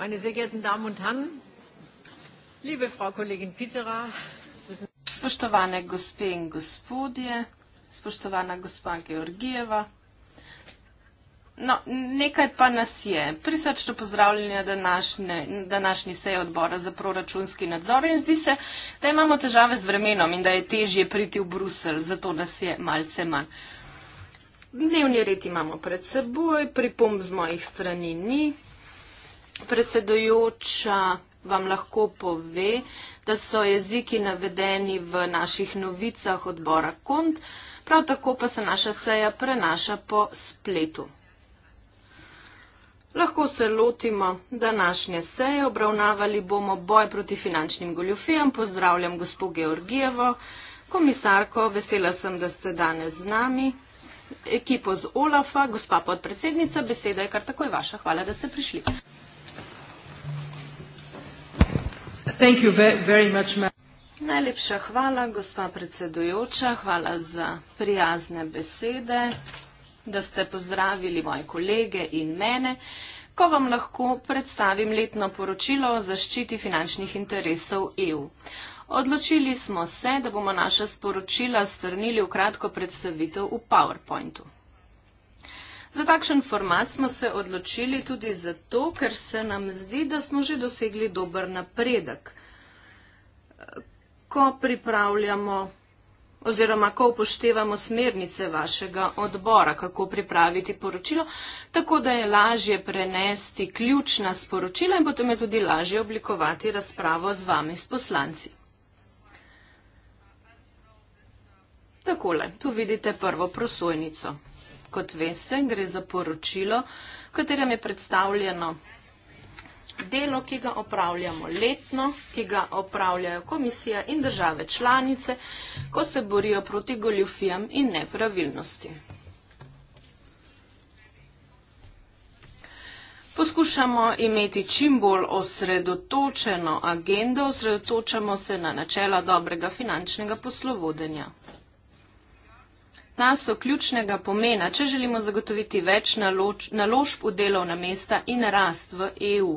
Meine sehr geehrten Damen und Herren, liebe Frau Kollegin Pitera, spoštovane gospe in gospodje, spoštovana gospa Georgijeva, No, nekaj pa nas je. Prisrčno pozdravljanje današnje, današnji seji odbora za proračunski nadzor in zdi se, da imamo težave z vremenom in da je težje priti v Bruselj, zato nas je malce manj. Dnevni red imamo pred seboj, pripomb z mojih strani ni, predsedojoča vam lahko pove, da so jeziki navedeni v naših novicah odbora KOND, prav tako pa se naša seja prenaša po spletu. Lahko se lotimo današnje seje, obravnavali bomo boj proti finančnim goljofijam. Pozdravljam gospo Georgijevo, komisarko, vesela sem, da ste danes z nami. Ekipo z OLAF-a, gospa podpredsednica, beseda je kar takoj vaša. Hvala, da ste prišli. Najlepša hvala, gospa predsedujoča, hvala za prijazne besede, da ste pozdravili moje kolege in mene, ko vam lahko predstavim letno poročilo o zaščiti finančnih interesov EU. Odločili smo se, da bomo naša sporočila strnili v kratko predstavitev v PowerPointu. Za takšen format smo se odločili tudi zato, ker se nam zdi, da smo že dosegli dober napredek. Ko pripravljamo oziroma ko upoštevamo smernice vašega odbora, kako pripraviti poročilo, tako da je lažje prenesti ključna sporočila in potem je tudi lažje oblikovati razpravo z vami, s poslanci. Takole, tu vidite prvo prosojnico kot veste, gre za poročilo, v katerem je predstavljeno delo, ki ga opravljamo letno, ki ga opravljajo komisija in države članice, ko se borijo proti goljufijam in nepravilnosti. Poskušamo imeti čim bolj osredotočeno agendo, osredotočamo se na načela dobrega finančnega poslovodenja ta so ključnega pomena, če želimo zagotoviti več naloč, naložb v delovna mesta in rast v EU.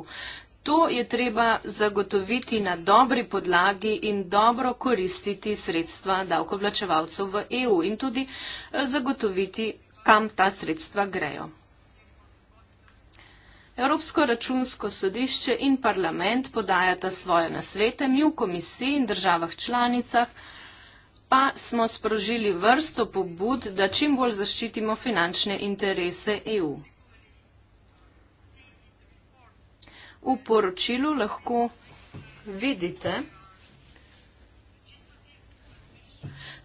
To je treba zagotoviti na dobri podlagi in dobro koristiti sredstva davkoplačevalcev v EU in tudi eh, zagotoviti, kam ta sredstva grejo. Evropsko računsko sodišče in parlament podajata svoje nasvete mi v komisiji in državah članicah, pa smo sprožili vrsto pobud, da čim bolj zaščitimo finančne interese EU. V poročilu lahko vidite,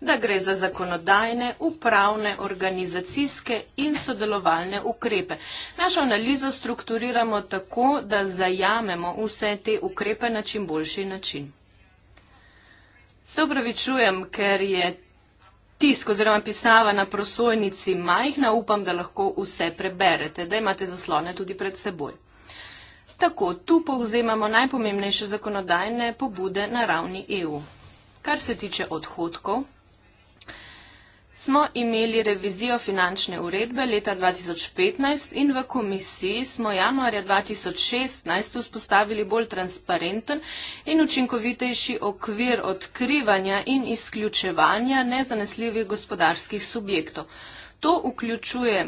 da gre za zakonodajne, upravne, organizacijske in sodelovalne ukrepe. Našo analizo strukturiramo tako, da zajamemo vse te ukrepe na čim boljši način. Se upravičujem, ker je tisk oziroma pisava na prosojnici majhna, upam, da lahko vse preberete, da imate zaslone tudi pred seboj. Tako, tu povzemamo najpomembnejše zakonodajne pobude na ravni EU. Kar se tiče odhodkov, smo imeli revizijo finančne uredbe leta 2015 in v komisiji smo januarja 2016 vzpostavili bolj transparenten in učinkovitejši okvir odkrivanja in izključevanja nezanesljivih gospodarskih subjektov. To vključuje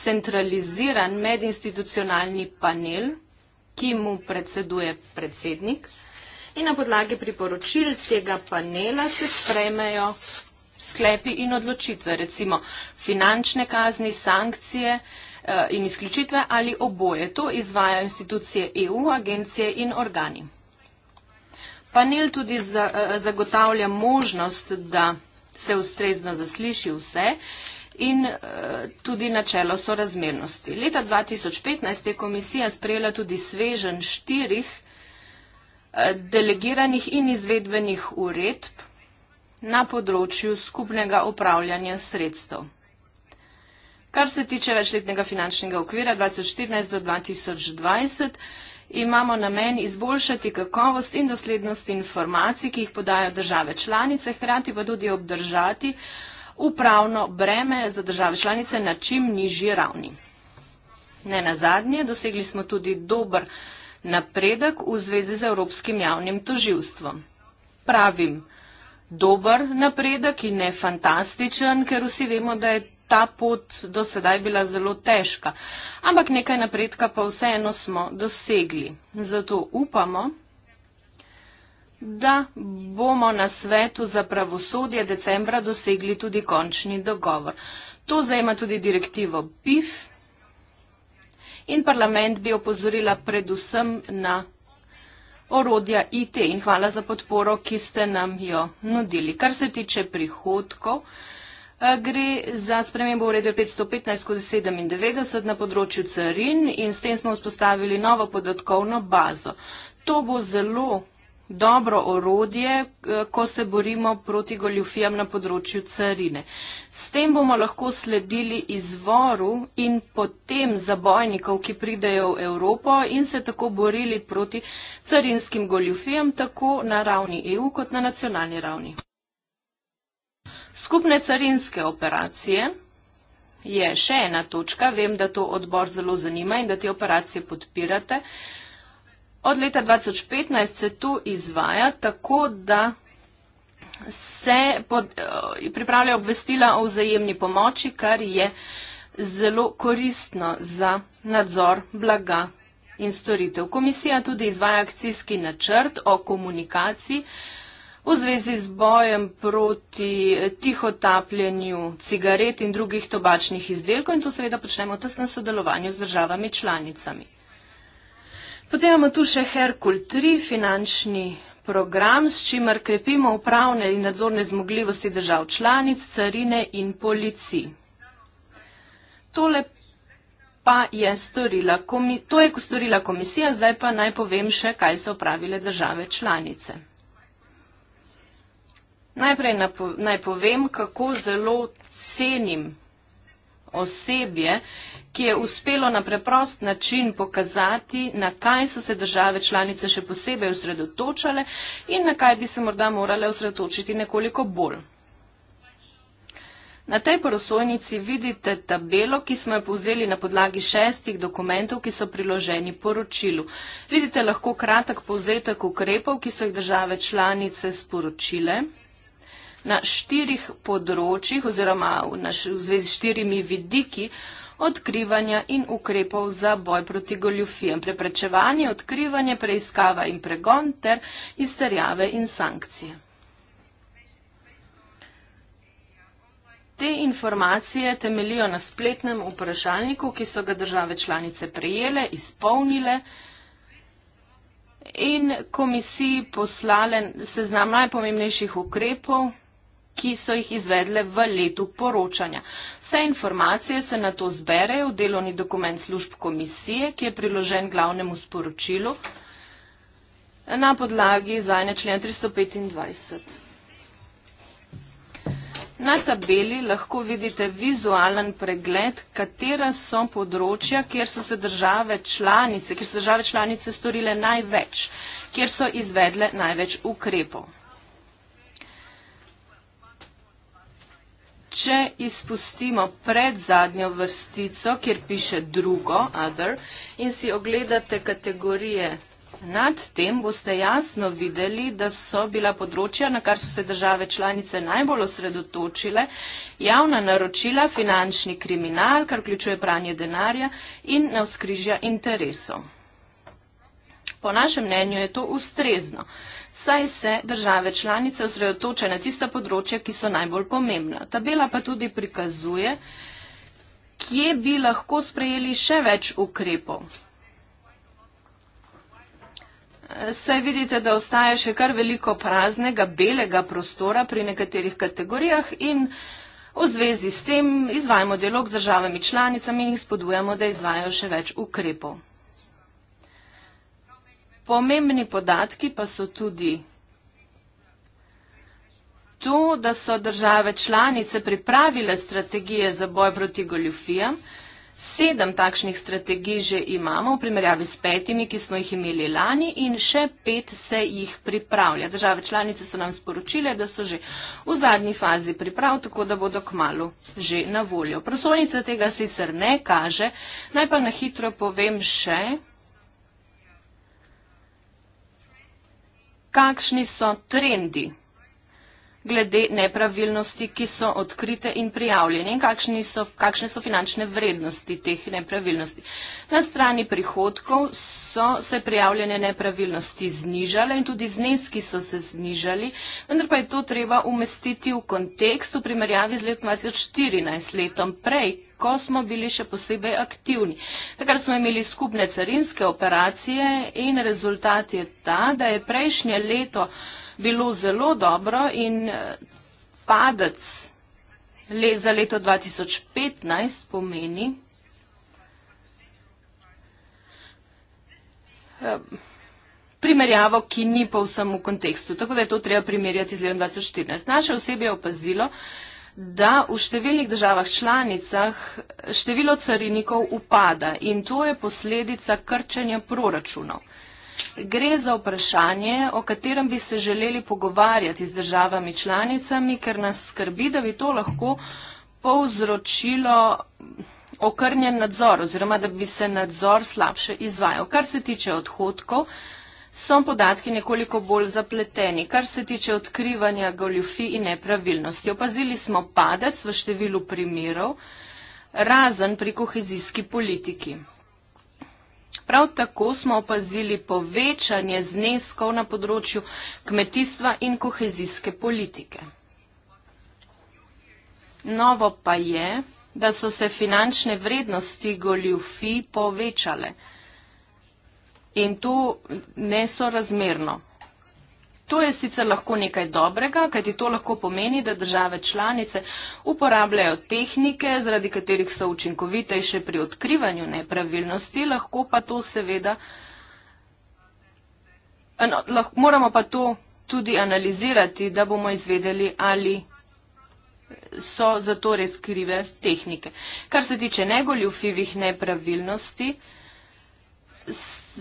centraliziran medinstitucionalni panel, ki mu predseduje predsednik, In na podlagi priporočil tega panela se spremejo sklepi in odločitve, recimo finančne kazni, sankcije eh, in izključitve ali oboje. To izvajajo institucije EU, agencije in organi. Panel tudi eh, zagotavlja možnost, da se ustrezno zasliši vse in eh, tudi načelo sorazmernosti. Leta 2015 je komisija sprejela tudi svežen štirih delegiranih in izvedbenih uredb na področju skupnega upravljanja sredstev. Kar se tiče večletnega finančnega okvira 2014 do 2020, imamo namen izboljšati kakovost in doslednost informacij, ki jih podajo države članice, hkrati pa tudi obdržati upravno breme za države članice na čim nižji ravni. Ne na zadnje, dosegli smo tudi dober napredek v zvezi z Evropskim javnim toživstvom. Pravim, dober napredek in ne fantastičen, ker vsi vemo, da je ta pot do sedaj bila zelo težka. Ampak nekaj napredka pa vseeno smo dosegli. Zato upamo, da bomo na svetu za pravosodje decembra dosegli tudi končni dogovor. To zajema tudi direktivo PIF in parlament bi opozorila predvsem na orodja IT in hvala za podporo, ki ste nam jo nudili. Kar se tiče prihodkov, eh, gre za spremembo uredbe 515 skozi 97 na področju carin in s tem smo vzpostavili novo podatkovno bazo. To bo zelo dobro orodje, eh, ko se borimo proti goljufijam na področju carine. S tem bomo lahko sledili izvoru in potem zabojnikov, ki pridejo v Evropo in se tako borili proti carinskim goljufijam, tako na ravni EU kot na nacionalni ravni. Skupne carinske operacije je še ena točka. Vem, da to odbor zelo zanima in da te operacije podpirate. Od leta 2015 se to izvaja tako, da se pod, eh, pripravlja obvestila o vzajemni pomoči, kar je zelo koristno za nadzor blaga in storitev. Komisija tudi izvaja akcijski načrt o komunikaciji v zvezi z bojem proti tihotapljenju cigaret in drugih tobačnih izdelkov in to seveda počnemo v tesnem sodelovanju z državami članicami. Potem imamo tu še Herkul 3, finančni program, s čimer krepimo upravne in nadzorne zmogljivosti držav članic, carine in policij. Tole pa je storila, to je storila komisija, zdaj pa naj povem še, kaj so opravile države članice. Najprej naj povem, kako zelo cenim osebje, ki je uspelo na preprost način pokazati, na kaj so se države članice še posebej osredotočale in na kaj bi se morda morale osredotočiti nekoliko bolj. Na tej porosojnici vidite tabelo, ki smo jo povzeli na podlagi šestih dokumentov, ki so priloženi poročilu. Vidite lahko kratek povzetek ukrepov, ki so jih države članice sporočile na štirih področjih oziroma v zvezi s štirimi vidiki odkrivanja in ukrepov za boj proti goljufijem, preprečevanje, odkrivanje, preiskava in pregon ter izterjave in sankcije. Te informacije temelijo na spletnem vprašalniku, ki so ga države članice prejele, izpolnile in komisiji poslale seznam najpomembnejših ukrepov ki so jih izvedle v letu poročanja. Vse informacije se na to zberejo v delovni dokument služb komisije, ki je priložen glavnemu sporočilu na podlagi izvajanja člena 325. Na tabeli lahko vidite vizualen pregled, katera so področja, kjer so se države članice, kjer so države članice storile največ, kjer so izvedle največ ukrepov. Če izpustimo pred zadnjo vrstico, kjer piše drugo, other, in si ogledate kategorije nad tem, boste jasno videli, da so bila področja, na kar so se države članice najbolj osredotočile, javna naročila, finančni kriminal, kar vključuje pranje denarja in navskrižja interesov. Po našem mnenju je to ustrezno saj se države članice osredotočajo na tista področja, ki so najbolj pomembna. Tabela pa tudi prikazuje, kje bi lahko sprejeli še več ukrepov. Saj vidite, da ostaje še kar veliko praznega, belega prostora pri nekaterih kategorijah in v zvezi s tem izvajamo dialog z državami članicami in jih spodujemo, da izvajajo še več ukrepov. Pomembni podatki pa so tudi to, da so države članice pripravile strategije za boj proti goljufijam. Sedem takšnih strategij že imamo v primerjavi s petimi, ki smo jih imeli lani in še pet se jih pripravlja. Države članice so nam sporočile, da so že v zadnji fazi priprav, tako da bodo k malu že na voljo. Prosovnica tega sicer ne kaže. Naj pa na hitro povem še, kakšni so trendi glede nepravilnosti, ki so odkrite in prijavljene in so, kakšne so finančne vrednosti teh nepravilnosti. Na strani prihodkov so se prijavljene nepravilnosti znižale in tudi zneski so se znižali, vendar pa je to treba umestiti v kontekst v primerjavi z letom 2014, letom prej, ko smo bili še posebej aktivni. Takrat smo imeli skupne carinske operacije in rezultat je ta, da je prejšnje leto bilo zelo dobro in eh, padec le za leto 2015 pomeni. Eh, primerjavo, ki ni povsem v kontekstu. Tako da je to treba primerjati z letom 2014. Naše osebje je opazilo, da v številnih državah članicah število carinikov upada in to je posledica krčenja proračunov. Gre za vprašanje, o katerem bi se želeli pogovarjati z državami članicami, ker nas skrbi, da bi to lahko povzročilo okrnjen nadzor oziroma da bi se nadzor slabše izvajal. Kar se tiče odhodkov, so podatki nekoliko bolj zapleteni, kar se tiče odkrivanja goljufi in nepravilnosti. Opazili smo padec v številu primerov, razen pri kohezijski politiki. Prav tako smo opazili povečanje zneskov na področju kmetijstva in kohezijske politike. Novo pa je, da so se finančne vrednosti goljufi povečale in to nesorazmerno. To je sicer lahko nekaj dobrega, kajti to lahko pomeni, da države članice uporabljajo tehnike, zaradi katerih so učinkovitejše pri odkrivanju nepravilnosti, lahko pa to seveda, eh, no, lahko, moramo pa to tudi analizirati, da bomo izvedeli, ali so za to res krive tehnike. Kar se tiče negoljufivih nepravilnosti,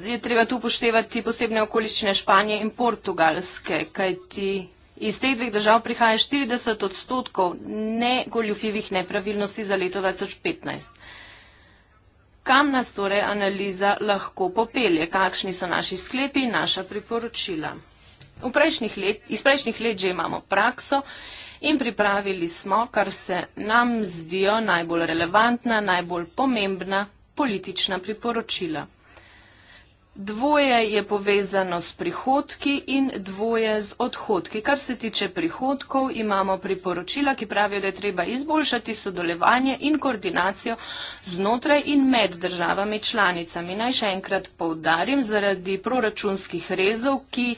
je treba tu upoštevati posebne okoliščine Španije in Portugalske, kajti iz teh dveh držav prihaja 40 odstotkov negoljufivih nepravilnosti za leto 2015. Kam nas torej analiza lahko popelje? Kakšni so naši sklepi in naša priporočila? Prejšnjih let, iz prejšnjih let že imamo prakso in pripravili smo, kar se nam zdijo najbolj relevantna, najbolj pomembna politična priporočila. Dvoje je povezano s prihodki in dvoje z odhodki. Kar se tiče prihodkov, imamo priporočila, ki pravijo, da je treba izboljšati sodelovanje in koordinacijo znotraj in med državami članicami. Naj še enkrat poudarim, zaradi proračunskih rezov, ki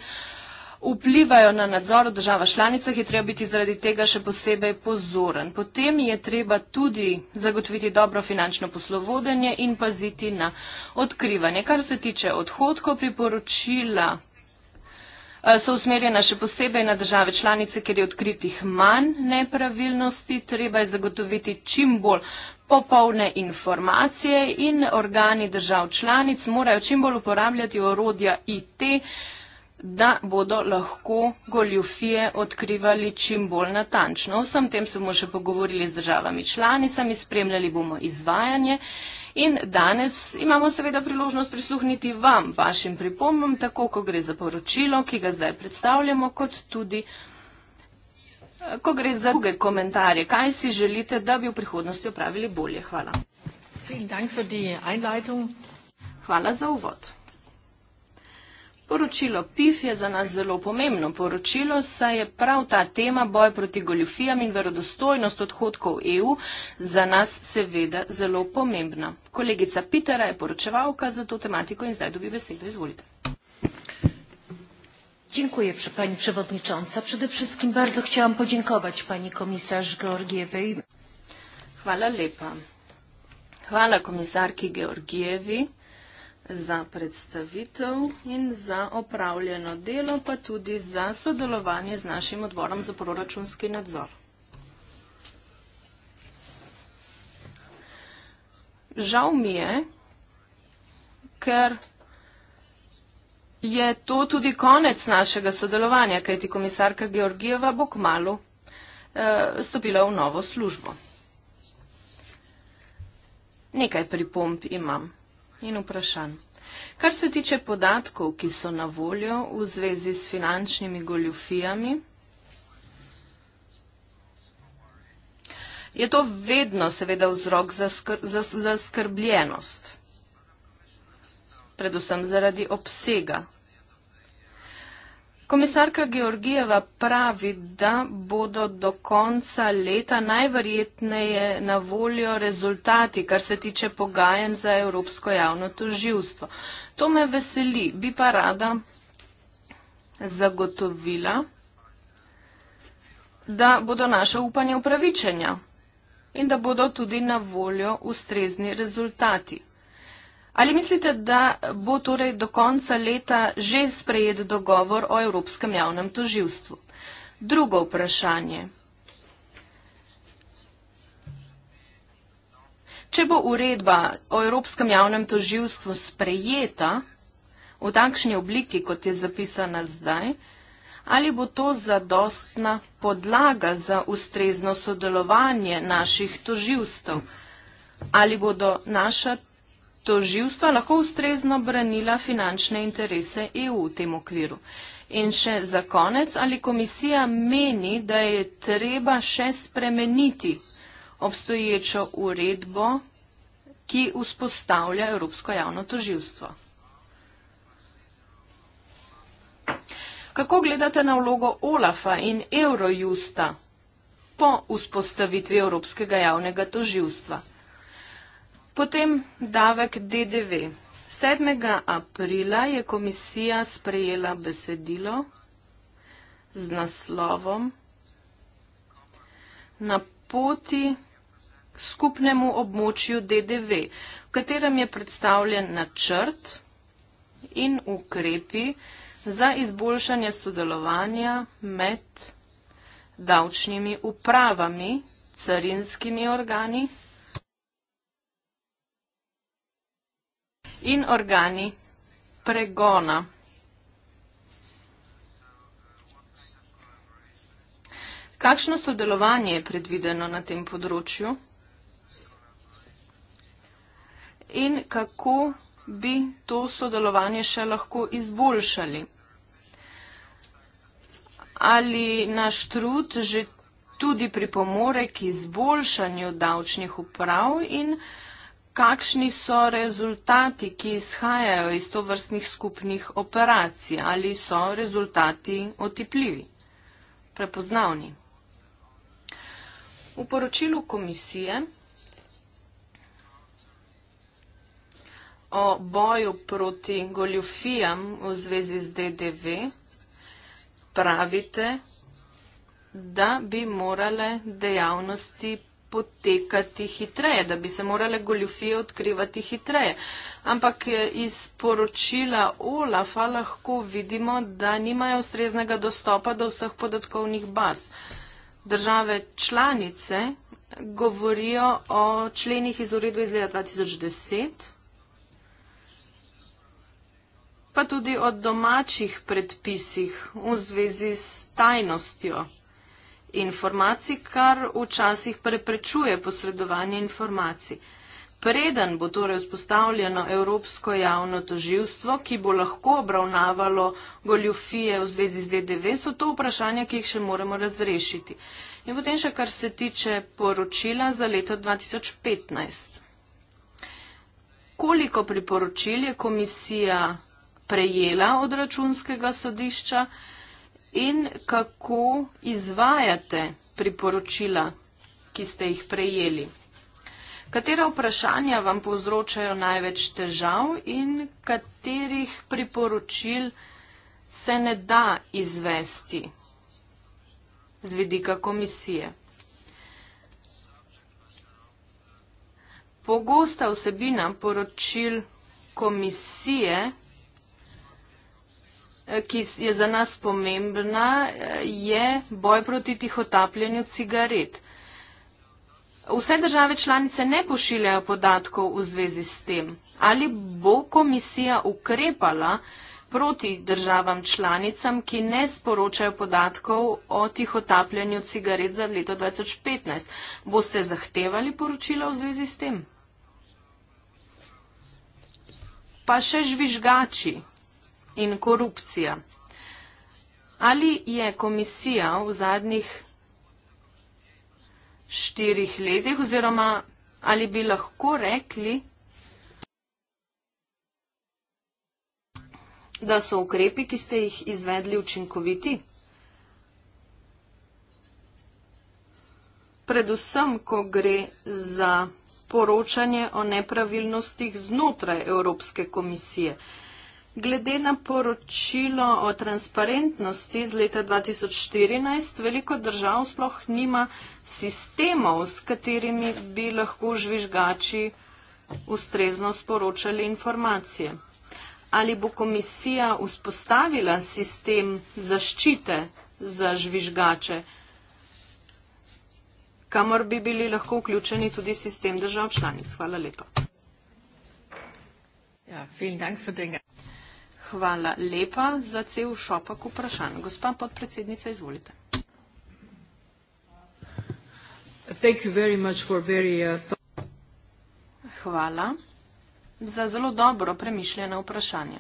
vplivajo na nadzor v državah članicah, je treba biti zaradi tega še posebej pozoren. Potem je treba tudi zagotoviti dobro finančno poslovodenje in paziti na odkrivanje. Kar se tiče odhodkov, priporočila eh, so usmerjena še posebej na države članice, ker je odkritih manj nepravilnosti. Treba je zagotoviti čim bolj popolne informacije in organi držav članic morajo čim bolj uporabljati orodja IT da bodo lahko goljufije odkrivali čim bolj natančno. Vsem tem se bomo še pogovorili z državami članicami, spremljali bomo izvajanje in danes imamo seveda priložnost prisluhniti vam, vašim pripombom, tako ko gre za poročilo, ki ga zdaj predstavljamo, kot tudi ko gre za druge komentarje. Kaj si želite, da bi v prihodnosti opravili bolje? Hvala. Hvala za uvod. Poročilo PIF je za nas zelo pomembno poročilo, saj je prav ta tema boj proti goljufijam in verodostojnost odhodkov EU za nas seveda zelo pomembna. Kolegica Pitera je poročevalka za to tematiko in zdaj dobi besedo. Izvolite. Dziękuję, pani przewodnicząca. Przede wszystkim bardzo chciałam podziękować pani komisarz Georgiewej. Hvala lepa. Hvala komisarki Georgijevi za predstavitev in za opravljeno delo, pa tudi za sodelovanje z našim odborom za proračunski nadzor. Žal mi je, ker je to tudi konec našega sodelovanja, kajti komisarka Georgijeva bo kmalu eh, stopila v novo službo. Nekaj pripomb imam in vprašanj. Kar se tiče podatkov, ki so na voljo v zvezi s finančnimi goljufijami, je to vedno seveda vzrok za, skr za, za skrbljenost, predvsem zaradi obsega Komisarka Georgijeva pravi, da bodo do konca leta najverjetneje na voljo rezultati, kar se tiče pogajanj za Evropsko javno toživstvo. To me veseli, bi pa rada zagotovila, da bodo naše upanje upravičenja in da bodo tudi na voljo ustrezni rezultati. Ali mislite, da bo torej do konca leta že sprejet dogovor o Evropskem javnem toživstvu? Drugo vprašanje. Če bo uredba o Evropskem javnem toživstvu sprejeta v takšni obliki, kot je zapisana zdaj, ali bo to zadostna podlaga za ustrezno sodelovanje naših toživstv? Ali bodo naša toživstva lahko ustrezno branila finančne interese EU v tem okviru. In še za konec, ali komisija meni, da je treba še spremeniti obstoječo uredbo, ki vzpostavlja Evropsko javno toživstvo? Kako gledate na vlogo OLAFA in Eurojusta po vzpostavitvi Evropskega javnega toživstva? Potem davek DDV. 7. aprila je komisija sprejela besedilo z naslovom na poti skupnemu območju DDV, v katerem je predstavljen načrt in ukrepi za izboljšanje sodelovanja med davčnimi upravami, carinskimi organi, in organi pregona. Kakšno sodelovanje je predvideno na tem področju in kako bi to sodelovanje še lahko izboljšali? Ali naš trud že tudi pripomore k izboljšanju davčnih uprav in kakšni so rezultati, ki izhajajo iz to vrstnih skupnih operacij, ali so rezultati otipljivi, prepoznavni. V poročilu komisije o boju proti goljufijam v zvezi z DDV pravite, da bi morale dejavnosti potekati hitreje, da bi se morale goljufije odkrivati hitreje. Ampak eh, iz poročila OLAF-a lahko vidimo, da nimajo ustreznega dostopa do vseh podatkovnih baz. Države članice govorijo o členih iz uredbe iz leta 2010, pa tudi o domačih predpisih v zvezi s tajnostjo informacij, kar včasih preprečuje posredovanje informacij. Preden bo torej vzpostavljeno Evropsko javno toživstvo, ki bo lahko obravnavalo goljufije v zvezi z DDV, so to vprašanja, ki jih še moramo razrešiti. In potem še kar se tiče poročila za leto 2015. Koliko priporočil je komisija prejela od računskega sodišča? in kako izvajate priporočila, ki ste jih prejeli. Katera vprašanja vam povzročajo največ težav in katerih priporočil se ne da izvesti z vidika komisije? Pogosta vsebina poročil komisije Eh, ki je za nas pomembna, eh, je boj proti tihotapljenju cigaret. Vse države članice ne pošiljajo podatkov v zvezi s tem. Ali bo komisija ukrepala proti državam članicam, ki ne sporočajo podatkov o tihotapljenju cigaret za leto 2015? Boste zahtevali poročila v zvezi s tem? Pa še žvižgači in korupcija. Ali je komisija v zadnjih štirih letih oziroma ali bi lahko rekli, da so ukrepi, ki ste jih izvedli, učinkoviti? Predvsem, ko gre za poročanje o nepravilnostih znotraj Evropske komisije. Glede na poročilo o transparentnosti z leta 2014, veliko držav sploh nima sistemov, s katerimi bi lahko žvižgači ustrezno sporočali informacije. Ali bo komisija vzpostavila sistem zaščite za žvižgače, kamor bi bili lahko vključeni tudi sistem držav članic? Hvala lepa. Ja, Hvala lepa za cel šopak vprašanj. Gospa podpredsednica, izvolite. Uh, Hvala za zelo dobro premišljene vprašanje.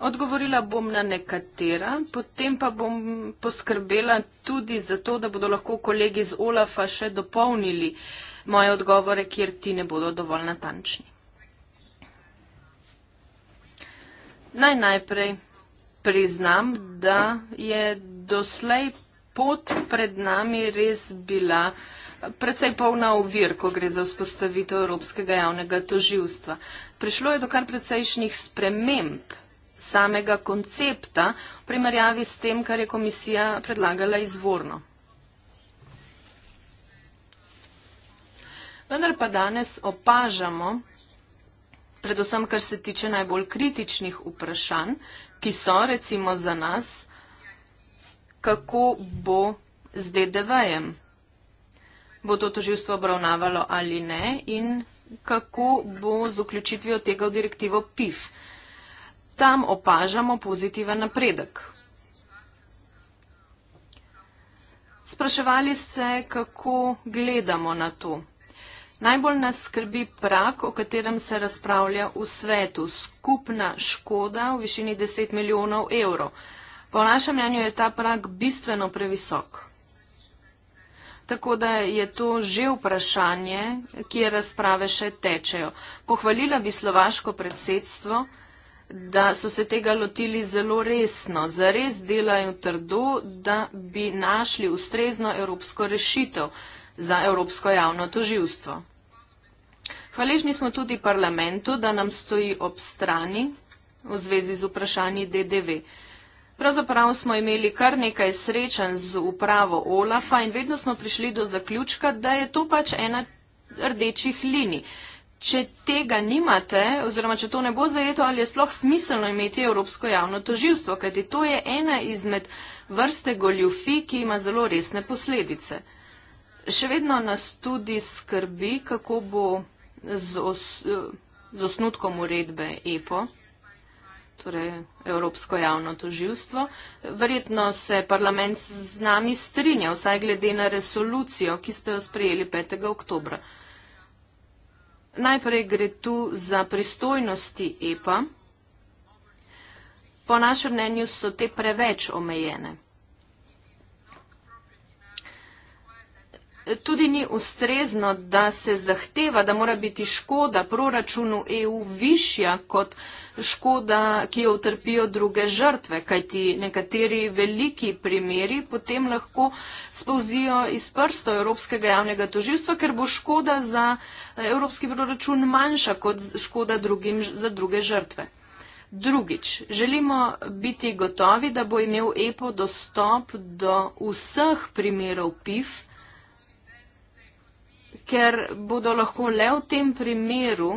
Odgovorila bom na nekatera, potem pa bom poskrbela tudi za to, da bodo lahko kolegi z OLAF-a še dopolnili uh, moje odgovore, kjer ti ne bodo dovolj natančni. Naj najprej priznam, da je doslej pot pred nami res bila precej polna ovir, ko gre za vzpostavitev Evropskega javnega toživstva. Prišlo je do kar precejšnjih sprememb samega koncepta v primerjavi s tem, kar je komisija predlagala izvorno. Vendar pa danes opažamo, predvsem kar se tiče najbolj kritičnih vprašanj, ki so recimo za nas, kako bo z DDV-jem. Bo to toživstvo obravnavalo ali ne in kako bo z vključitvijo tega v direktivo PIF. Tam opažamo pozitiven napredek. Spraševali se, kako gledamo na to. Najbolj nas skrbi prak, o katerem se razpravlja v svetu. Skupna škoda v višini 10 milijonov evrov. Po našem mnenju je ta prak bistveno previsok. Tako da je to že vprašanje, kje razprave še tečejo. Pohvalila bi slovaško predsedstvo, da so se tega lotili zelo resno, zares delajo trdo, da bi našli ustrezno evropsko rešitev za evropsko javno toživstvo. Hvaležni smo tudi parlamentu, da nam stoji ob strani v zvezi z vprašanji DDV. Pravzaprav smo imeli kar nekaj srečanj z upravo Olafa in vedno smo prišli do zaključka, da je to pač ena rdečih linij. Če tega nimate, oziroma če to ne bo zajeto, ali je sploh smiselno imeti Evropsko javno toživstvo, kajti to je ena izmed vrste goljufi, ki ima zelo resne posledice. Še vedno nas tudi skrbi, kako bo z, os, z osnutkom uredbe EPO, torej Evropsko javno toživstvo. Verjetno se parlament z nami strinja, vsaj glede na resolucijo, ki ste jo sprejeli 5. oktobra. Najprej gre tu za pristojnosti EPA. Po našem mnenju so te preveč omejene. tudi ni ustrezno, da se zahteva, da mora biti škoda proračunu EU višja kot škoda, ki jo utrpijo druge žrtve, kajti nekateri veliki primeri potem lahko spouzijo iz prsta Evropskega javnega toživstva, ker bo škoda za eh, Evropski proračun manjša kot škoda drugim, za druge žrtve. Drugič, želimo biti gotovi, da bo imel EPO dostop do vseh primerov PIF, ker bodo lahko le v tem primeru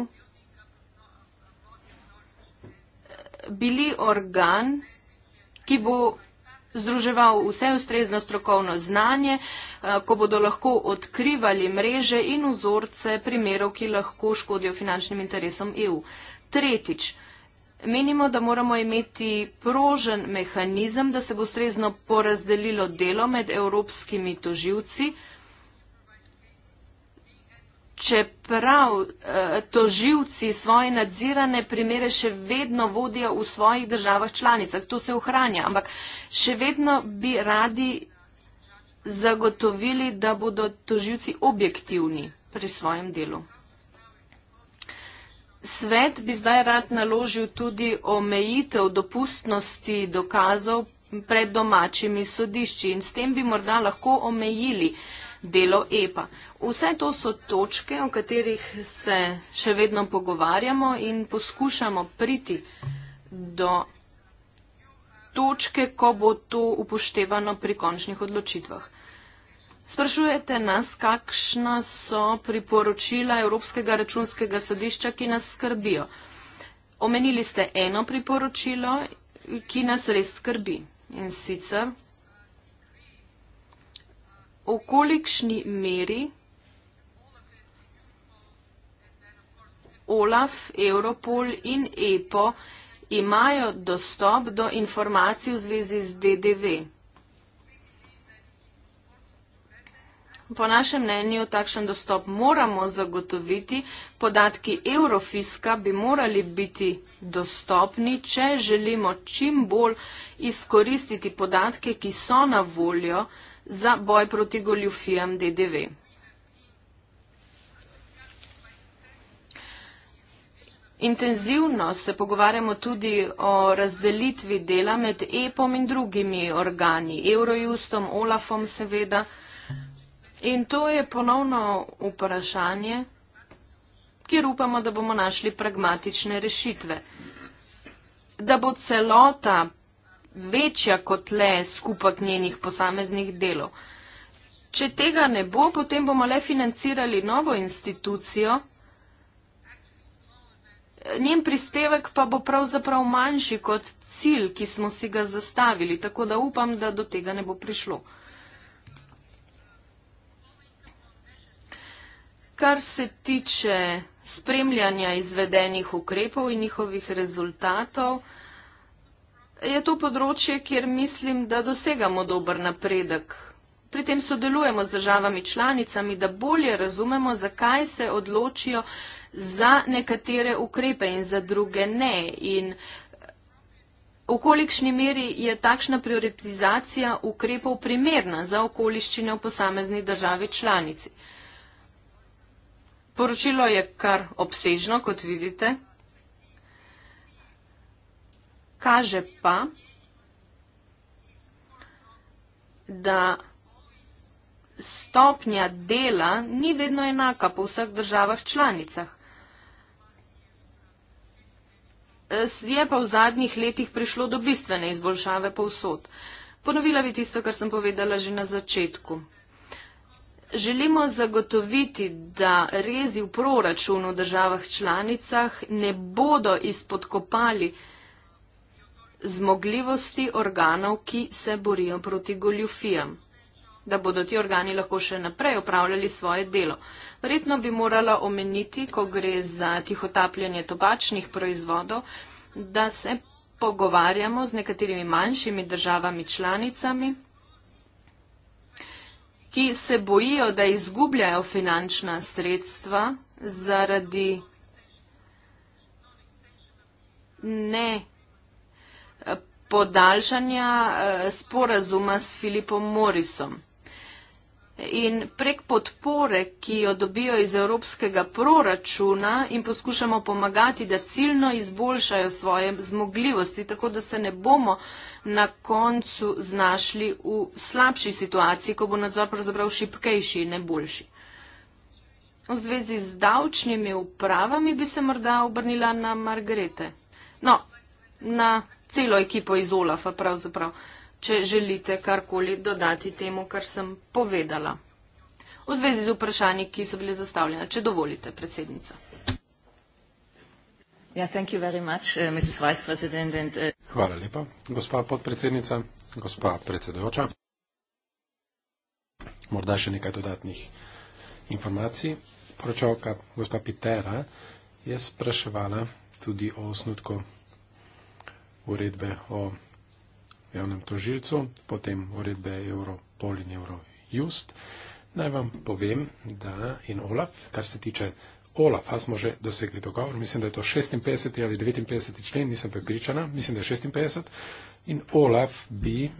bili organ, ki bo združeval vse ustrezno strokovno znanje, eh, ko bodo lahko odkrivali mreže in vzorce primerov, ki lahko škodijo finančnim interesom EU. Tretjič, menimo, da moramo imeti prožen mehanizem, da se bo ustrezno porazdelilo delo med evropskimi toživci, čeprav eh, toživci svoje nadzirane primere še vedno vodijo v svojih državah članicah. To se ohranja, ampak še vedno bi radi zagotovili, da bodo toživci objektivni pri svojem delu. Svet bi zdaj rad naložil tudi omejitev dopustnosti dokazov pred domačimi sodišči in s tem bi morda lahko omejili eh, delo EPA. Vse to so točke, o katerih se še vedno pogovarjamo in poskušamo priti do točke, ko bo to upoštevano pri končnih odločitvah. Sprašujete nas, kakšna so priporočila Evropskega računskega sodišča, ki nas skrbijo. Omenili ste eno priporočilo, ki nas res skrbi. In sicer v kolikšni meri OLAF, Europol in EPO imajo dostop do informacij v zvezi z DDV. Po našem mnenju takšen dostop moramo zagotoviti. Podatki Eurofiska bi morali biti dostopni, če želimo čim bolj izkoristiti podatke, ki so na voljo, za boj proti goljufijam DDV. Intenzivno se pogovarjamo tudi o razdelitvi dela med EPOM in drugimi organi, Eurojustom, OLAFom seveda. In to je ponovno vprašanje, kjer upamo, da bomo našli pragmatične rešitve. Da bo celota večja kot le skupek njenih posameznih delov. Če tega ne bo, potem bomo le financirali novo institucijo, njen prispevek pa bo pravzaprav manjši kot cilj, ki smo si ga zastavili, tako da upam, da do tega ne bo prišlo. Kar se tiče spremljanja izvedenih ukrepov in njihovih rezultatov, je to področje, kjer mislim, da dosegamo dober napredek. Pri tem sodelujemo z državami članicami, da bolje razumemo, zakaj se odločijo za nekatere ukrepe in za druge ne. In eh, v kolikšni meri je takšna prioritizacija ukrepov primerna za okoliščine v posamezni državi članici. Poročilo je kar obsežno, kot vidite kaže pa, da stopnja dela ni vedno enaka po vseh državah članicah. Je pa v zadnjih letih prišlo do bistvene izboljšave povsod. Ponovila bi tisto, kar sem povedala že na začetku. Želimo zagotoviti, da rezi v proračunu v državah članicah ne bodo izpodkopali zmogljivosti organov, ki se borijo proti goljufijam, da bodo ti organi lahko še naprej upravljali svoje delo. Verjetno bi morala omeniti, ko gre za tihotapljanje tobačnih proizvodov, da se pogovarjamo z nekaterimi manjšimi državami članicami, ki se bojijo, da izgubljajo finančna sredstva zaradi ne podaljšanja eh, sporazuma s Filipom Morisom. In prek podpore, ki jo dobijo iz evropskega proračuna in poskušamo pomagati, da ciljno izboljšajo svoje zmogljivosti, tako da se ne bomo na koncu znašli v slabši situaciji, ko bo nadzor pravzaprav šipkejši in ne boljši. V zvezi z davčnimi upravami bi se morda obrnila na Margrete. No, na celo ekipo iz Olafa, pravzaprav, če želite karkoli dodati temu, kar sem povedala. V zvezi z vprašanji, ki so bile zastavljene, če dovolite, predsednica. Uh, uh, Hvala lepa, gospa podpredsednica, gospa predsedujoča. Morda še nekaj dodatnih informacij. Poročavka gospa Pitera je spraševala tudi o osnutku uredbe o javnem tožilcu, potem uredbe Europol in Eurojust. Naj vam povem, da in Olaf, kar se tiče Olafa, smo že dosegli dogovor, mislim, da je to 56 ali 59 člen, nisem prepričana, mislim, da je 56 in Olaf bi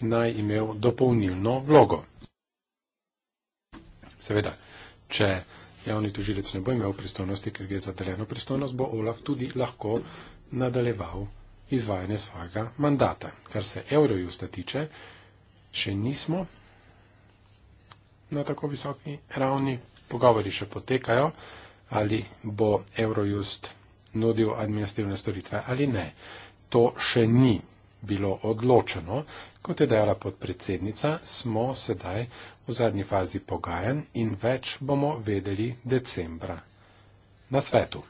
naj imel dopolnilno vlogo. Seveda, če javni tožilec ne bo imel pristojnosti, ker gre za deljeno pristojnost, bo Olaf tudi lahko nadaljeval izvajanje svojega mandata. Kar se Eurojusta tiče, še nismo na tako visoki ravni, pogovori še potekajo, ali bo Eurojust nudil administrativne storitve ali ne. To še ni bilo odločeno. Kot je dejala podpredsednica, smo sedaj v zadnji fazi pogajanj in več bomo vedeli decembra na svetu.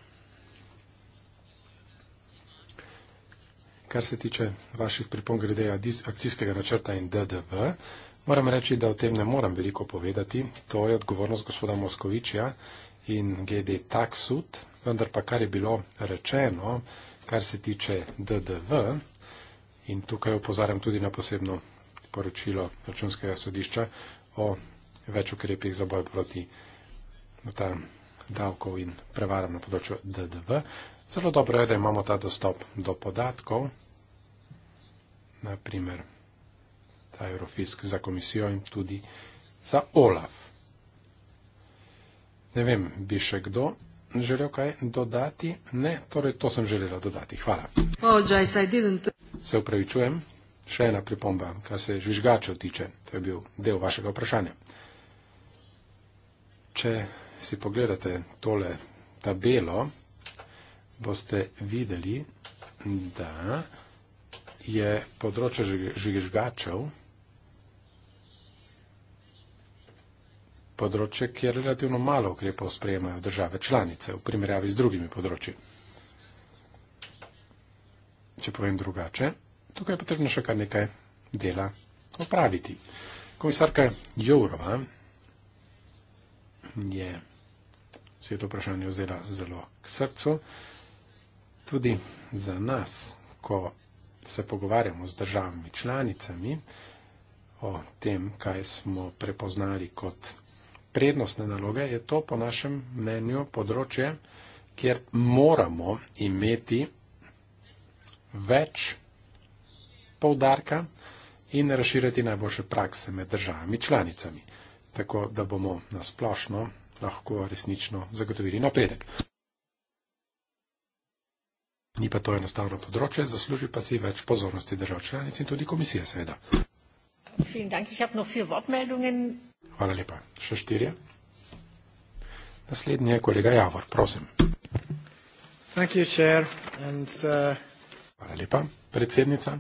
kar se tiče vaših pripomb glede akcijskega načrta in DDV, moram reči, da o tem ne moram veliko povedati. To je odgovornost gospoda Moskovičja in GD Taksut, vendar pa kar je bilo rečeno, kar se tiče DDV, in tukaj opozarjam tudi na posebno poročilo računskega sodišča o več ukrepih za boj proti davkov in prevaram na področju DDV. Zelo dobro je, da imamo ta dostop do podatkov naprimer ta Eurofisk za komisijo in tudi za OLAF. Ne vem, bi še kdo želel kaj dodati? Ne, torej to sem želela dodati. Hvala. Se upravičujem. Še ena pripomba, kar se žvižgačev tiče. To je bil del vašega vprašanja. Če si pogledate tole tabelo, boste videli, da je področje žvižgačev področje, kjer relativno malo ukrepov sprejemajo države članice v primerjavi z drugimi področji. Če povem drugače, tukaj je potrebno še kar nekaj dela opraviti. Komisarka Jourova je vse to vprašanje vzela zelo k srcu. Tudi za nas, ko se pogovarjamo z državami članicami o tem, kaj smo prepoznali kot prednostne naloge, je to po našem mnenju področje, kjer moramo imeti več poudarka in razširiti najboljše prakse med državami članicami, tako da bomo na splošno lahko resnično zagotovili napredek. Ni pa to enostavno področje, zasluži pa si več pozornosti držav članic in tudi komisije, seveda. Hvala lepa. Še štirje. Naslednji je kolega Javor, prosim. Thank you, chair, and, uh... Hvala lepa, predsednica.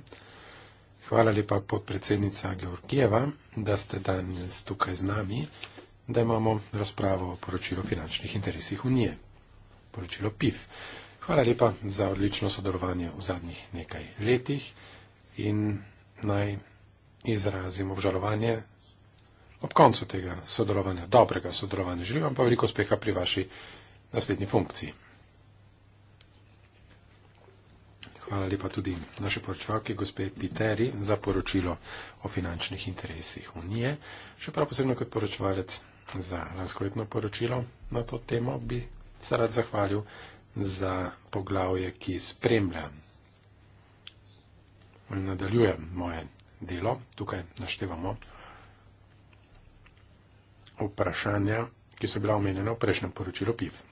Hvala lepa, podpredsednica Georgijeva, da ste danes tukaj z nami, da imamo razpravo o poročilu finančnih interesih Unije. Poročilo PIF. Hvala lepa za odlično sodelovanje v zadnjih nekaj letih in naj izrazim obžalovanje ob koncu tega sodelovanja, dobrega sodelovanja. Želim vam pa veliko uspeha pri vaši naslednji funkciji. Hvala lepa tudi naše poročavke, gospe Piteri, za poročilo o finančnih interesih Unije. Še prav posebno kot poročevalec za lanskoletno poročilo na to temo bi se rad zahvalil za poglavje, ki spremlja. Nadaljujem moje delo. Tukaj naštevamo vprašanja, ki so bila omenjena v prejšnjem poročilu PIF.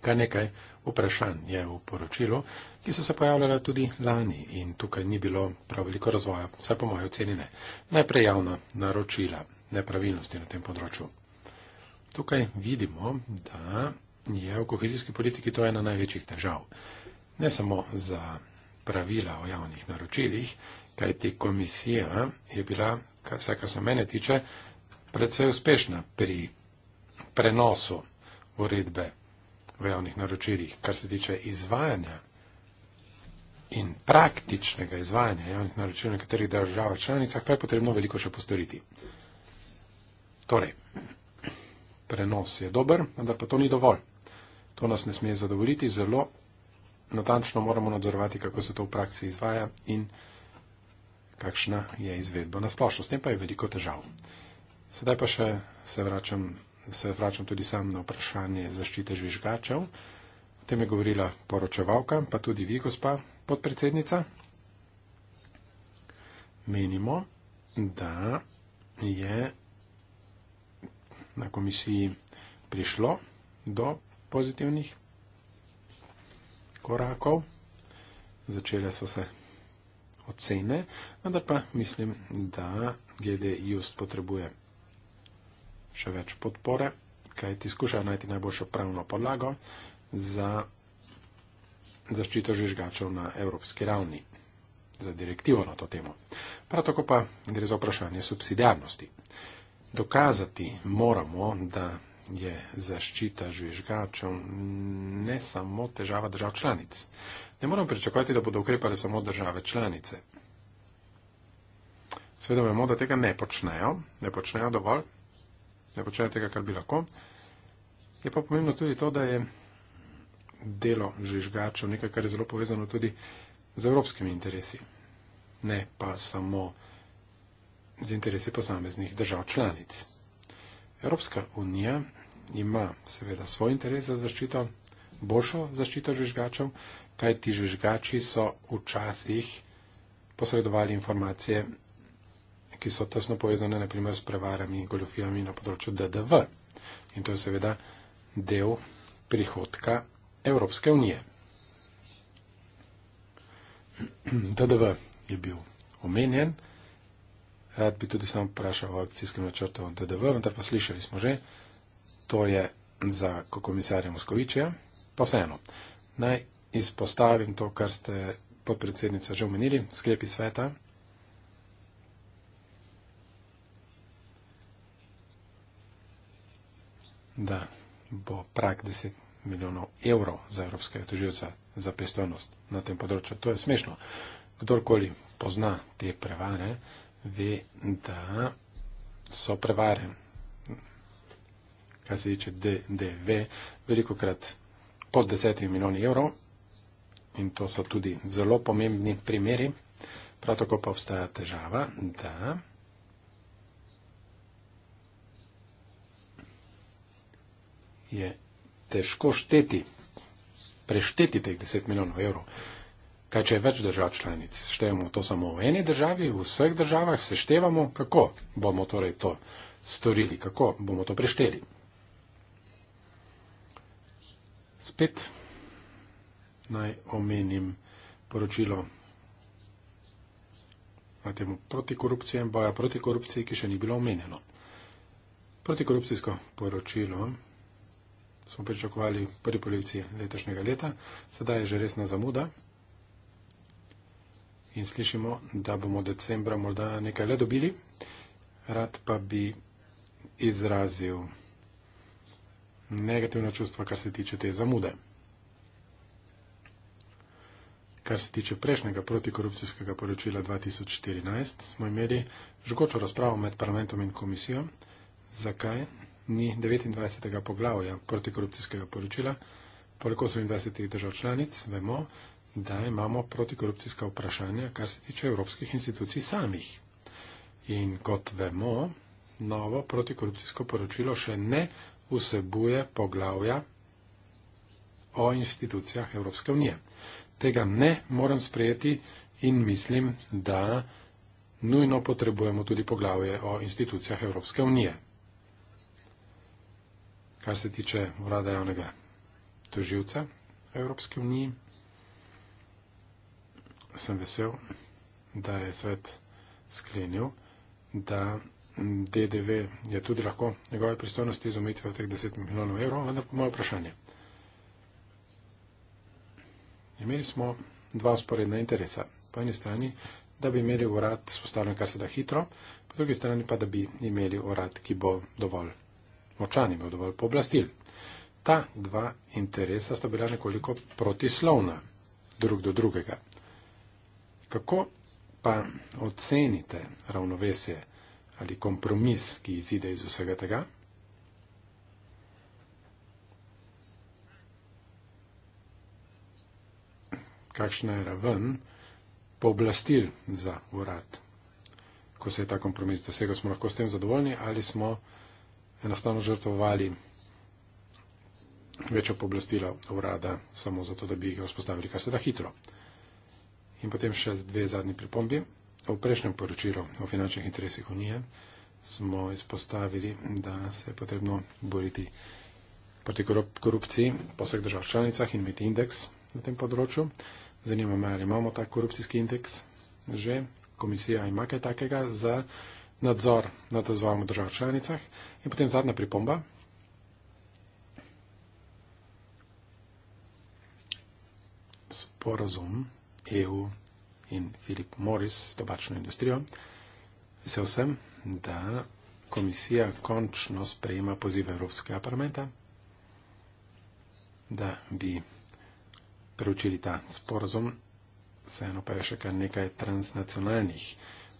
Kar nekaj vprašanj je v poročilu, ki so se pojavljala tudi lani in tukaj ni bilo prav veliko razvoja, vsaj po moje oceni ne. Najprej javna naročila, nepravilnosti na tem področju. Tukaj vidimo, da je v kohezijski politiki to ena največjih težav. Ne samo za pravila o javnih naročilih, kajti komisija je bila, vsaj kar se mene tiče, predvsej uspešna pri prenosu uredbe v javnih naročilih, kar se tiče izvajanja in praktičnega izvajanja javnih naročil v nekaterih državah članicah, pa je potrebno veliko še postoriti. Torej, prenos je dober, vendar pa to ni dovolj. To nas ne sme zadovoljiti, zelo natančno moramo nadzorovati, kako se to v praksi izvaja in kakšna je izvedba na splošno. S tem pa je veliko težav. Sedaj pa še se vračam, se vračam tudi sam na vprašanje zaščite žvižgačev. O tem je govorila poročevalka, pa tudi vi, gospa podpredsednica. Menimo, da je na komisiji prišlo do pozitivnih korakov, začele so se ocene, vendar pa mislim, da GD Just potrebuje še več podpore, kaj ti skuša najti najboljšo pravno podlago za zaščito žvižgačev na evropski ravni, za direktivo na to temo. Prav tako pa gre za vprašanje subsidijarnosti. Dokazati moramo, da je zaščita žvižgačev ne samo težava držav članic. Ne moramo pričakovati, da bodo ukrepale samo države članice. Sveda vemo, da tega ne počnejo, ne počnejo dovolj, ne počnejo tega, kar bi lahko. Je pa pomembno tudi to, da je delo žvižgačev nekaj, kar je zelo povezano tudi z evropskimi interesi, ne pa samo z interesi posameznih držav članic. Evropska unija ima seveda svoj interes za zaščito, boljšo zaščito žvižgačev, kaj ti žvižgači so včasih posredovali informacije, ki so tesno povezane naprimer s prevarami in goljofijami na področju DDV. In to je seveda del prihodka Evropske unije. DDV je bil omenjen. Rad bi tudi sam vprašal o akcijskem načrtu DDV, vendar pa slišali smo že, to je za komisarja Moskovičeja. Pa vseeno, naj izpostavim to, kar ste podpredsednica že omenili, sklepi sveta. da bo prak 10 milijonov evrov za evropskega toživca za pristojnost na tem področju. To je smešno. Kdorkoli pozna te prevare, ve, da so prevare kar se tiče DDV, veliko krat pod desetimi milijoni evrov in to so tudi zelo pomembni primeri. Prav tako pa obstaja težava, da je težko šteti, prešteti teh 10 milijonov evrov. Kaj, če je več držav članic, števimo to samo v eni državi, v vseh državah, seštevamo, kako bomo torej to storili, kako bomo to prešteli. Spet naj omenim poročilo na temo protikorupcije in boja proti korupciji, ki še ni bilo omenjeno. Protikorupcijsko poročilo smo pričakovali v prvi polovici letošnjega leta, sedaj je že resna zamuda in slišimo, da bomo decembra morda nekaj le dobili, rad pa bi izrazil negativna čustva, kar se tiče te zamude. Kar se tiče prejšnjega protikorupcijskega poročila 2014, smo imeli žgočo razpravo med parlamentom in komisijo, zakaj ni 29. poglavja protikorupcijskega poročila, poleg 28. držav članic, vemo, da imamo protikorupcijska vprašanja, kar se tiče evropskih institucij samih. In kot vemo, novo protikorupcijsko poročilo še ne poročilo, vsebuje poglavja o institucijah Evropske unije. Tega ne morem sprejeti in mislim, da nujno potrebujemo tudi poglavje o institucijah Evropske unije. Kar se tiče urada javnega toživca Evropske unije, sem vesel, da je svet sklenil, da DDV je tudi lahko njegove pristojnosti izumitve teh 10 milijonov evrov, vendar pa moje vprašanje. Imeli smo dva sporedna interesa. Po eni strani, da bi imeli urad spostavljen kar se da hitro, po drugi strani pa, da bi imeli urad, ki bo dovolj močan, bo dovolj pooblastil. Ta dva interesa sta bila nekoliko protislovna drug do drugega. Kako pa ocenite ravnovesje? ali kompromis, ki izide iz vsega tega. Kakšna je raven pooblastil za urad? Ko se je ta kompromis dosegel, smo lahko s tem zadovoljni ali smo enostavno žrtvovali večjo pooblastilo urada samo zato, da bi ga vzpostavili kar se da hitro. In potem še dve zadnji pripombi. V prejšnjem poročilu o finančnih interesih Unije smo izpostavili, da se je potrebno boriti proti korupciji po vseh državah članicah in imeti indeks na tem področju. Zanima me, ali imamo tak korupcijski indeks že, komisija ima kaj takega za nadzor nad razvojem v državah članicah. In potem zadnja pripomba. Sporazum EU in Filip Morris s tobačno industrijo. Vesel sem, da komisija končno sprejema poziv Evropskega parlamenta, da bi preučili ta sporozum. Vseeno pa je še kar nekaj transnacionalnih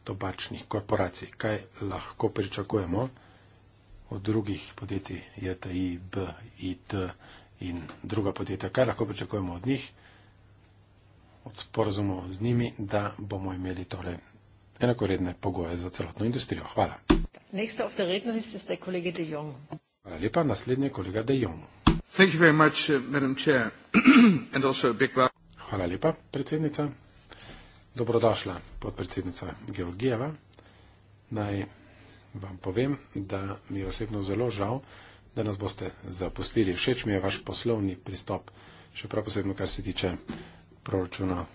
tobačnih korporacij. Kaj lahko pričakujemo od drugih podjetij, JTI, B, IT in druga podjetja, kaj lahko pričakujemo od njih? od sporozumov z njimi, da bomo imeli torej enakoredne pogoje za celotno industrijo. Hvala. Hvala lepa. Naslednji je kolega De Jong. Much, uh, Hvala lepa, predsednica. Dobrodošla, podpredsednica Georgijeva. Naj vam povem, da mi je osebno zelo žal, da nas boste zapustili. Všeč mi je vaš poslovni pristop, še prav posebno, kar se tiče proračuna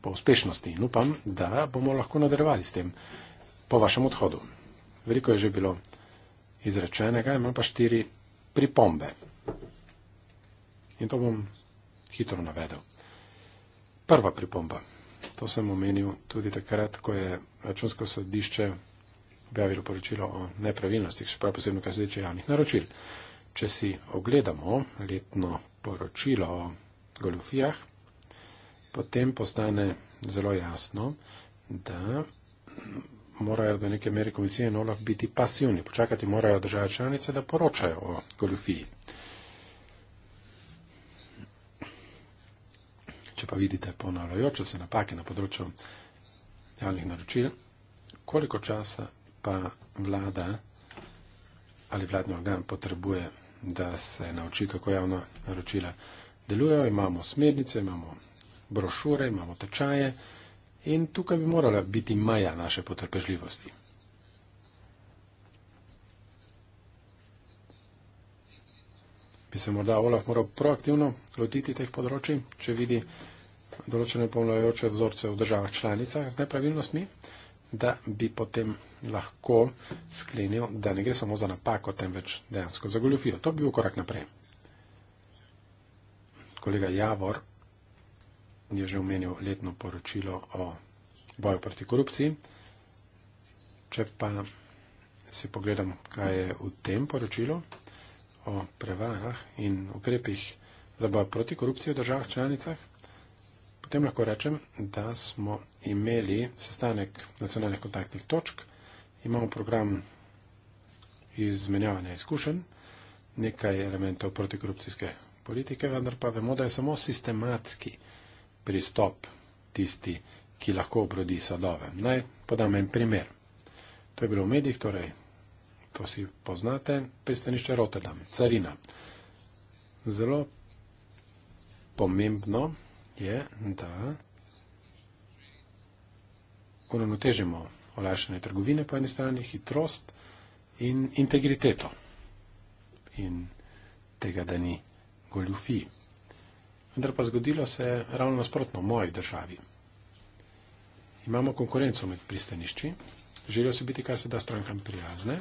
po uspešnosti in upam, da bomo lahko nadaljevali s tem po vašem odhodu. Veliko je že bilo izrečenega, imam pa štiri pripombe. In to bom hitro navedel. Prva pripomba. To sem omenil tudi takrat, ko je računsko sodišče objavilo poročilo o nepravilnostih, še prav posebno, kar se tiče javnih naročil. Če si ogledamo letno poročilo o goljofijah, potem postane zelo jasno, da morajo do neke mere komisije in OLAF biti pasivni, počakati morajo države članice, da poročajo o goljufiji. Če pa vidite ponavljajoče se napake na področju javnih naročil, koliko časa pa vlada ali vladni organ potrebuje, da se nauči, kako javna naročila delujejo, imamo smernice, imamo brošure, imamo tečaje in tukaj bi morala biti maja naše potrpežljivosti. Bi se morda Olaf moral proaktivno lotiti teh področij, če vidi določene pomlajoče vzorce v državah članicah z nepravilnostmi, da bi potem lahko sklenil, da ne gre samo za napako, temveč dejansko za goljofijo. To bi bil korak naprej. Kolega Javor je že omenil letno poročilo o boju proti korupciji. Če pa si pogledam, kaj je v tem poročilu o prevarah in ukrepih za boj proti korupciji v državah članicah, potem lahko rečem, da smo imeli sestanek nacionalnih kontaktnih točk, imamo program izmenjavanja izkušenj, nekaj elementov protikorupcijske politike, vendar pa vemo, da je samo sistematski pristop tisti, ki lahko obrodi sadove. Naj podam en primer. To je bilo v medijih, torej to si poznate, pristanišče Rotterdam, carina. Zelo pomembno je, da uravnotežimo olajšanje trgovine po eni strani, hitrost in integriteto. In tega, da ni goljufi vendar pa zgodilo se je ravno nasprotno v moji državi. Imamo konkurenco med pristanišči, želijo se biti kar se da strankam prijazne.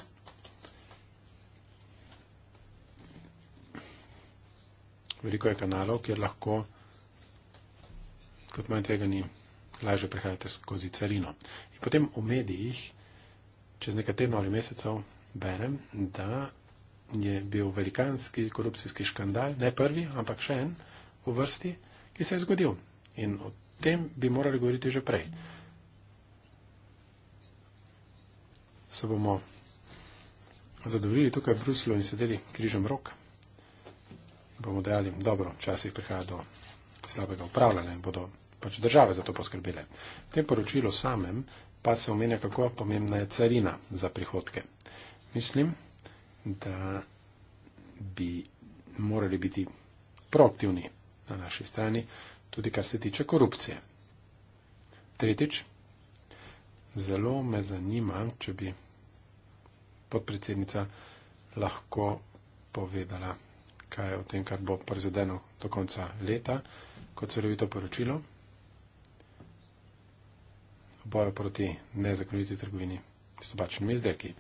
Veliko je kanalov, kjer lahko, kot manj tega ni, lažje prehajate skozi carino. In potem v medijih, čez nekaj tednov ali mesecev, berem, da je bil velikanski korupcijski škandal, ne prvi, ampak še en, v vrsti, ki se je zgodil. In o tem bi morali govoriti že prej. Se bomo zadovoljili tukaj v Bruslu in sedeli križem rok. Bomo dejali, dobro, včasih prihaja do slabega upravljanja in bodo pač države za to poskrbele. V tem poročilu samem pa se omenja, kako pomembna je carina za prihodke. Mislim, da bi morali biti proaktivni na naši strani, tudi kar se tiče korupcije. Tretjič, zelo me zanima, če bi podpredsednica lahko povedala, kaj je o tem, kar bo prizadeno do konca leta, kot celovito poročilo bojo proti nezakoniti trgovini s tobačnimi izdelki.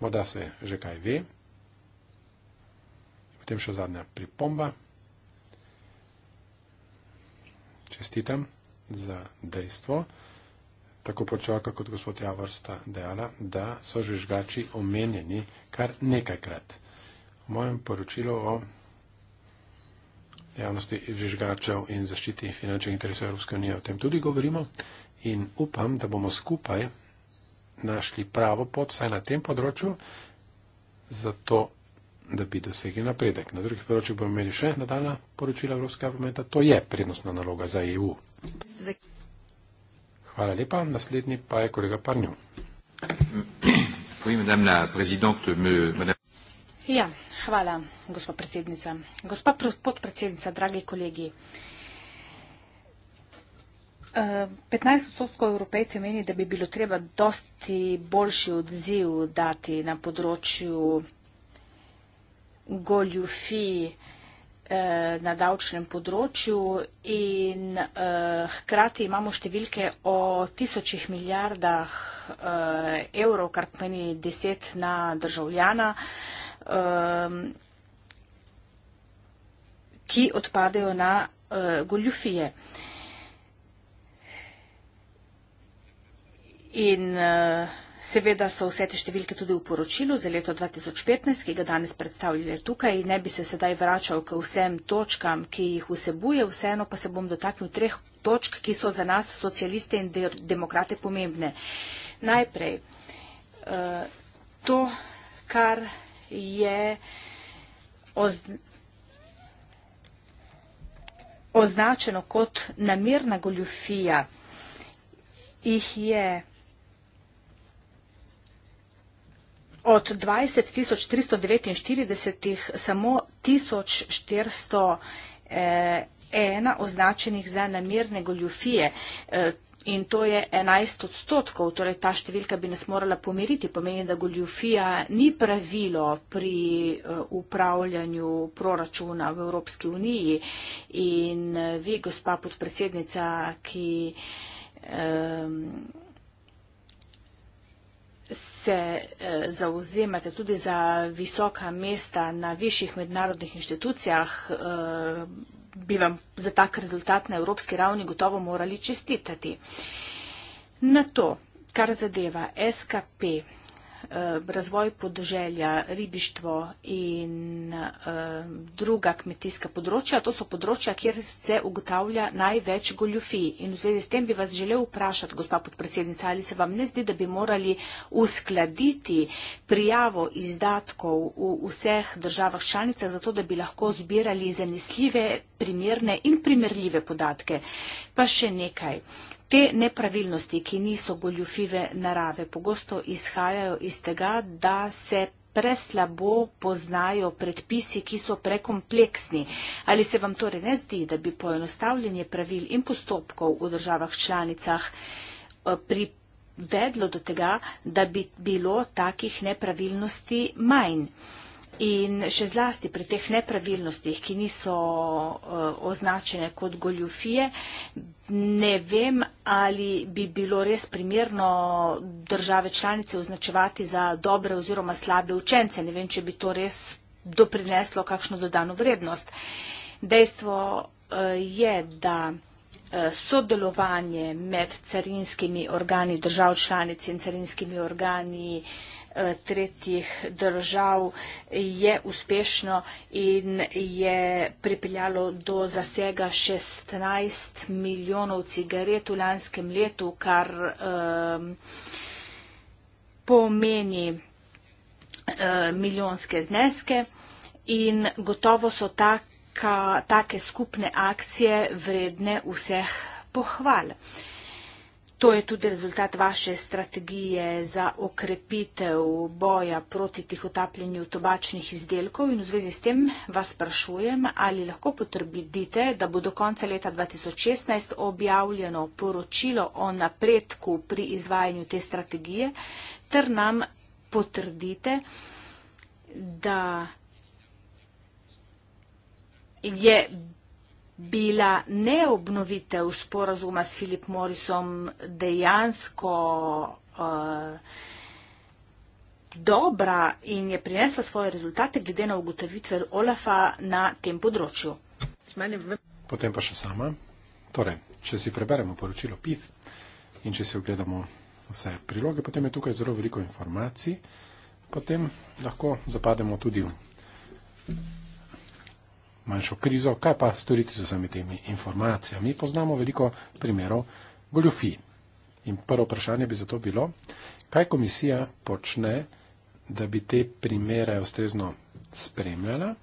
Morda se že kaj ve. Potem še zadnja pripomba. čestitam za dejstvo, tako počaka kot gospod Javor sta dejala, da so žvižgači omenjeni kar nekajkrat. V mojem poročilu o javnosti žvižgačev in zaščiti finančnih interesov Evropske unije o tem tudi govorimo in upam, da bomo skupaj našli pravo pot, saj na tem področju, zato da bi dosegli napredek. Na drugih področjih bomo imeli še nadaljna poročila Evropskega parlamenta. To je prednostna naloga za EU. Hvala lepa. Naslednji pa je kolega Parnju. Ja, hvala, gospod predsednica. Gospod podpredsednica, dragi kolegi. 15 eh, odstotkov evropejcev meni, da bi bilo treba dosti boljši odziv dati na področju goljufij eh, na davčnem področju in eh, hkrati imamo številke o tisočih milijardah eh, evrov, kar pomeni deset na državljana, ehm, ki odpadejo na goljufije. In Seveda so vse te številke tudi v poročilu za leto 2015, ki ga danes predstavljate tukaj. Ne bi se sedaj vračal k vsem točkam, ki jih vsebuje, vseeno pa se bom dotaknil treh točk, ki so za nas socialiste in demokrate pomembne. Najprej, eh, to, kar je označeno kot namirna goljufija, jih je Od 20.349 samo 1401 eh, označenih za namerne goljufije eh, in to je 11 odstotkov, torej ta številka bi nas morala pomiriti, pomeni, da goljufija ni pravilo pri eh, upravljanju proračuna v Evropski uniji in vi, gospa podpredsednica, ki. Um, se eh, zauzemate tudi za visoka mesta na višjih mednarodnih inštitucijah, eh, bi vam za tak rezultat na evropski ravni gotovo morali čestitati. Na to, kar zadeva SKP, Eh, razvoj podeželja, ribištvo in eh, druga kmetijska področja, to so področja, kjer se ugotavlja največ goljofij. In v zvezi s tem bi vas želel vprašati, gospa podpredsednica, ali se vam ne zdi, da bi morali uskladiti prijavo izdatkov v vseh državah članicah, zato da bi lahko zbirali zanesljive, primerne in primerljive podatke. Pa še nekaj. Te nepravilnosti, ki niso goljufive narave, pogosto izhajajo iz tega, da se preslabo poznajo predpisi, ki so prekompleksni. Ali se vam torej ne zdi, da bi poenostavljanje pravil in postopkov v državah članicah eh, privedlo do tega, da bi bilo takih nepravilnosti manj? In še zlasti pri teh nepravilnostih, ki niso eh, označene kot goljufije, Ne vem, ali bi bilo res primerno države članice označevati za dobre oziroma slabe učence. Ne vem, če bi to res doprineslo kakšno dodano vrednost. Dejstvo eh, je, da eh, sodelovanje med carinskimi organi držav članic in carinskimi organi eh, Eh, tretjih držav je uspešno in je pripeljalo do zasega 16 milijonov cigaret v lanskem letu, kar ehm, pomeni eh, milijonske zneske in gotovo so take skupne akcije vredne vseh pohval. To je tudi rezultat vaše strategije za okrepitev boja proti tihotapljenju tobačnih izdelkov in v zvezi s tem vas sprašujem, ali lahko potrdite, da bo do konca leta 2016 objavljeno poročilo o napredku pri izvajanju te strategije ter nam potrdite, da je bila neobnovitev sporazuma s Filip Morisom dejansko uh, dobra in je prinesla svoje rezultate glede na ugotovitve Olafa na tem področju. Potem pa še sama. Torej, če si preberemo poročilo PIF in če si ogledamo vse priloge, potem je tukaj zelo veliko informacij. Potem lahko zapademo tudi v manjšo krizo, kaj pa storiti z vsemi temi informacijami. Poznamo veliko primerov goljufij. In prvo vprašanje bi zato bilo, kaj komisija počne, da bi te primere ustrezno spremljala.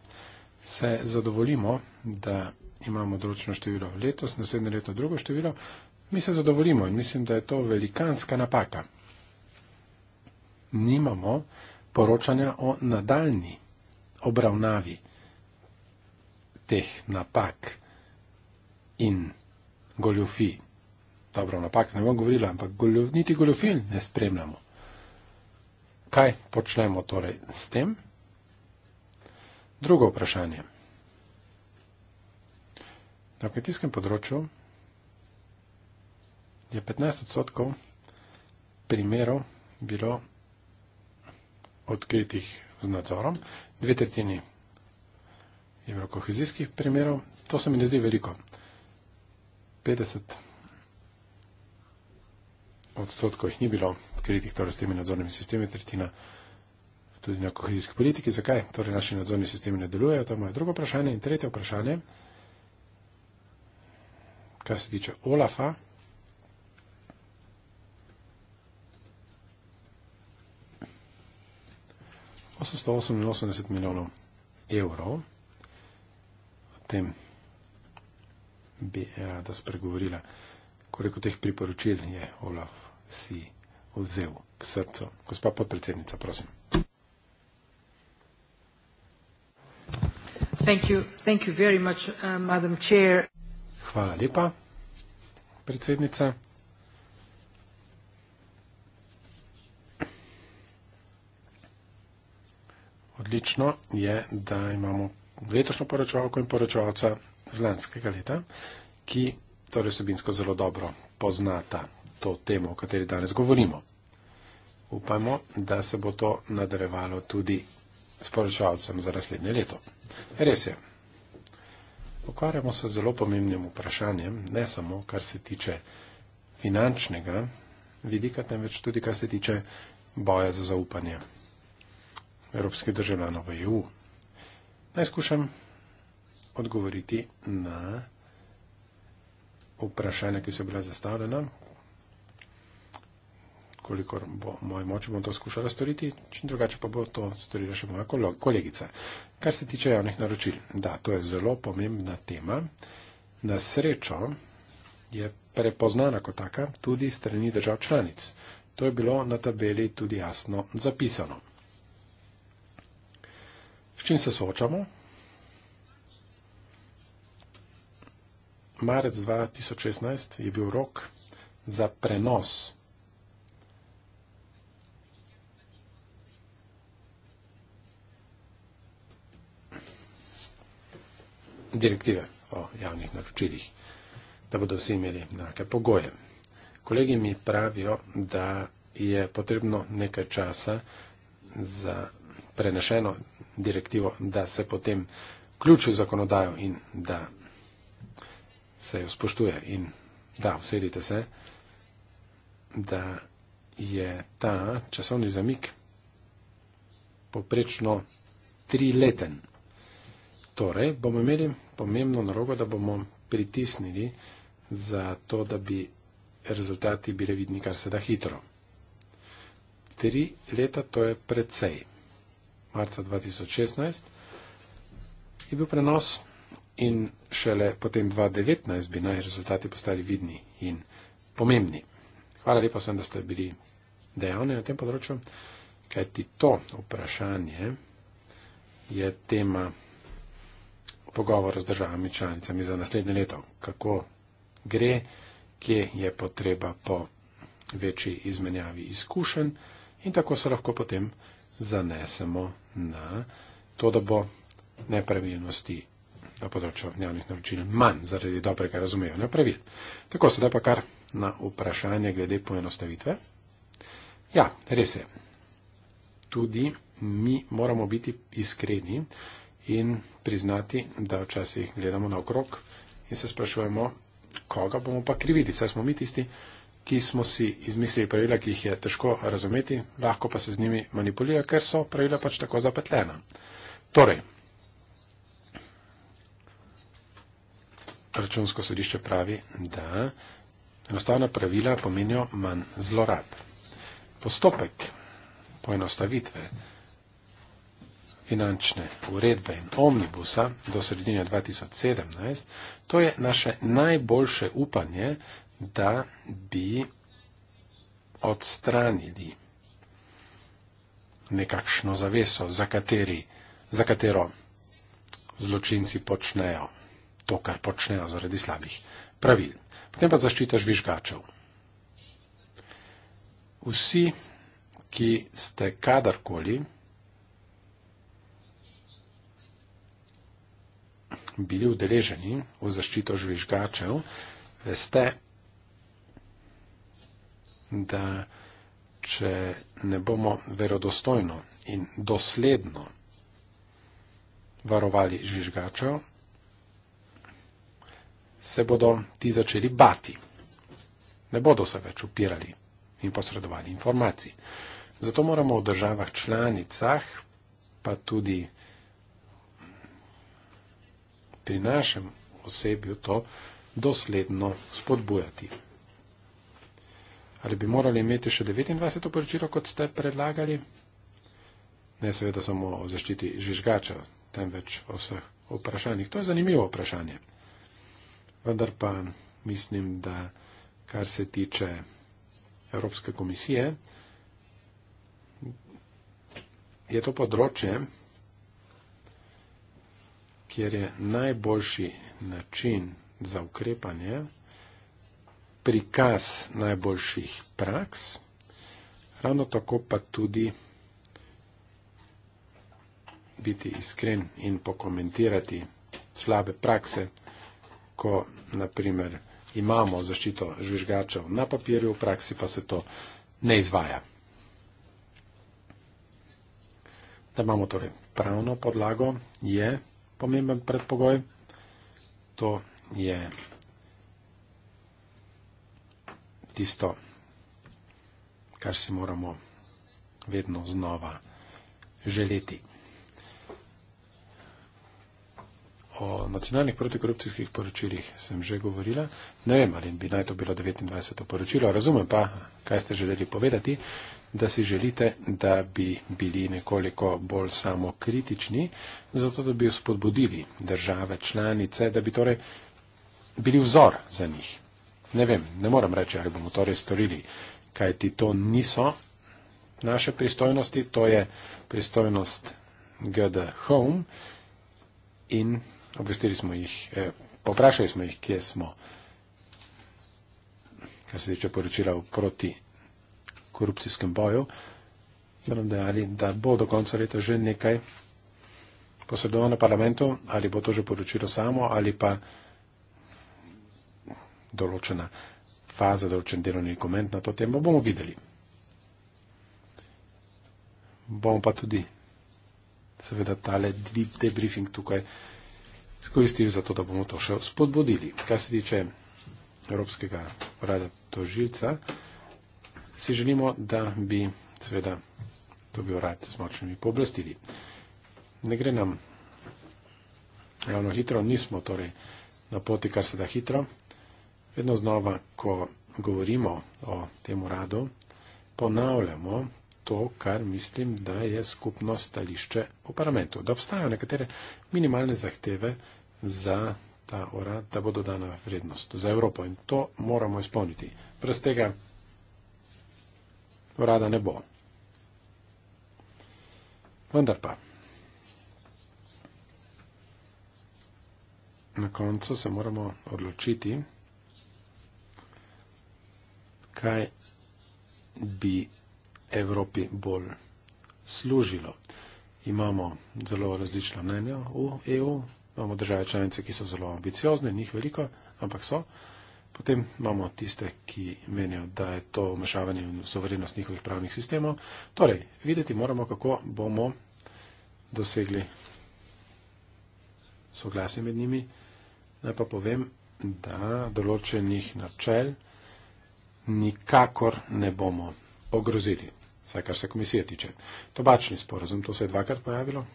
Se zadovolimo, da imamo določeno število letos, naslednje leto drugo število. Mi se zadovolimo in mislim, da je to velikanska napaka. Nimamo poročanja o nadaljni obravnavi teh napak in goljofij. Dobro, napak ne bom govorila, ampak goljo, niti goljofij ne spremljamo. Kaj počnemo torej s tem? Drugo vprašanje. Na kmetijskem področju je 15 odstotkov primerov bilo odkritih z nadzorom, dve tretjini imel kohezijskih primerov. To se mi ne zdi veliko. 50 odstotkov jih ni bilo kritih torej s temi nadzornimi sistemi, tretjina tudi na kohezijski politiki. Zakaj? Torej naši nadzorni sistemi ne delujejo. To je moje drugo vprašanje. In tretje vprašanje, kar se tiče OLAFA. 888 milijonov evrov tem bi rada spregovorila, koliko teh priporočil je Olaf si vzel k srcu. Gospa podpredsednica, prosim. Thank you. Thank you very much, uh, Hvala lepa, predsednica. Odlično je, da imamo letošnjo poročevalko in poročevalca z lanskega leta, ki torej sebinsko zelo dobro poznata to temo, o kateri danes govorimo. Upajmo, da se bo to nadaljevalo tudi s poročevalcem za naslednje leto. Res je. Pokvarjamo se zelo pomembnim vprašanjem, ne samo kar se tiče finančnega vidika, temveč tudi kar se tiče boja za zaupanje evropskih državljanov v EU. Naj skušam odgovoriti na vprašanja, ki so bila zastavljena. Kolikor bo moje moči, bom to skušala storiti, čim drugače pa bo to storila še moja kolegica. Kar se tiče javnih naročil, da, to je zelo pomembna tema. Na srečo je prepoznana kot taka tudi strani držav članic. To je bilo na tabeli tudi jasno zapisano s čim se soočamo. Marec 2016 je bil rok za prenos direktive o javnih naročilih, da bodo vsi imeli enake pogoje. Kolegi mi pravijo, da je potrebno nekaj časa za prenešeno direktivo, da se potem vključi v zakonodajo in da se jo spoštuje in da usedite se, da je ta časovni zamik poprečno trileten. Torej bomo imeli pomembno narogo, da bomo pritisnili za to, da bi rezultati bili vidni kar se da hitro. Tri leta to je precej marca 2016, je bil prenos in šele potem 2019 bi naj rezultati postali vidni in pomembni. Hvala lepa vsem, da ste bili dejavni na tem področju, kajti to vprašanje je tema pogovora z državami članicami za naslednje leto. Kako gre, kje je potreba po večji izmenjavi izkušenj in tako se lahko potem zanesemo na to, da bo nepravilnosti na področju javnih naročil manj zaradi dobrega razumevanja pravil. Tako sedaj pa kar na vprašanje glede poenostavitve. Ja, res je. Tudi mi moramo biti iskreni in priznati, da včasih gledamo naokrog in se sprašujemo, koga bomo pa krivili. Saj smo mi tisti, ki ki smo si izmislili pravila, ki jih je težko razumeti, lahko pa se z njimi manipulira, ker so pravila pač tako zapetljena. Torej, računsko sodišče pravi, da enostavna pravila pomenijo manj zlorab. Postopek poenostavitve finančne uredbe in omnibusa do sredine 2017, to je naše najboljše upanje, da bi odstranili nekakšno zaveso, za, kateri, za katero zločinci počnejo to, kar počnejo zaradi slabih pravil. Potem pa zaščita žvižgačev. Vsi, ki ste kadarkoli bili udeleženi v zaščito žvižgačev, veste, da če ne bomo verodostojno in dosledno varovali žvižgačev, se bodo ti začeli bati. Ne bodo se več upirali in posredovali informacij. Zato moramo v državah članicah, pa tudi pri našem osebju to dosledno spodbujati. Ali bi morali imeti še 29. poročilo, kot ste predlagali? Ne seveda samo o zaščiti žvižgača, temveč o vseh vprašanjih. To je zanimivo vprašanje. Vendar pa mislim, da kar se tiče Evropske komisije, je to področje, kjer je najboljši način za ukrepanje, prikaz najboljših praks, ravno tako pa tudi biti iskren in pokomentirati slabe prakse, ko naprimer imamo zaščito žvižgačev na papirju, v praksi pa se to ne izvaja. Da imamo torej pravno podlago, je pomemben predpogoj. To je tisto, kar si moramo vedno znova želeti. O nacionalnih protikorupcijskih poročilih sem že govorila. Ne vem, ali bi naj to bilo 29. poročilo. Razumem pa, kaj ste želeli povedati, da si želite, da bi bili nekoliko bolj samokritični, zato da bi spodbudili države članice, da bi torej bili vzor za njih ne vem, ne morem reči, ali bomo to res storili, kaj ti to niso naše pristojnosti, to je pristojnost GD Home in obvestili smo jih, eh, poprašali smo jih, kje smo, kar se tiče poročila v protikorupcijskem boju, so nam dejali, da bo do konca leta že nekaj posredovano parlamentu, ali bo to že poročilo samo, ali pa določena faza, določen delovni komend na to temo, bomo videli. Bomo pa tudi seveda tale debriefing tukaj skoristili za to, da bomo to še spodbudili. Kar se tiče Evropskega rada tožilca, si želimo, da bi seveda to bil rad z močnimi pooblastili. Ne gre nam ravno hitro, nismo torej na poti, kar se da hitro. Vedno znova, ko govorimo o tem uradu, ponavljamo to, kar mislim, da je skupno stališče v parlamentu. Da obstajajo nekatere minimalne zahteve za ta urad, da bo dodana vrednost za Evropo in to moramo izpolniti. Brez tega urada ne bo. Vendar pa. Na koncu se moramo odločiti, kaj bi Evropi bolj služilo. Imamo zelo različna mnenja v EU, imamo države članice, ki so zelo ambiciozne, njih veliko, ampak so. Potem imamo tiste, ki menijo, da je to vmešavanje in soverenost njihovih pravnih sistemov. Torej, videti moramo, kako bomo dosegli soglasje med njimi. Naj pa povem, da določenih načel nikakor ne bomo ogrozili, vsaj kar se komisije tiče. Tobačni sporazum, to se je dvakrat pojavilo.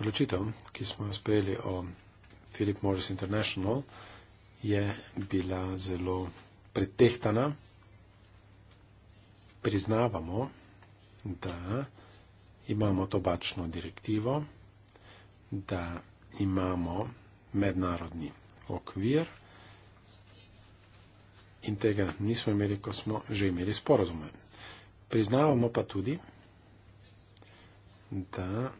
Odločitev, ki smo jo sprejeli o Philip Morris International, je bila zelo pretehtana. Priznavamo, da imamo tobačno direktivo, da imamo mednarodni okvir in tega nismo imeli, ko smo že imeli sporozume. Priznavamo pa tudi, da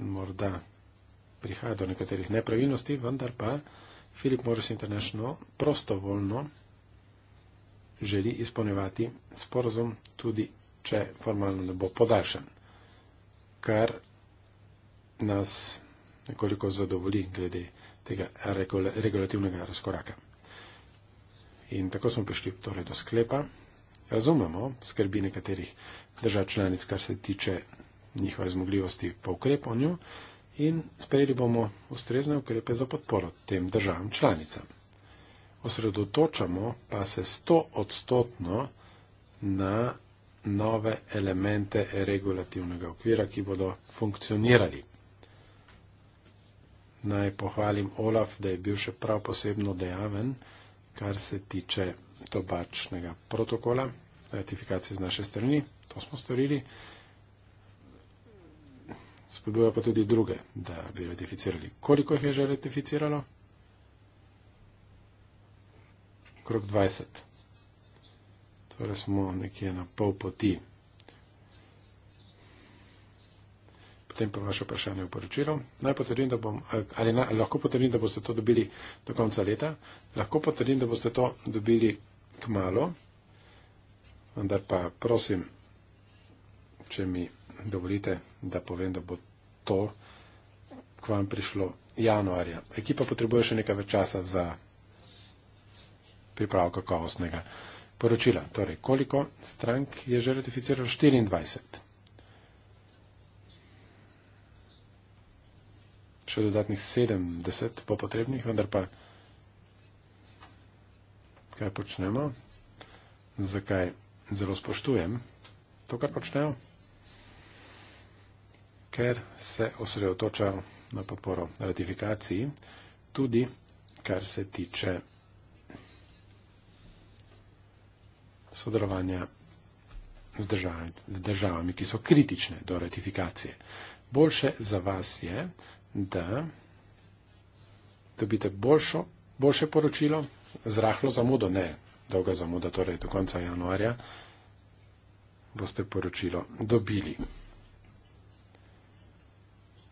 morda prihaja do nekaterih nepravilnosti, vendar pa Philip Morris International prostovoljno želi izpolnjevati sporozum, tudi če formalno ne bo podaljšan, kar nas nekoliko zadovolji glede tega regulativnega razkoraka. In tako smo prišli torej do sklepa. Razumemo skrbi nekaterih držav članic, kar se tiče njihove zmogljivosti po ukrepanju in sprejeli bomo ustrezne ukrepe za podporo tem državam članicam. Osredotočamo pa se sto odstotno na nove elemente regulativnega okvira, ki bodo funkcionirali naj pohvalim Olaf, da je bil še prav posebno dejaven, kar se tiče tobačnega protokola, ratifikacije z naše strani, to smo storili. Spodbuja pa tudi druge, da bi ratificirali. Koliko jih je že ratificiralo? Krok 20. Torej smo nekje na pol poti. tem pa vaše vprašanje v poročilu. Naj potrdim, da bom, ali, na, ali lahko potrdim, da boste to dobili do konca leta. Lahko potrdim, da boste to dobili k malo. Vendar pa prosim, če mi dovolite, da povem, da bo to k vam prišlo januarja. Ekipa potrebuje še nekaj več časa za pripravo kakovostnega poročila. Torej, koliko strank je že ratificiralo? 24. še dodatnih 70 bo potrebnih, vendar pa kaj počnemo, zakaj zelo spoštujem to, kar počnejo, ker se osredotoča na podporo ratifikaciji, tudi kar se tiče sodelovanja z državami, državami, ki so kritične do ratifikacije. Boljše za vas je, da dobite boljšo, boljše poročilo, z rahlo zamudo, ne dolga zamuda, torej do konca januarja, boste poročilo dobili.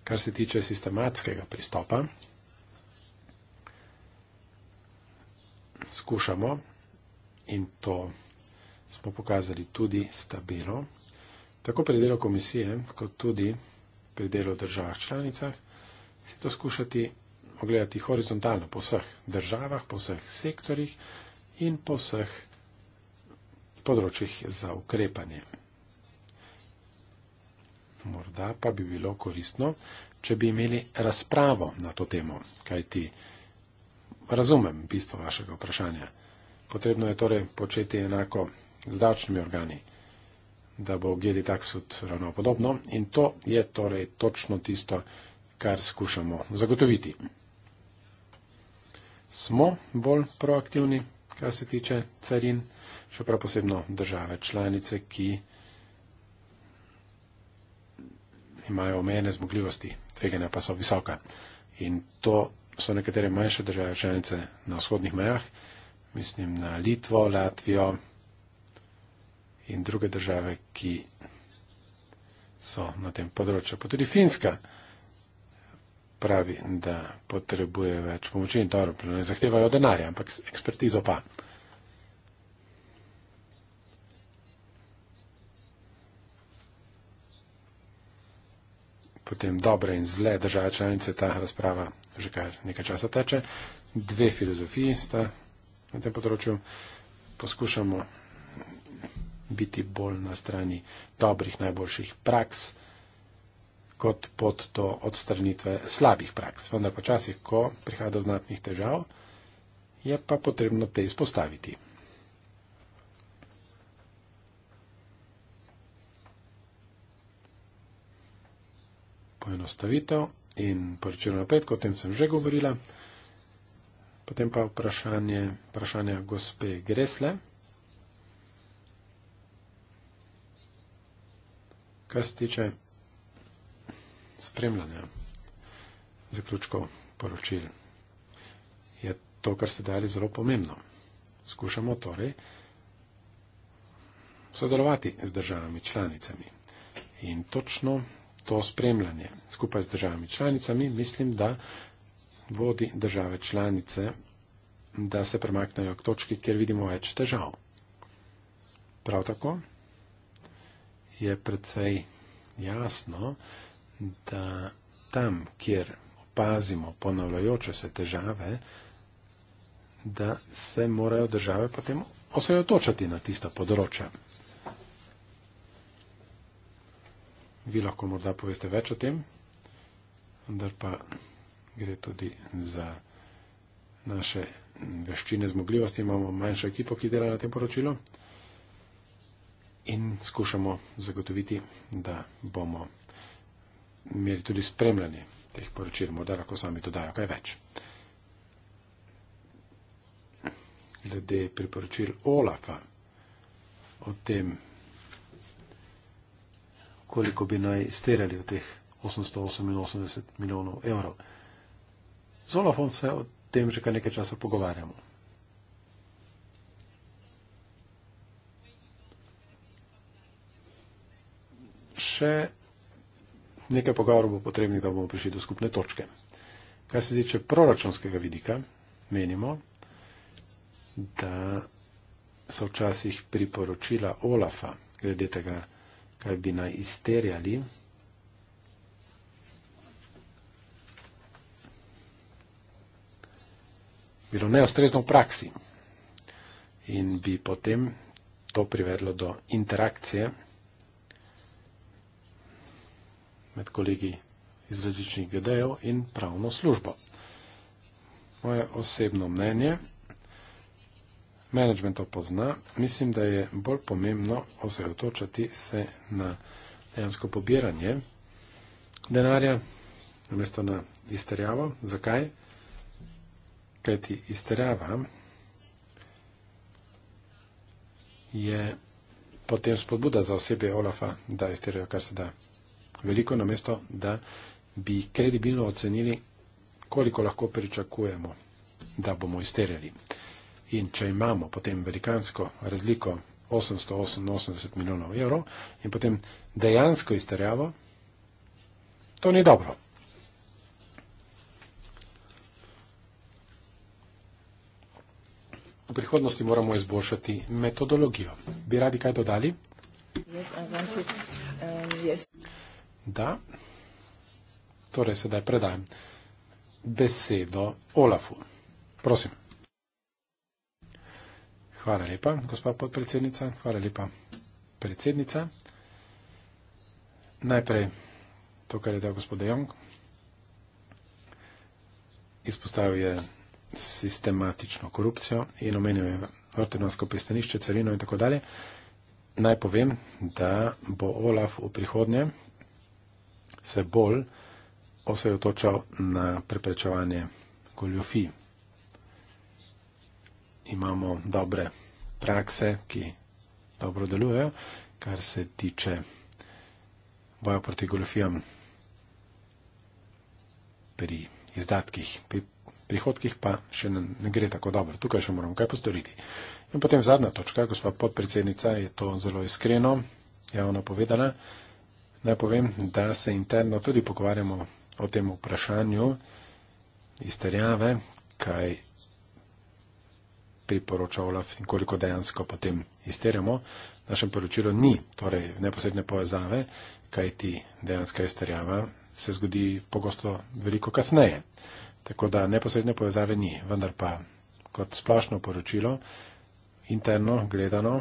Kar se tiče sistematskega pristopa, skušamo in to smo pokazali tudi s tabelo, tako pri delu komisije, kot tudi pri delu v državah članicah, se to skušati ogledati horizontalno po vseh državah, po vseh sektorjih in po vseh področjih za ukrepanje. Morda pa bi bilo koristno, če bi imeli razpravo na to temo, kajti razumem bistvo vašega vprašanja. Potrebno je torej početi enako z davčnimi organi, da bo GD taksut ravno podobno in to je torej točno tisto, kar skušamo zagotoviti. Smo bolj proaktivni, kar se tiče carin, še prav posebno države članice, ki imajo omejene zmogljivosti, tvegane pa so visoka. In to so nekatere manjše države članice na vzhodnih mejah, mislim na Litvo, Latvijo in druge države, ki so na tem področju. Pa tudi Finska pravi, da potrebuje več pomoči in dobro, ne zahtevajo denarja, ampak ekspertizo pa. Potem dobre in zle države članice, ta razprava že kar nekaj časa teče. Dve filozofiji sta na tem področju. Poskušamo biti bolj na strani dobrih, najboljših praks kot pot do odstranitve slabih praks. Vendar počasih, ko prihaja do znatnih težav, je pa potrebno te izpostaviti. Poenostavitev in poročilo naprej, kot tem sem že govorila. Potem pa vprašanje, vprašanje gospe Gresle. Kar se tiče spremljanja zaključkov poročil. Je to, kar ste dali, zelo pomembno. Skušamo torej sodelovati z državami članicami. In točno to spremljanje skupaj z državami članicami mislim, da vodi države članice, da se premaknejo k točki, kjer vidimo več težav. Prav tako je precej jasno, da tam, kjer opazimo ponavljajoče se težave, da se morajo države potem osredotočati na tista področja. Vi lahko morda poveste več o tem, vendar pa gre tudi za naše veščine, zmogljivosti. Imamo manjšo ekipo, ki dela na tem poročilu in skušamo zagotoviti, da bomo imeli tudi spremljanje teh poročil, morda lahko sami dodajo kaj več. Glede priporočil Olafa o tem, koliko bi naj sterali od teh 888 milijonov evrov. Z Olafom se o tem že kar nekaj časa pogovarjamo. Še nekaj pogovorov bo potrebnih, da bomo prišli do skupne točke. Kar se tiče proračunskega vidika, menimo, da so včasih priporočila Olafa glede tega, kaj bi naj izterjali, bilo neostrezno v praksi in bi potem to privedlo do interakcije med kolegi iz različnih GDO in pravno službo. Moje osebno mnenje, management to pozna, mislim, da je bolj pomembno osredotočati se na dejansko pobiranje denarja, namesto na izterjavo. Zakaj? Kajti izterjava je potem spodbuda za osebe Olafa, da izterjajo kar se da veliko namesto, da bi kredibilno ocenili, koliko lahko pričakujemo, da bomo izterjali. In če imamo potem velikansko razliko 888 milijonov evrov in potem dejansko izterjavo, to ni dobro. V prihodnosti moramo izboljšati metodologijo. Bi radi kaj dodali? Yes, da. Torej, sedaj predajem besedo Olafu. Prosim. Hvala lepa, gospa podpredsednica. Hvala lepa, predsednica. Najprej to, kar je dal gospod Jong. Izpostavil je sistematično korupcijo in omenil je ortenovsko pristanišče, celino in tako dalje. Naj povem, da bo Olaf v prihodnje se bolj osredotočal na preprečevanje goljofij. Imamo dobre prakse, ki dobro delujejo, kar se tiče boja proti goljofijam pri izdatkih, pri prihodkih pa še ne gre tako dobro. Tukaj še moramo kaj postoriti. In potem zadnja točka, gospod podpredsednica je to zelo iskreno javno povedala. Naj povem, da se interno tudi pogovarjamo o tem vprašanju izterjave, kaj priporoča Olaf in koliko dejansko potem izterjamo. V našem poročilu ni torej neposredne povezave, kaj ti dejanska izterjava se zgodi pogosto veliko kasneje. Tako da neposredne povezave ni, vendar pa kot splošno poročilo, interno gledano,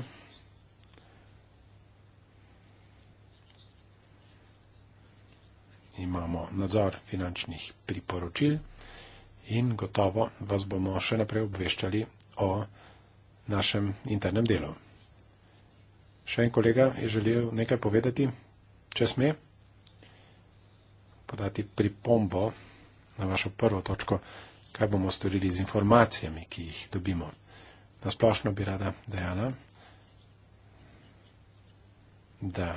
imamo nadzor finančnih priporočil in gotovo vas bomo še naprej obveščali o našem internem delu. Še en kolega je želel nekaj povedati, če sme podati pripombo na vašo prvo točko, kaj bomo storili z informacijami, ki jih dobimo. Na splošno bi rada dejala, da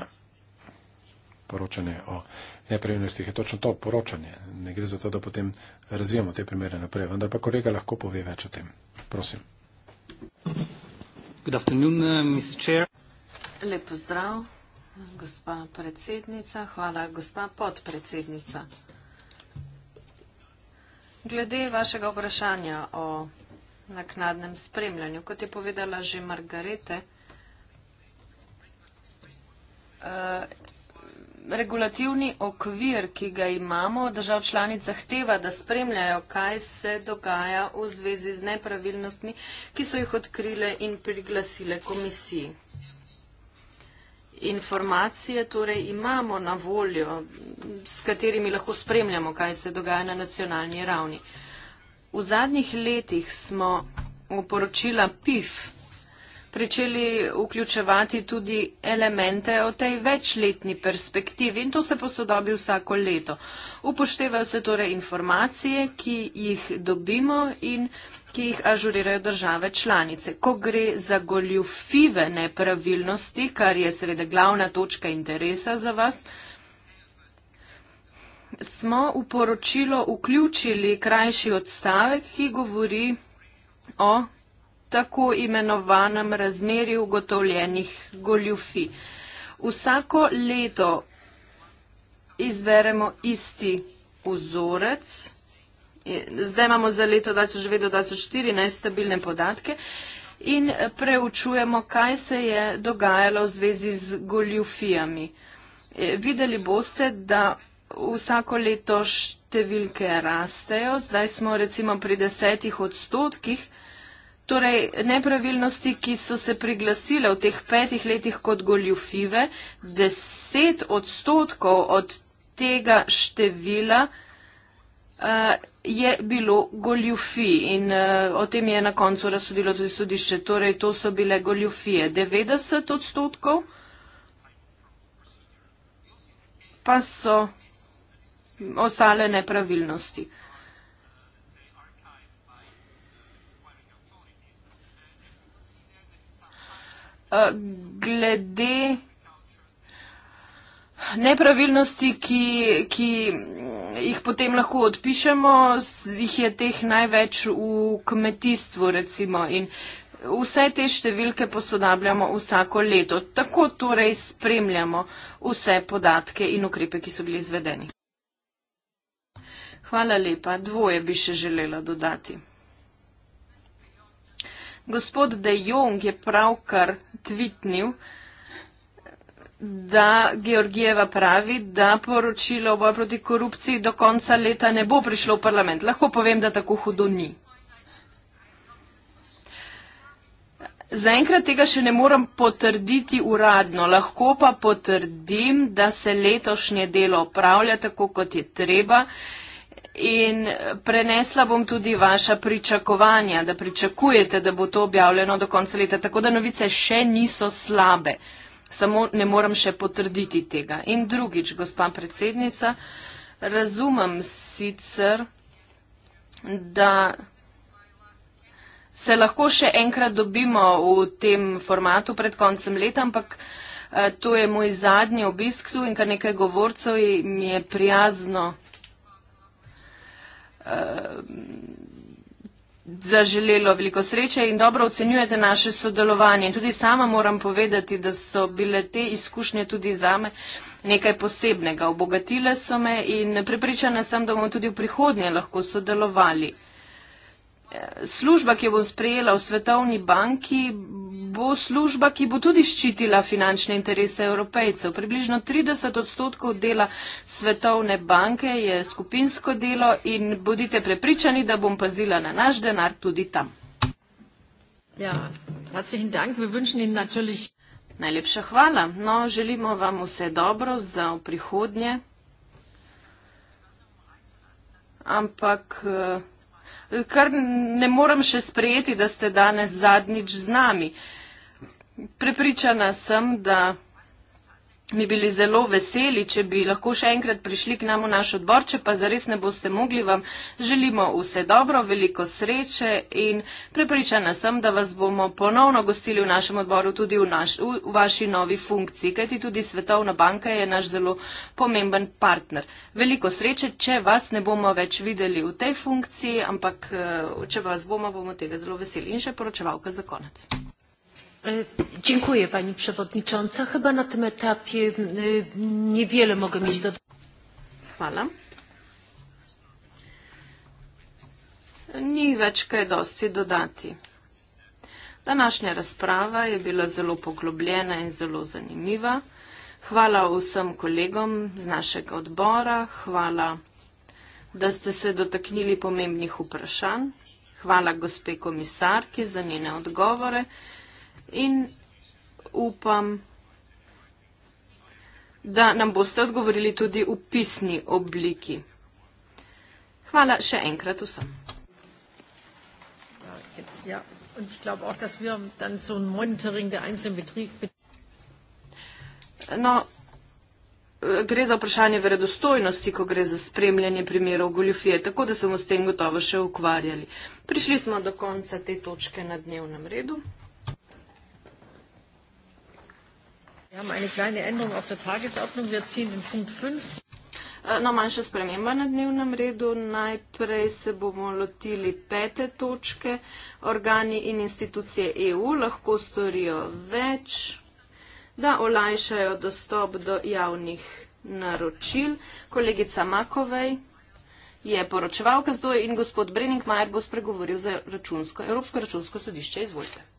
poročanje o nepravilnostih. Je točno to poročanje. Ne gre za to, da potem razvijamo te primere naprej. Vendar pa kolega lahko pove več o tem. Prosim. Good afternoon, uh, Mr. Chair. Lep pozdrav, gospa predsednica. Hvala, gospa podpredsednica. Glede vašega vprašanja o naknadnem spremljanju, kot je povedala že Margarete, eh, regulativni okvir, ki ga imamo, držav članic zahteva, da spremljajo, kaj se dogaja v zvezi z nepravilnostmi, ki so jih odkrile in priglasile komisiji. Informacije torej imamo na voljo, s katerimi lahko spremljamo, kaj se dogaja na nacionalni ravni. V zadnjih letih smo v poročila PIF pričeli vključevati tudi elemente o tej večletni perspektivi in to se posodobi vsako leto. Upoštevajo se torej informacije, ki jih dobimo in ki jih ažurirajo države članice. Ko gre za goljufive nepravilnosti, kar je seveda glavna točka interesa za vas, smo v poročilo vključili krajši odstavek, ki govori o tako imenovanem razmerju ugotovljenih goljufi. Vsako leto izberemo isti vzorec. Zdaj imamo za leto 2014 stabilne podatke in preučujemo, kaj se je dogajalo v zvezi z goljufijami. E, videli boste, da vsako leto številke rastejo. Zdaj smo recimo pri desetih odstotkih, Torej, nepravilnosti, ki so se priglasile v teh petih letih kot goljufive, deset odstotkov od tega števila uh, je bilo goljufi in uh, o tem je na koncu razsodilo tudi sodišče. Torej, to so bile goljufije. 90 odstotkov pa so ostale nepravilnosti. Eh, glede nepravilnosti, ki, ki jih potem lahko odpišemo, jih je teh največ v kmetijstvu recimo in vse te številke posodabljamo vsako leto. Tako torej spremljamo vse podatke in ukrepe, ki so bili izvedeni. Hvala lepa. Dvoje bi še želela dodati. Gospod De Jong je pravkar tvitnil, da Georgijeva pravi, da poročilo o boju proti korupciji do konca leta ne bo prišlo v parlament. Lahko povem, da tako hudo ni. Zaenkrat tega še ne moram potrditi uradno, lahko pa potrdim, da se letošnje delo opravlja tako, kot je treba in prenesla bom tudi vaša pričakovanja, da pričakujete, da bo to objavljeno do konca leta. Tako da novice še niso slabe, samo ne moram še potrditi tega. In drugič, gospa predsednica, razumem sicer, da se lahko še enkrat dobimo v tem formatu pred koncem leta, ampak eh, to je moj zadnji obisk tu in kar nekaj govorcev mi je prijazno. Eh, zaželelo veliko sreče in dobro ocenjujete naše sodelovanje. Tudi sama moram povedati, da so bile te izkušnje tudi zame nekaj posebnega. Obogatile so me in prepričana sem, da bomo tudi v prihodnje lahko sodelovali služba, ki jo bom sprejela v Svetovni banki, bo služba, ki bo tudi ščitila finančne interese evropejcev. Približno 30 odstotkov dela Svetovne banke je skupinsko delo in bodite prepričani, da bom pazila na naš denar tudi tam. Ja, herzlichen Dank. Wir wünschen Ihnen natürlich. Najlepša hvala. No, želimo vam vse dobro za prihodnje. Ampak. Uh, kar ne morem še sprejeti, da ste danes zadnjič z nami. Prepričana sem, da bi bili zelo veseli, če bi lahko še enkrat prišli k nam v naš odbor, če pa zares ne boste mogli, vam želimo vse dobro, veliko sreče in prepričana sem, da vas bomo ponovno gostili v našem odboru tudi v, naš, v vaši novi funkciji, kajti tudi Svetovna banka je naš zelo pomemben partner. Veliko sreče, če vas ne bomo več videli v tej funkciji, ampak eh, če vas bomo, bomo tega zelo veseli. In še poročevalka za konec. E, dziękuję Pani Przewodnicząca. Chyba na tym etapie e, niewiele mogę mieć do... Chwala. Nihvečkega osti dodati. Današnja razprava je bila zelo poglobljena in zelo zanimiva. Hvala vsem kolegom z našega odbora, hvala, da ste se dotaknili pomembnih vprašanj, hvala gospe komisarki za njene odgovore in in upam, da nam boste odgovorili tudi v pisni obliki. Hvala še enkrat vsem. Ja, ja. No, gre za vprašanje verodostojnosti, ko gre za spremljanje primerov goljofije, tako da smo s tem gotovo še ukvarjali. Prišli smo do konca te točke na dnevnem redu. Wir haben eine kleine Änderung auf der Tagesordnung. Wir ziehen den Punkt 5. Äh, no, manjša sprememba na dnevnem redu. Najprej se bomo lotili pete točke. Organi in institucije EU lahko storijo več, da olajšajo dostop do javnih naročil. Kolegica Makovej je poročevalka zdoj in gospod Breningmajer bo spregovoril za računsko, Evropsko računsko sodišče. Izvolite.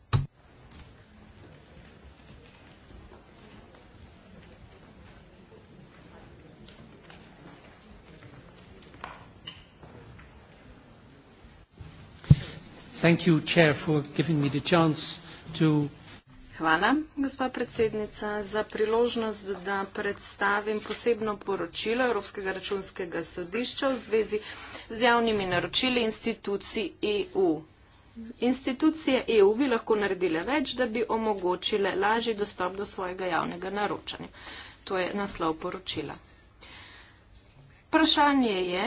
Hvala, gospa predsednica, za priložnost, da predstavim posebno poročilo Evropskega računskega sodišča v zvezi z javnimi naročili institucij EU. Institucije EU bi lahko naredile več, da bi omogočile lažji dostop do svojega javnega naročanja. To je naslov poročila. Vprašanje je,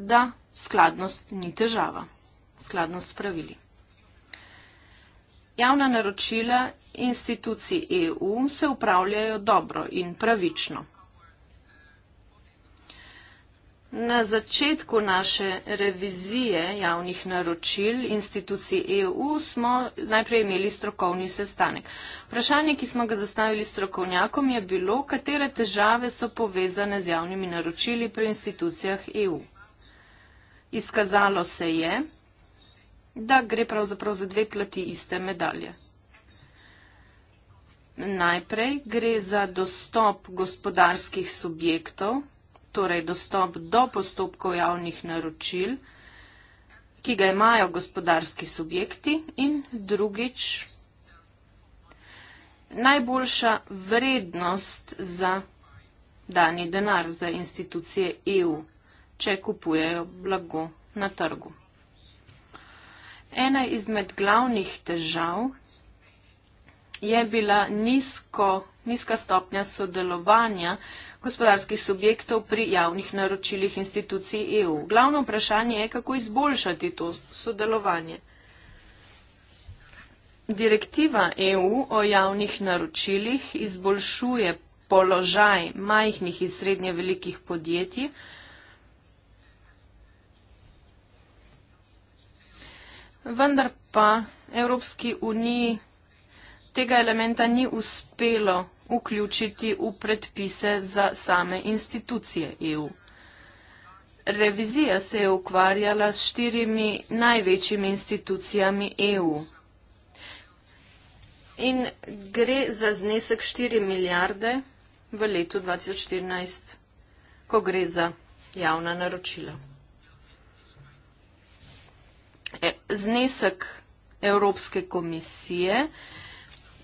da skladnost ni težava, skladnost pravili. Javna naročila institucij EU se upravljajo dobro in pravično. Na začetku naše revizije javnih naročil institucij EU smo najprej imeli strokovni sestanek. Vprašanje, ki smo ga zastavili strokovnjakom, je bilo, katere težave so povezane z javnimi naročili pri institucijah EU izkazalo se je, da gre pravzaprav za dve plati iste medalje. Najprej gre za dostop gospodarskih subjektov, torej dostop do postopkov javnih naročil, ki ga imajo gospodarski subjekti in drugič najboljša vrednost za dani denar za institucije EU če kupujejo blago na trgu. Ena izmed glavnih težav je bila nizko, nizka stopnja sodelovanja gospodarskih subjektov pri javnih naročilih institucij EU. Glavno vprašanje je, kako izboljšati to sodelovanje. Direktiva EU o javnih naročilih izboljšuje položaj majhnih in srednje velikih podjetij, Vendar pa Evropski uniji tega elementa ni uspelo vključiti v predpise za same institucije EU. Revizija se je ukvarjala s štirimi največjimi institucijami EU. In gre za znesek 4 milijarde v letu 2014, ko gre za javna naročila znesek Evropske komisije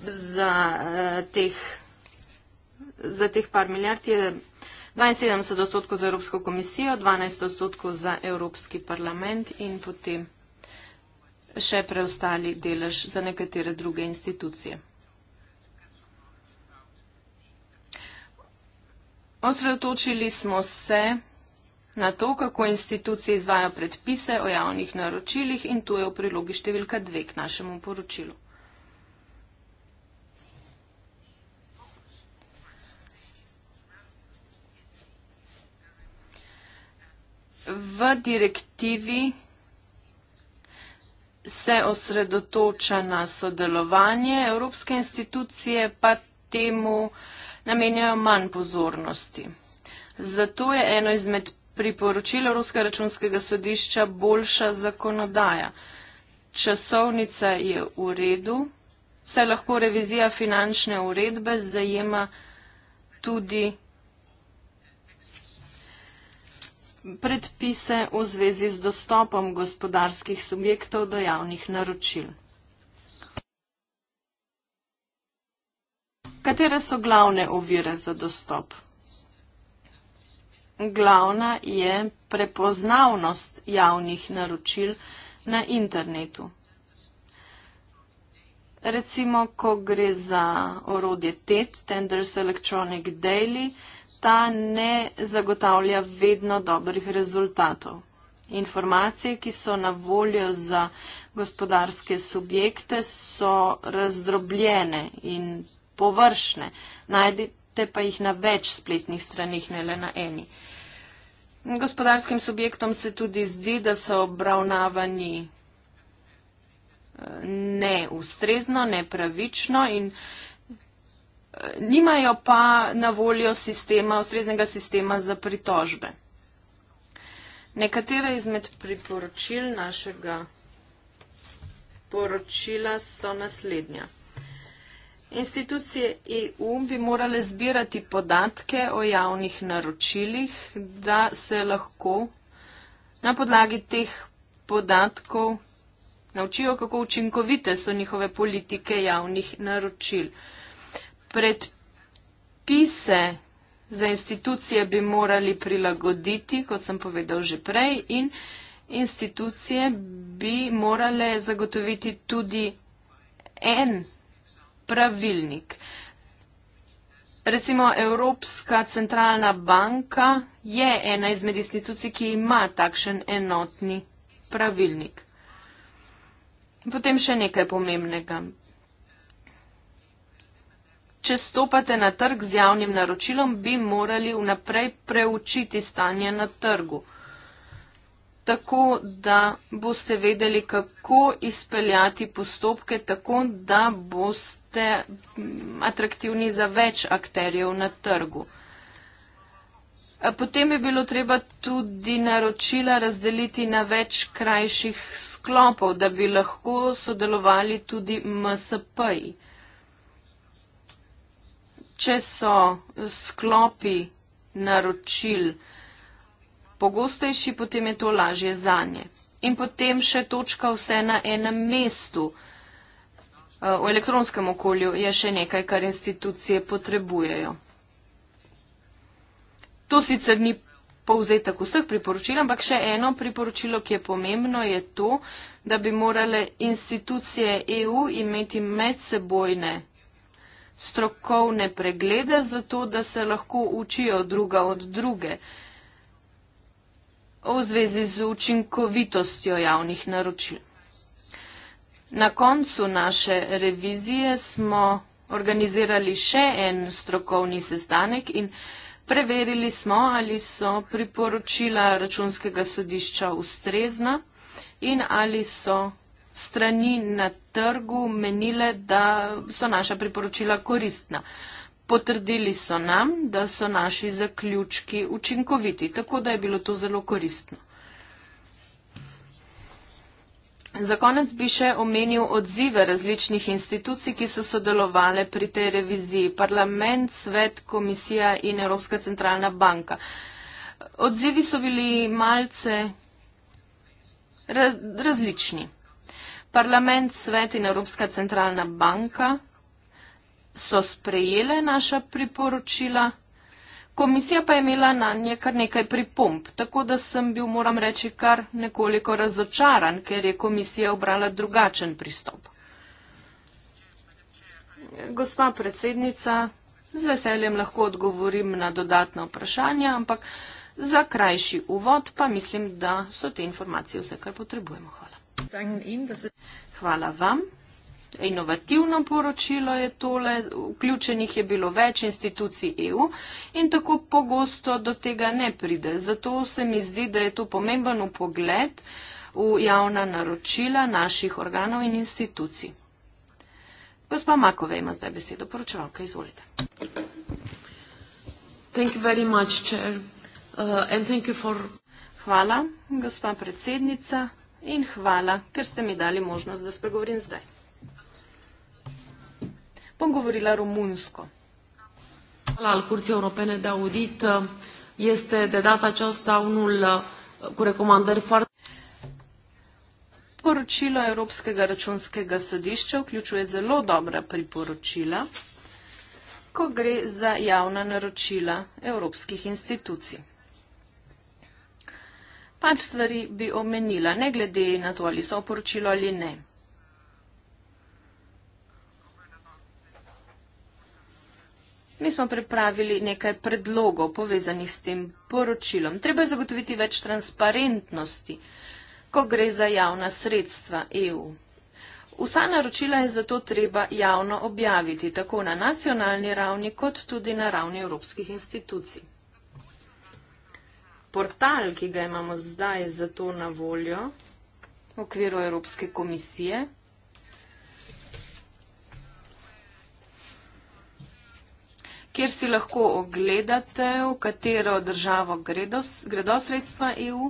za eh, teh, za teh par milijard je 72 odstotkov za Evropsko komisijo, 12 odstotkov za Evropski parlament in potem še preostali delež za nekatere druge institucije. Osredotočili smo se na to, kako institucije izvajo predpise o javnih naročilih in tu je v prilogi številka dve k našemu poročilu. V direktivi se osredotoča na sodelovanje, evropske institucije pa temu namenjajo manj pozornosti. Zato je eno izmed priporočilo Ruskega računskega sodišča boljša zakonodaja. Časovnica je v redu, vse lahko revizija finančne uredbe zajema tudi predpise v zvezi z dostopom gospodarskih subjektov do javnih naročil. Katere so glavne ovire za dostop? glavna je prepoznavnost javnih naročil na internetu. Recimo, ko gre za orodje TED, Tenders Electronic Daily, ta ne zagotavlja vedno dobrih rezultatov. Informacije, ki so na voljo za gospodarske subjekte, so razdrobljene in površne. Najdete pa jih na več spletnih stranih, ne le na eni. Gospodarskim subjektom se tudi zdi, da so obravnavani eh, neustrezno, nepravično in eh, nimajo pa na voljo sistema, ustreznega sistema za pritožbe. Nekatere izmed priporočil našega poročila so naslednja. Institucije EU bi morale zbirati podatke o javnih naročilih, da se lahko na podlagi teh podatkov naučijo, kako učinkovite so njihove politike javnih naročil. Predpise za institucije bi morali prilagoditi, kot sem povedal že prej, in institucije bi morale zagotoviti tudi en pravilnik. Recimo Evropska centralna banka je ena izmed institucij, ki ima takšen enotni pravilnik. Potem še nekaj pomembnega. Če stopate na trg z javnim naročilom, bi morali vnaprej preučiti stanje na trgu tako da boste vedeli, kako izpeljati postopke, tako da boste mm, atraktivni za več akterjev na trgu. Potem je bilo treba tudi naročila razdeliti na več krajših sklopov, da bi lahko sodelovali tudi MSP-ji. Če so sklopi naročil, pogostejši, potem je to lažje za nje. In potem še točka vse na enem mestu. E, v elektronskem okolju je še nekaj, kar institucije potrebujejo. To sicer ni povzetek vseh priporočil, ampak še eno priporočilo, ki je pomembno, je to, da bi morale institucije EU imeti medsebojne strokovne preglede, zato da se lahko učijo druga od druge v zvezi z učinkovitostjo javnih naročil. Na koncu naše revizije smo organizirali še en strokovni sestanek in preverili smo, ali so priporočila računskega sodišča ustrezna in ali so strani na trgu menile, da so naša priporočila koristna. Potrdili so nam, da so naši zaključki učinkoviti, tako da je bilo to zelo koristno. Za konec bi še omenil odzive različnih institucij, ki so sodelovali pri tej reviziji. Parlament, svet, komisija in Evropska centralna banka. Odzivi so bili malce različni. Parlament, svet in Evropska centralna banka so sprejele naša priporočila, komisija pa je imela na nje kar nekaj pripomp, tako da sem bil, moram reči, kar nekoliko razočaran, ker je komisija obrala drugačen pristop. Gospa predsednica, z veseljem lahko odgovorim na dodatno vprašanje, ampak za krajši uvod pa mislim, da so te informacije vse, kar potrebujemo. Hvala. Hvala vam inovativno poročilo je tole, vključenih je bilo več institucij EU in tako pogosto do tega ne pride. Zato se mi zdi, da je to pomemben pogled v javna naročila naših organov in institucij. Gospa Makove ima zdaj besedo, poročevalka, izvolite. Uh, hvala, gospa predsednica, in hvala, ker ste mi dali možnost, da spregovorim zdaj bom govorila romunsko. Hvala al Curții Europene de Audit. Uh, este de data aceasta unul uh, cu recomandări foarte... Poročilo Evropskega računskega sodišča vključuje zelo dobra priporočila, ko gre za javna naročila evropskih institucij. Pač stvari bi omenila, ne glede na to, ali so poročilo ali ne. Mi smo pripravili nekaj predlogov povezanih s tem poročilom. Treba je zagotoviti več transparentnosti, ko gre za javna sredstva EU. Vsa naročila je zato treba javno objaviti, tako na nacionalni ravni, kot tudi na ravni evropskih institucij. Portal, ki ga imamo zdaj za to na voljo v okviru Evropske komisije, kjer si lahko ogledate, v katero državo gredo, gredo sredstva EU.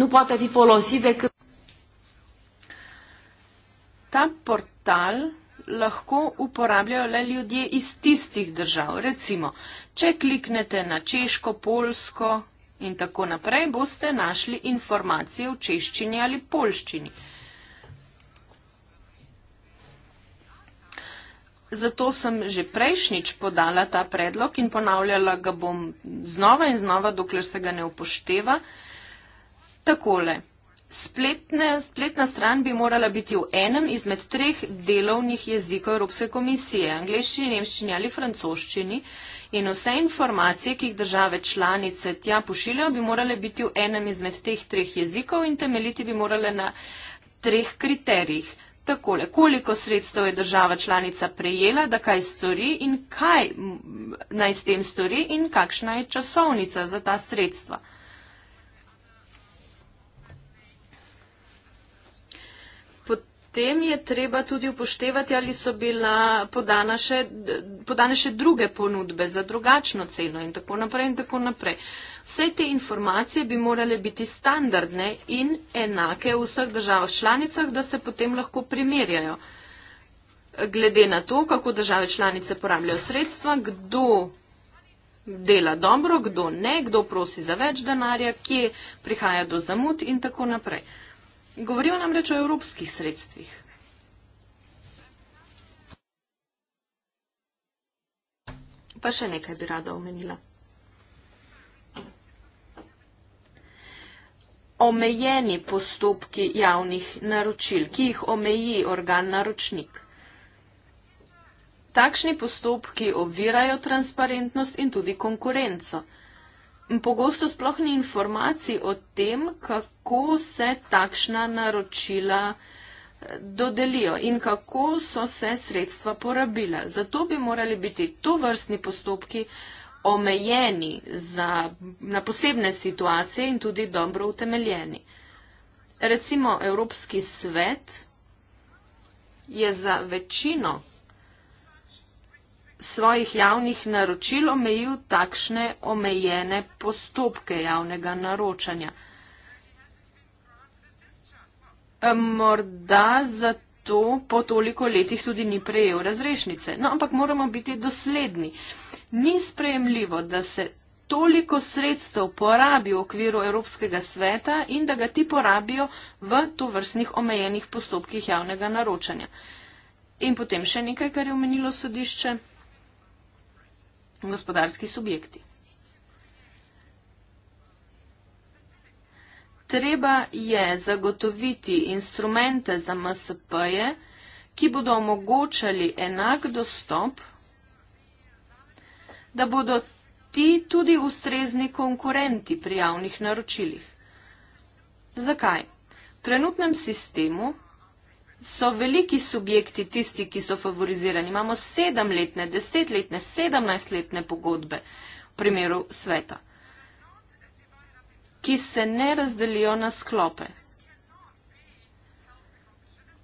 Nu poate fi folosit decât... Ta portal lahko uporabljajo le ljudje iz tistih držav. Recimo, če kliknete na Češko, Polsko in tako naprej, boste našli informacije v češčini ali polščini. Zato sem že prejšnjič podala ta predlog in ponavljala ga bom znova in znova, dokler se ga ne upošteva. Takole, spletne, spletna stran bi morala biti v enem izmed treh delovnih jezikov Evropske komisije, angliščini, nemščini ali francoščini in vse informacije, ki jih države članice tja pošiljajo, bi morale biti v enem izmed teh treh jezikov in temeljiti bi morale na treh kriterijih takole, koliko sredstev je država članica prejela, da kaj stori in kaj naj s tem stori in kakšna je časovnica za ta sredstva. Potem je treba tudi upoštevati, ali so bila podana še, podane še druge ponudbe za drugačno ceno in tako naprej in tako naprej. Vse te informacije bi morale biti standardne in enake v vseh državah članicah, da se potem lahko primerjajo. Glede na to, kako države članice porabljajo sredstva, kdo dela dobro, kdo ne, kdo prosi za več denarja, kje prihaja do zamud in tako naprej. Govorimo namreč o evropskih sredstvih. Pa še nekaj bi rada omenila. omejeni postopki javnih naročil, ki jih omeji organ naročnik. Takšni postopki ovirajo transparentnost in tudi konkurenco. Pogosto sploh ni informacij o tem, kako se takšna naročila eh, dodelijo in kako so se sredstva porabila. Zato bi morali biti to vrstni postopki omejeni za, na posebne situacije in tudi dobro utemeljeni. Recimo Evropski svet je za večino svojih javnih naročil omejil takšne omejene postopke javnega naročanja. Morda zato po toliko letih tudi ni prejel razrešnice. No, ampak moramo biti dosledni. Ni sprejemljivo, da se toliko sredstev porabi v okviru Evropskega sveta in da ga ti porabijo v tovrstnih omejenih postopkih javnega naročanja. In potem še nekaj, kar je omenilo sodišče. Gospodarski subjekti. Treba je zagotoviti instrumente za MSP-je, ki bodo omogočali enak dostop da bodo ti tudi ustrezni konkurenti pri javnih naročilih. Zakaj? V trenutnem sistemu so veliki subjekti tisti, ki so favorizirani. Imamo sedemletne, desetletne, sedemnajstletne pogodbe v primeru sveta, ki se ne razdelijo na sklope.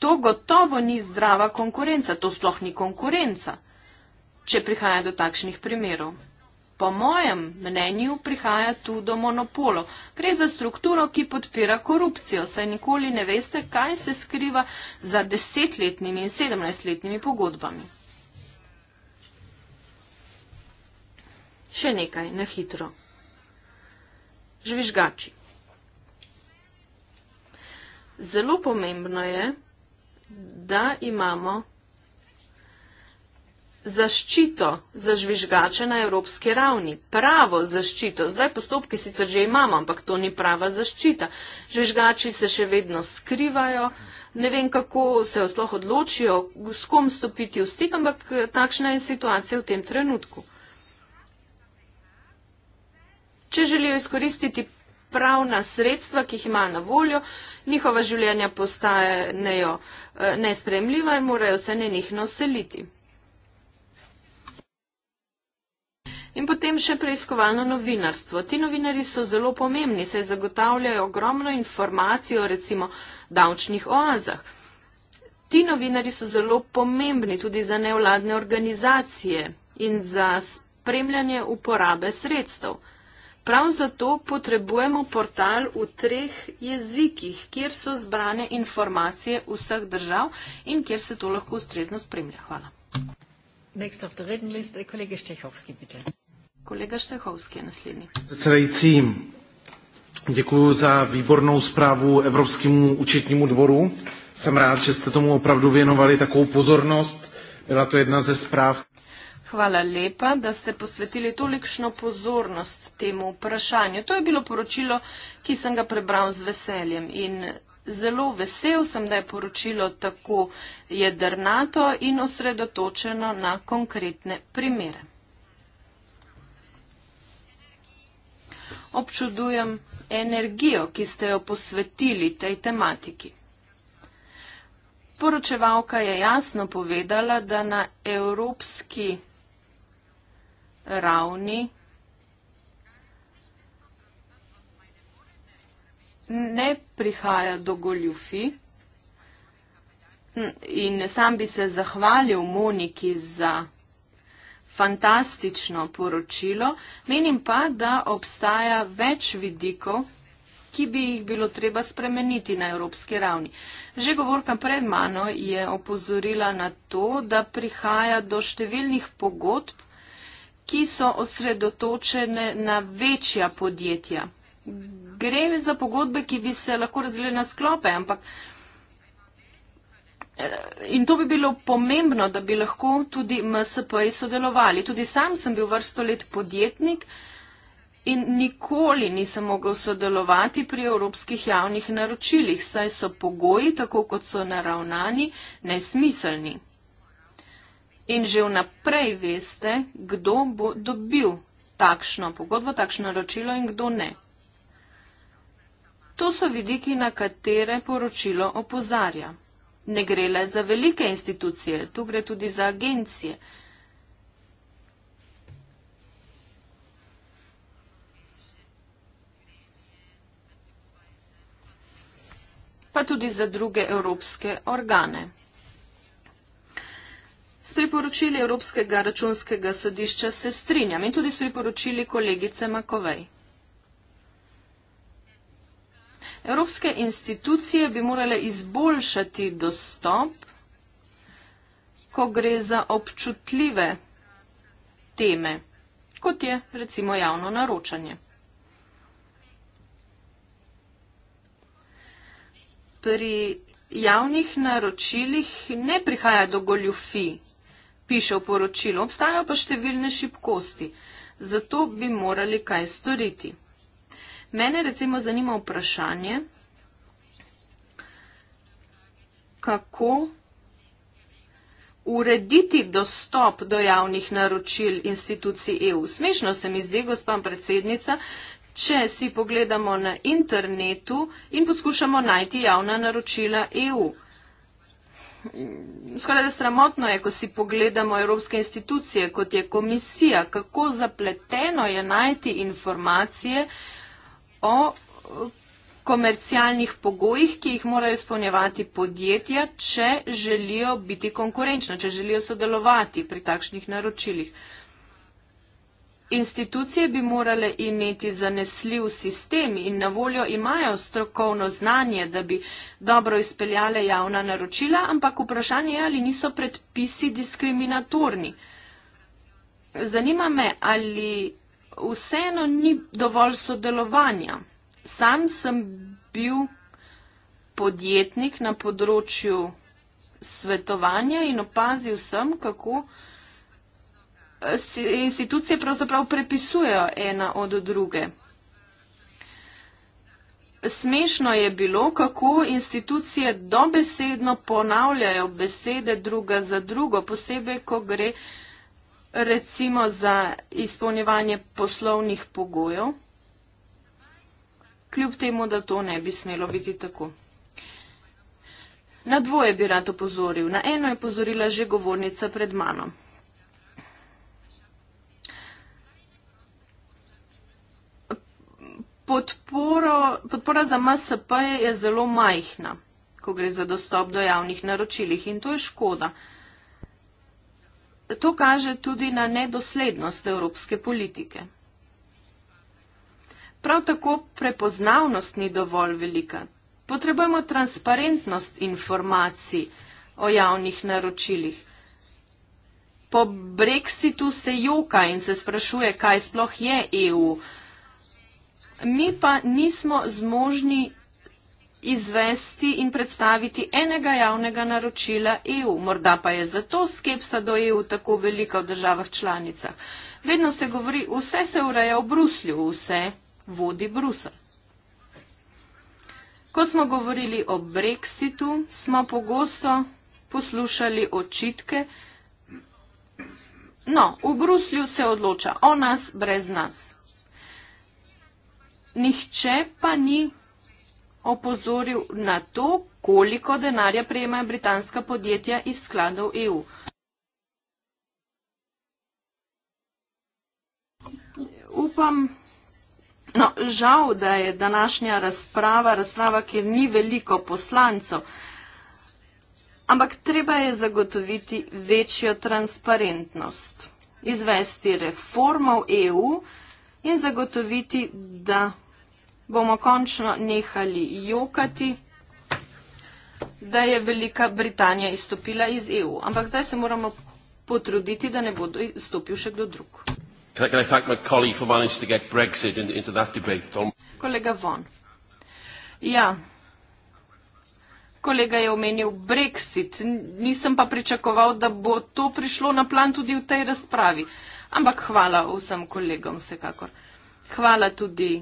To gotovo ni zdrava konkurenca, to sploh ni konkurenca če prihaja do takšnih primerov. Po mojem mnenju prihaja tu do monopola. Gre za strukturo, ki podpira korupcijo, saj nikoli ne veste, kaj se skriva za desetletnimi in sedemnajstletnimi pogodbami. Še nekaj, na hitro. Žvižgači. Zelo pomembno je, da imamo zaščito za žvižgače na evropski ravni, pravo zaščito. Zdaj postopke sicer že imamo, ampak to ni prava zaščita. Žvižgači se še vedno skrivajo, ne vem, kako se sploh odločijo, s kom stopiti v stik, ampak takšna je situacija v tem trenutku. Če želijo izkoristiti pravna sredstva, ki jih imajo na voljo, njihova življenja postajejo eh, nespremljiva in morajo se nenihno seliti. In potem še preiskovalno novinarstvo. Ti novinari so zelo pomembni, saj zagotavljajo ogromno informacijo o recimo davčnih oazah. Ti novinari so zelo pomembni tudi za nevladne organizacije in za spremljanje uporabe sredstev. Prav zato potrebujemo portal v treh jezikih, kjer so zbrane informacije vseh držav in kjer se to lahko ustrezno spremlja. Hvala. Next of the written list, kolega Štehovski, bitte. Kolega Štechovský je naslední. Předsedající, děkuji za výbornou zprávu Evropskému účetnímu dvoru. Jsem rád, že jste tomu opravdu věnovali takovou pozornost. Byla to jedna ze zpráv. Hvala lepa, da ste posvetili tolikšno pozornost temu vprašanju. To je bilo poročilo, ki sem ga prebral z veseljem. In zelo vesel sem, da je poročilo tako jedrnato in osredotočeno na konkretne primere. občudujem energijo, ki ste jo posvetili tej tematiki. Poročevalka je jasno povedala, da na evropski ravni ne prihaja do goljufi in sam bi se zahvalil Moniki za fantastično poročilo, menim pa, da obstaja več vidikov, ki bi jih bilo treba spremeniti na evropski ravni. Že govorka pred mano je opozorila na to, da prihaja do številnih pogodb, ki so osredotočene na večja podjetja. Gre za pogodbe, ki bi se lahko razvile na sklope, ampak In to bi bilo pomembno, da bi lahko tudi MSP-ji sodelovali. Tudi sam sem bil vrsto let podjetnik in nikoli nisem mogel sodelovati pri evropskih javnih naročilih, saj so pogoji, tako kot so naravnani, nesmiselni. In že vnaprej veste, kdo bo dobil takšno pogodbo, takšno naročilo in kdo ne. To so vidiki, na katere poročilo opozarja ne gre le za velike institucije, tu gre tudi za agencije. pa tudi za druge evropske organe. S priporočili Evropskega računskega sodišča se strinjam in tudi s priporočili kolegice Makovej. Evropske institucije bi morale izboljšati dostop, ko gre za občutljive teme, kot je recimo javno naročanje. Pri javnih naročilih ne prihaja do goljufi, piše v poročilu, obstajajo pa številne šibkosti, zato bi morali kaj storiti. Mene recimo zanima vprašanje, kako urediti dostop do javnih naročil institucij EU. Smešno se mi zdi, gospod predsednica, če si pogledamo na internetu in poskušamo najti javna naročila EU. Skoraj da sramotno je, ko si pogledamo evropske institucije, kot je komisija, kako zapleteno je najti informacije, o komercialnih pogojih, ki jih morajo izpolnjevati podjetja, če želijo biti konkurenčna, če želijo sodelovati pri takšnih naročilih. Institucije bi morale imeti zanesljiv sistem in na voljo imajo strokovno znanje, da bi dobro izpeljale javna naročila, ampak vprašanje je, ali niso predpisi diskriminatorni. Zanima me, ali vseeno ni dovolj sodelovanja. Sam sem bil podjetnik na področju svetovanja in opazil sem, kako institucije pravzaprav prepisujejo ena od druge. Smešno je bilo, kako institucije dobesedno ponavljajo besede druga za drugo, posebej, ko gre vsega, recimo za izpolnjevanje poslovnih pogojev, kljub temu, da to ne bi smelo biti tako. Na dvoje bi rad opozoril. Na eno je opozorila že govornica pred mano. Podporo, podpora za MSP je zelo majhna, ko gre za dostop do javnih naročilih in to je škoda. To kaže tudi na nedoslednost evropske politike. Prav tako prepoznavnost ni dovolj velika. Potrebujemo transparentnost informacij o javnih naročilih. Po brexitu se joka in se sprašuje, kaj sploh je EU. Mi pa nismo zmožni izvesti in predstaviti enega javnega naročila EU. Morda pa je zato skepsa do EU tako velika v državah članicah. Vedno se govori, vse se ureja v Bruslju, vse vodi Brusel. Ko smo govorili o Brexitu, smo pogosto poslušali očitke. No, v Bruslju se odloča o nas brez nas. Nihče pa ni opozoril na to, koliko denarja prejemajo britanska podjetja iz skladov EU. Upam, no, žal, da je današnja razprava, razprava, kjer ni veliko poslancev, ampak treba je zagotoviti večjo transparentnost, izvesti reformo EU in zagotoviti, da bomo končno nehali jokati, da je Velika Britanija izstopila iz EU. Ampak zdaj se moramo potruditi, da ne bo izstopil še kdo drug. Kolega Von. Ja. Kolega je omenil Brexit, nisem pa pričakoval, da bo to prišlo na plan tudi v tej razpravi. Ampak hvala vsem kolegom, vsekakor. Hvala tudi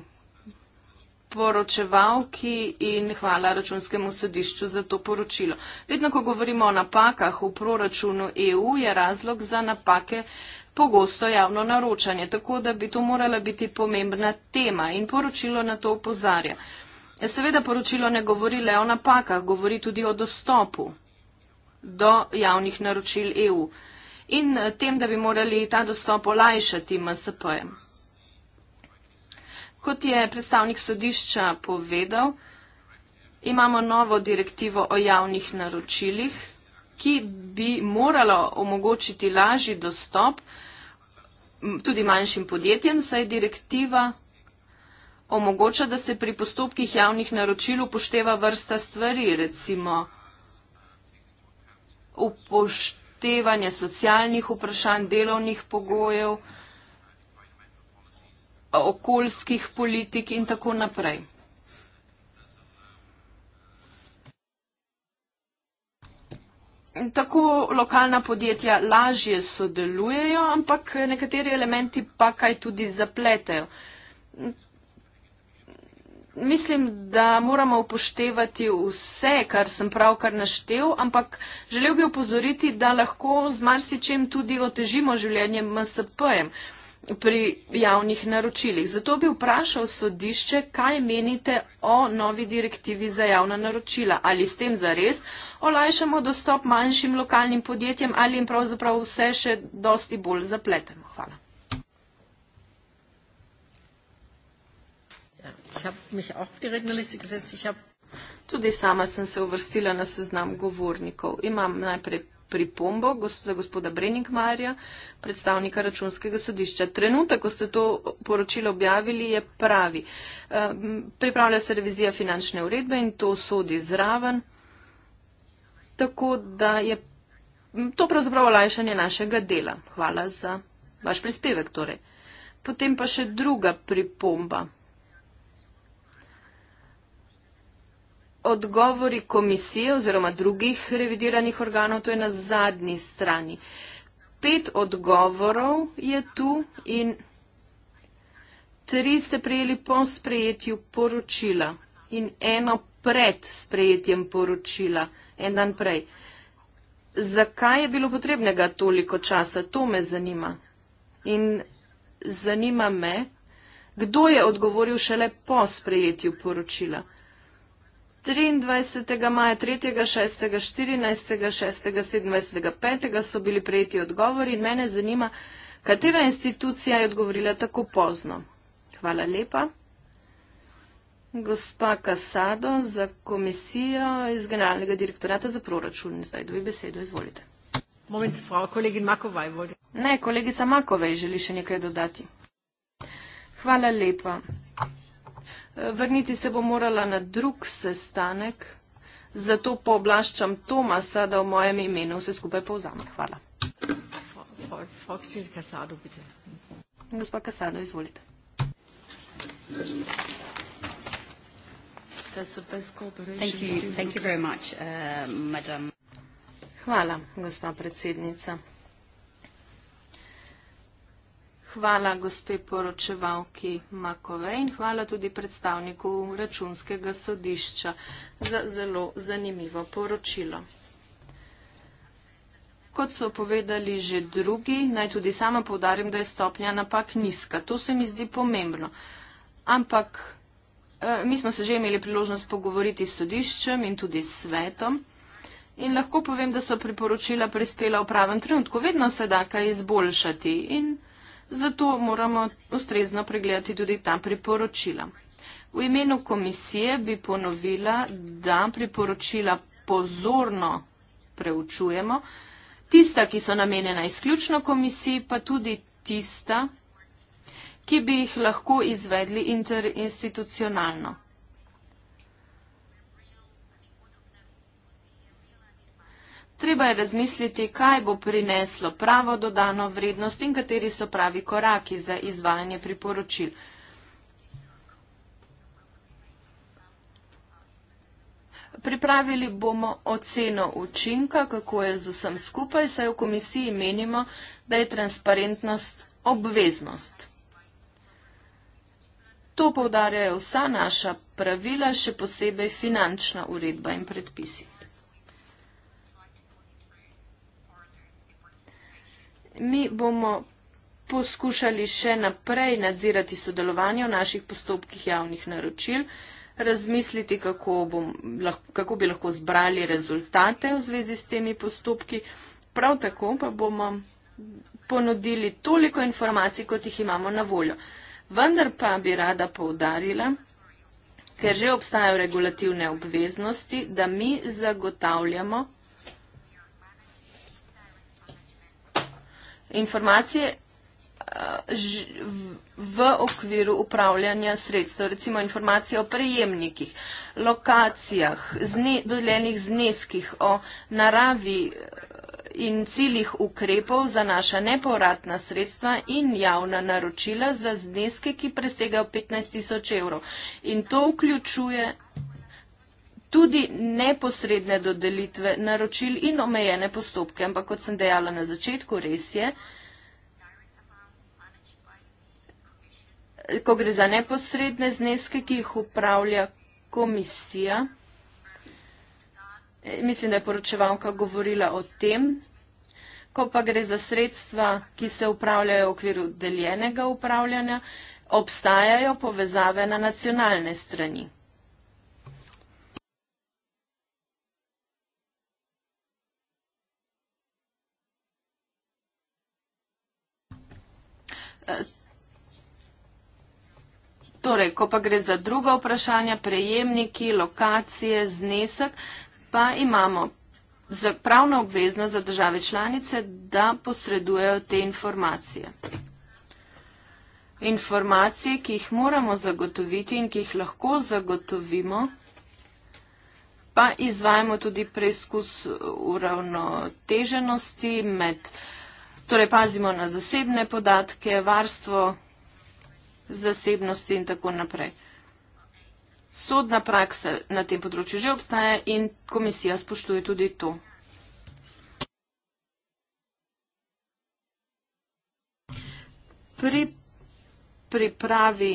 poročevalki in hvala računskemu sodišču za to poročilo. Vedno, ko govorimo o napakah v proračunu EU, je razlog za napake pogosto javno naročanje, tako da bi to morala biti pomembna tema in poročilo na to upozarja. Seveda poročilo ne govori le o napakah, govori tudi o dostopu do javnih naročil EU in tem, da bi morali ta dostop olajšati MSP-jem. Kot je predstavnik sodišča povedal, imamo novo direktivo o javnih naročilih, ki bi moralo omogočiti lažji dostop tudi manjšim podjetjem, saj direktiva omogoča, da se pri postopkih javnih naročil upošteva vrsta stvari, recimo upoštevanje socialnih vprašanj, delovnih pogojev, okoljskih politik in tako naprej. Tako lokalna podjetja lažje sodelujejo, ampak nekateri elementi pa kaj tudi zapletejo. Mislim, da moramo upoštevati vse, kar sem pravkar naštel, ampak želel bi upozoriti, da lahko z marsičem tudi otežimo življenje MSP-jem pri javnih naročilih. Zato bi vprašal sodišče, kaj menite o novi direktivi za javna naročila. Ali s tem zares olajšamo dostop manjšim lokalnim podjetjem ali jim pravzaprav vse še dosti bolj zapletemo? Hvala. Ja, Tudi sama sem se uvrstila na seznam govornikov. Imam najprej pripombo za gospoda Brenik Marja, predstavnika računskega sodišča. Trenutek, ko ste to poročilo objavili, je pravi. Pripravlja se revizija finančne uredbe in to sodi zraven. Tako da je to pravzaprav olajšanje našega dela. Hvala za vaš prispevek. Torej. Potem pa še druga pripomba. odgovori komisije oziroma drugih revidiranih organov, to je na zadnji strani. Pet odgovorov je tu in tri ste prejeli po sprejetju poročila in eno pred sprejetjem poročila, en dan prej. Zakaj je bilo potrebnega toliko časa? To me zanima. In zanima me, kdo je odgovoril šele po sprejetju poročila. 23. maja, 3. 6. 14. 6. 27. 5. so bili prejeti odgovori in mene zanima, katera institucija je odgovorila tako pozno. Hvala lepa. Gospa Kasado za komisijo iz Generalnega direktorata za proračun. Zdaj dve besedo, izvolite. Moment, frau, kolegin Makovaj, volite. Ne, kolegica Makovaj želi še nekaj dodati. Hvala lepa. Vrniti se bo morala na drug sestanek, zato pooblaščam Tomasa, da v mojem imenu vse skupaj povzame. Hvala. Gospa Kasado, izvolite. Uh, Hvala, gospa predsednica. Hvala gospe poročevalki Makovej in hvala tudi predstavniku računskega sodišča za zelo zanimivo poročilo. Kot so povedali že drugi, naj tudi sama povdarim, da je stopnja napak nizka. To se mi zdi pomembno. Ampak eh, mi smo se že imeli priložnost pogovoriti s sodiščem in tudi s svetom. In lahko povem, da so priporočila prispela v pravem trenutku. Vedno se da kaj izboljšati. In Zato moramo ustrezno pregledati tudi ta priporočila. V imenu komisije bi ponovila, da priporočila pozorno preučujemo, tista, ki so namenjena izključno komisiji, pa tudi tista, ki bi jih lahko izvedli interinstitucionalno. Treba je razmisliti, kaj bo prineslo pravo dodano vrednost in kateri so pravi koraki za izvajanje priporočil. Pripravili bomo oceno učinka, kako je z vsem skupaj, saj v komisiji menimo, da je transparentnost obveznost. To povdarjajo vsa naša pravila, še posebej finančna uredba in predpisi. Mi bomo poskušali še naprej nadzirati sodelovanje v naših postopkih javnih naročil, razmisliti, kako, bom, kako bi lahko zbrali rezultate v zvezi s temi postopki. Prav tako pa bomo ponudili toliko informacij, kot jih imamo na voljo. Vendar pa bi rada poudarila, ker že obstajajo regulativne obveznosti, da mi zagotavljamo informacije eh, v okviru upravljanja sredstev, recimo informacije o prejemnikih, lokacijah, dodeljenih zneskih, o naravi eh, in ciljih ukrepov za naša nepovratna sredstva in javna naročila za zneske, ki presegajo 15 tisoč evrov. In to vključuje tudi neposredne dodelitve naročil in omejene postopke. Ampak kot sem dejala na začetku, res je, ko gre za neposredne zneske, ki jih upravlja komisija, eh, mislim, da je poročevalka govorila o tem, ko pa gre za sredstva, ki se upravljajo v okviru deljenega upravljanja, obstajajo povezave na nacionalne strani. Eh, torej, ko pa gre za druga vprašanja, prejemniki, lokacije, znesek, pa imamo pravno obveznost za države članice, da posredujejo te informacije. Informacije, ki jih moramo zagotoviti in ki jih lahko zagotovimo, pa izvajamo tudi preizkus uravnoteženosti med vsega, Torej pazimo na zasebne podatke, varstvo zasebnosti in tako naprej. Sodna praksa na tem področju že obstaja in komisija spoštuje tudi to. Pri pripravi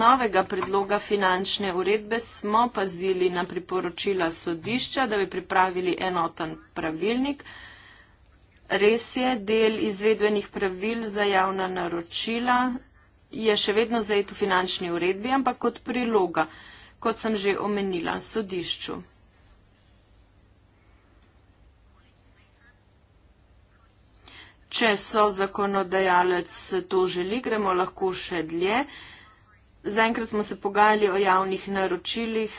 novega predloga finančne uredbe smo pazili na priporočila sodišča, da bi pripravili enoten pravilnik, ki bi pripravili Res je, del izvedbenih pravil za javna naročila je še vedno zajet v finančni uredbi, ampak kot priloga, kot sem že omenila, sodišču. Če so zakonodajalec to želi, gremo lahko še dlje. Zaenkrat smo se pogajali o javnih naročilih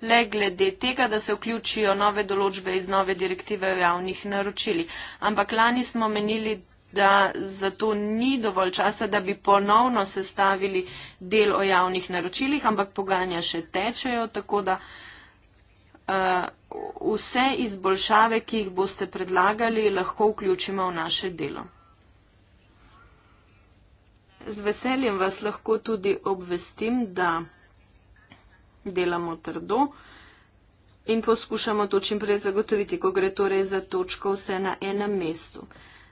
le glede tega, da se vključijo nove določbe iz nove direktive o javnih naročili. Ampak lani smo menili, da zato ni dovolj časa, da bi ponovno sestavili del o javnih naročilih, ampak pogajanja še tečejo, tako da uh, vse izboljšave, ki jih boste predlagali, lahko vključimo v naše delo. Z veseljem vas lahko tudi obvestim, da delamo trdo in poskušamo to čim prej zagotoviti, ko gre torej za točko vse na enem mestu.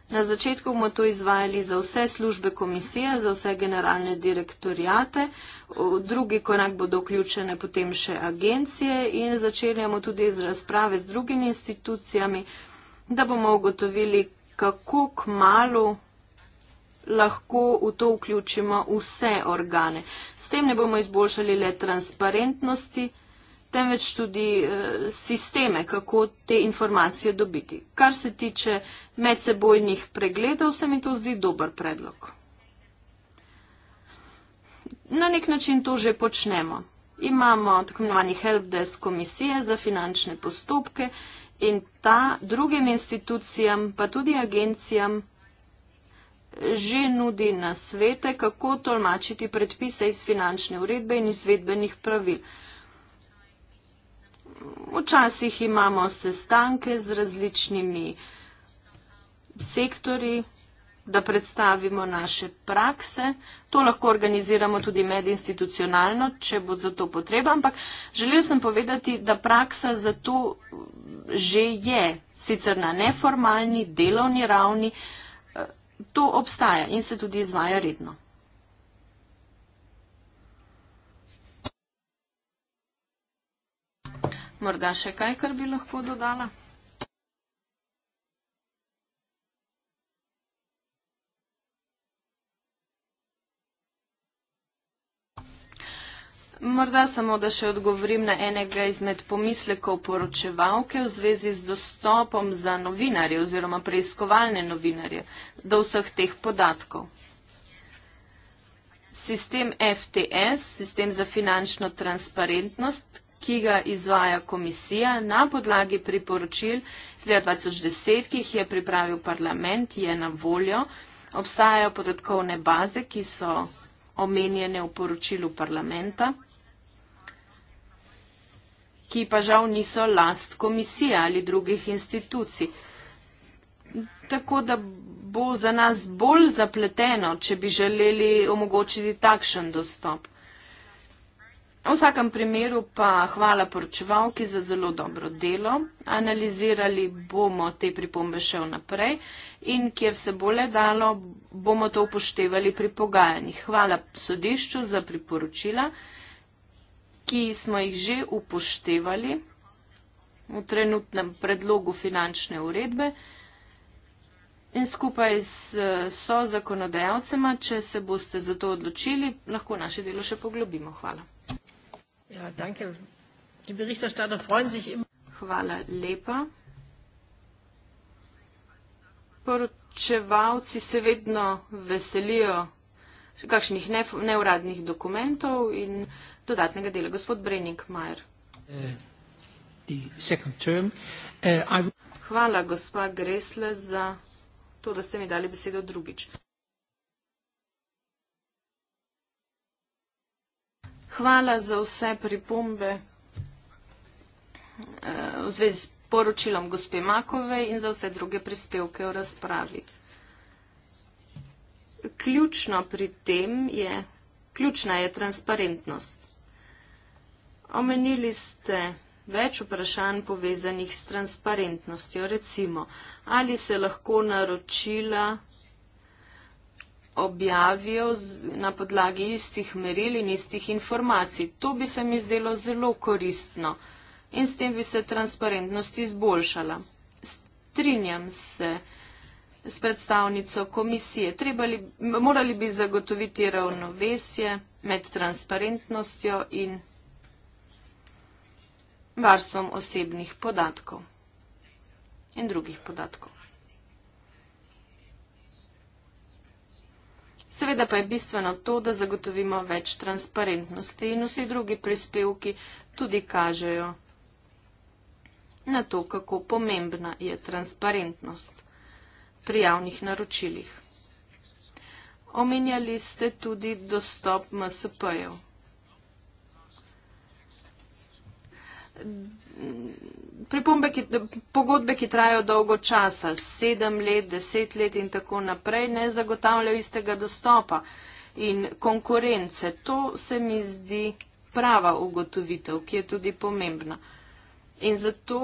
Na začetku bomo to izvajali za vse službe komisije, za vse generalne direktorijate. V drugi korak bodo vključene potem še agencije in začeljamo tudi z razprave z drugimi institucijami, da bomo ugotovili, kako k malu lahko v to vključimo vse organe. S tem ne bomo izboljšali le transparentnosti, temveč tudi eh, sisteme, kako te informacije dobiti. Kar se tiče medsebojnih pregledov, se mi to zdi dober predlog. Na nek način to že počnemo. Imamo tako imenovani helpdesk komisije za finančne postopke in ta drugim institucijam, pa tudi agencijam, že nudi na svete, kako tolmačiti predpise iz finančne uredbe in izvedbenih pravil. Včasih imamo sestanke z različnimi sektori, da predstavimo naše prakse. To lahko organiziramo tudi medinstitucionalno, če bo za to potreba, ampak želel sem povedati, da praksa za to že je, sicer na neformalni, delovni ravni, to obstaja in se tudi izvaja redno. Morda še kaj, kar bi lahko dodala? Morda samo, da še odgovorim na enega izmed pomislekov poročevalke v zvezi z dostopom za novinarje oziroma preiskovalne novinarje do vseh teh podatkov. Sistem FTS, sistem za finančno transparentnost, ki ga izvaja komisija na podlagi priporočil z leta 2010, ki jih je pripravil parlament, je na voljo. Obstajajo podatkovne baze, ki so omenjene v poročilu parlamenta ki pa žal niso last komisije ali drugih institucij. Tako da bo za nas bolj zapleteno, če bi želeli omogočiti takšen dostop. V vsakem primeru pa hvala poročevalki za zelo dobro delo. Analizirali bomo te pripombe še vnaprej in kjer se bo le dalo, bomo to upoštevali pri pogajanjih. Hvala sodišču za priporočila ki smo jih že upoštevali v trenutnem predlogu finančne uredbe in skupaj s so zakonodajalcema, če se boste za to odločili, lahko naše delo še poglobimo. Hvala. Ja, danke. Die Berichterstatter freuen sich immer. Hvala lepa. Poročevalci se vedno veselijo kakšnih neuradnih dokumentov in dodatnega dela. Gospod Brenning Majer. Hvala, gospa Gresle, za to, da ste mi dali besedo drugič. Hvala za vse pripombe eh, v zvezi s poročilom gospe Makove in za vse druge prispevke v razpravi ključno pri tem je, ključna je transparentnost. Omenili ste več vprašanj povezanih s transparentnostjo, recimo, ali se lahko naročila objavijo na podlagi istih meril in istih informacij. To bi se mi zdelo zelo koristno in s tem bi se transparentnost izboljšala. Strinjam se s predstavnico komisije. Li, morali bi zagotoviti ravnovesje med transparentnostjo in varstvom osebnih podatkov in drugih podatkov. Seveda pa je bistveno to, da zagotovimo več transparentnosti in vsi drugi prispevki tudi kažejo na to, kako pomembna je transparentnost pri javnih naročilih. Omenjali ste tudi dostop MSP-jev. Pripombe, ki, pogodbe, ki trajajo dolgo časa, sedem let, deset let in tako naprej, ne zagotavljajo istega dostopa in konkurence. To se mi zdi prava ugotovitev, ki je tudi pomembna. In zato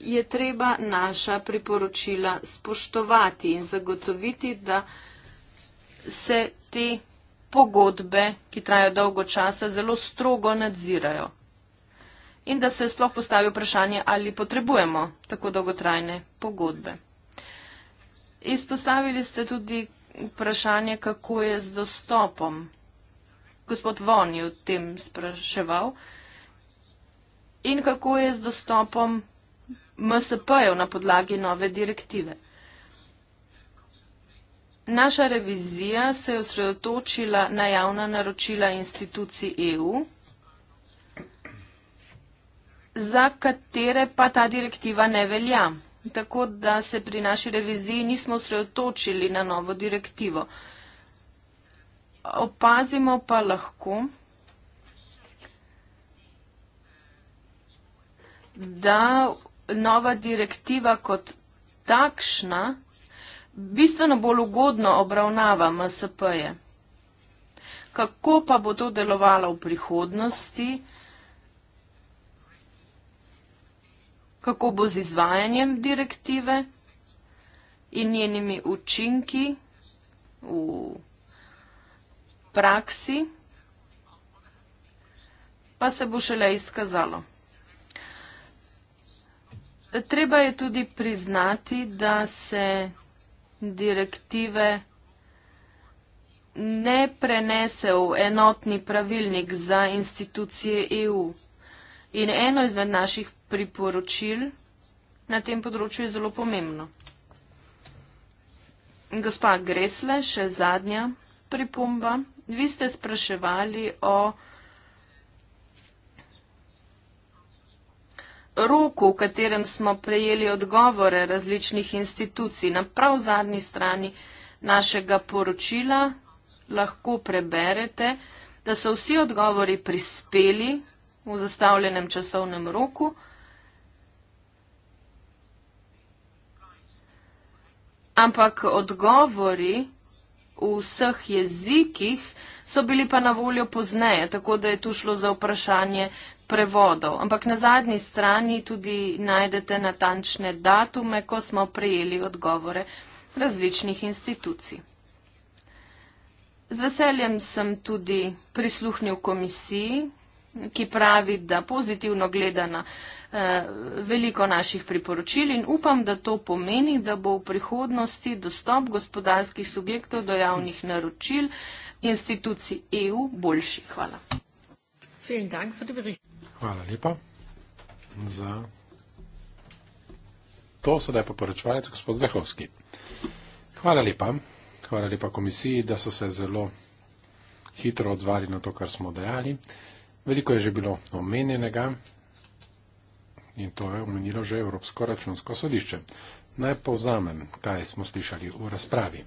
je treba naša priporočila spoštovati in zagotoviti, da se te pogodbe, ki trajajo dolgo časa, zelo strogo nadzirajo. In da se sploh postavi vprašanje, ali potrebujemo tako dolgotrajne pogodbe. Izpostavili ste tudi vprašanje, kako je z dostopom. Gospod Von je o tem spraševal. In kako je z dostopom MSP-jev na podlagi nove direktive. Naša revizija se je osredotočila na javna naročila institucij EU, za katere pa ta direktiva ne velja. Tako da se pri naši reviziji nismo osredotočili na novo direktivo. Opazimo pa lahko, da nova direktiva kot takšna bistveno bolj ugodno obravnava MSP-je. Kako pa bo to delovalo v prihodnosti? Kako bo z izvajanjem direktive in njenimi učinki v praksi? Pa se bo šele izkazalo treba je tudi priznati, da se direktive ne prenese v enotni pravilnik za institucije EU. In eno izmed naših priporočil na tem področju je zelo pomembno. Gospa Gresle, še zadnja pripomba. Vi ste spraševali o roku, v katerem smo prejeli odgovore različnih institucij na prav zadnji strani našega poročila, lahko preberete, da so vsi odgovori prispeli v zastavljenem časovnem roku. Ampak odgovori v vseh jezikih so bili pa na voljo pozneje, tako da je tu šlo za vprašanje prevodov. Ampak na zadnji strani tudi najdete natančne datume, ko smo prejeli odgovore različnih institucij. Z veseljem sem tudi prisluhnil komisiji, ki pravi, da pozitivno gleda na eh, veliko naših priporočil in upam, da to pomeni, da bo v prihodnosti dostop gospodarskih subjektov do javnih naročil institucij EU boljši. Hvala. Vielen Dank für den Bericht. Hvala lepa za to. Sedaj pa poročevalec, gospod Zahovski. Hvala lepa. Hvala lepa komisiji, da so se zelo hitro odzvali na to, kar smo dejali. Veliko je že bilo omenjenega in to je omenilo že Evropsko računsko sodišče. Naj povzamem, kaj smo slišali v razpravi.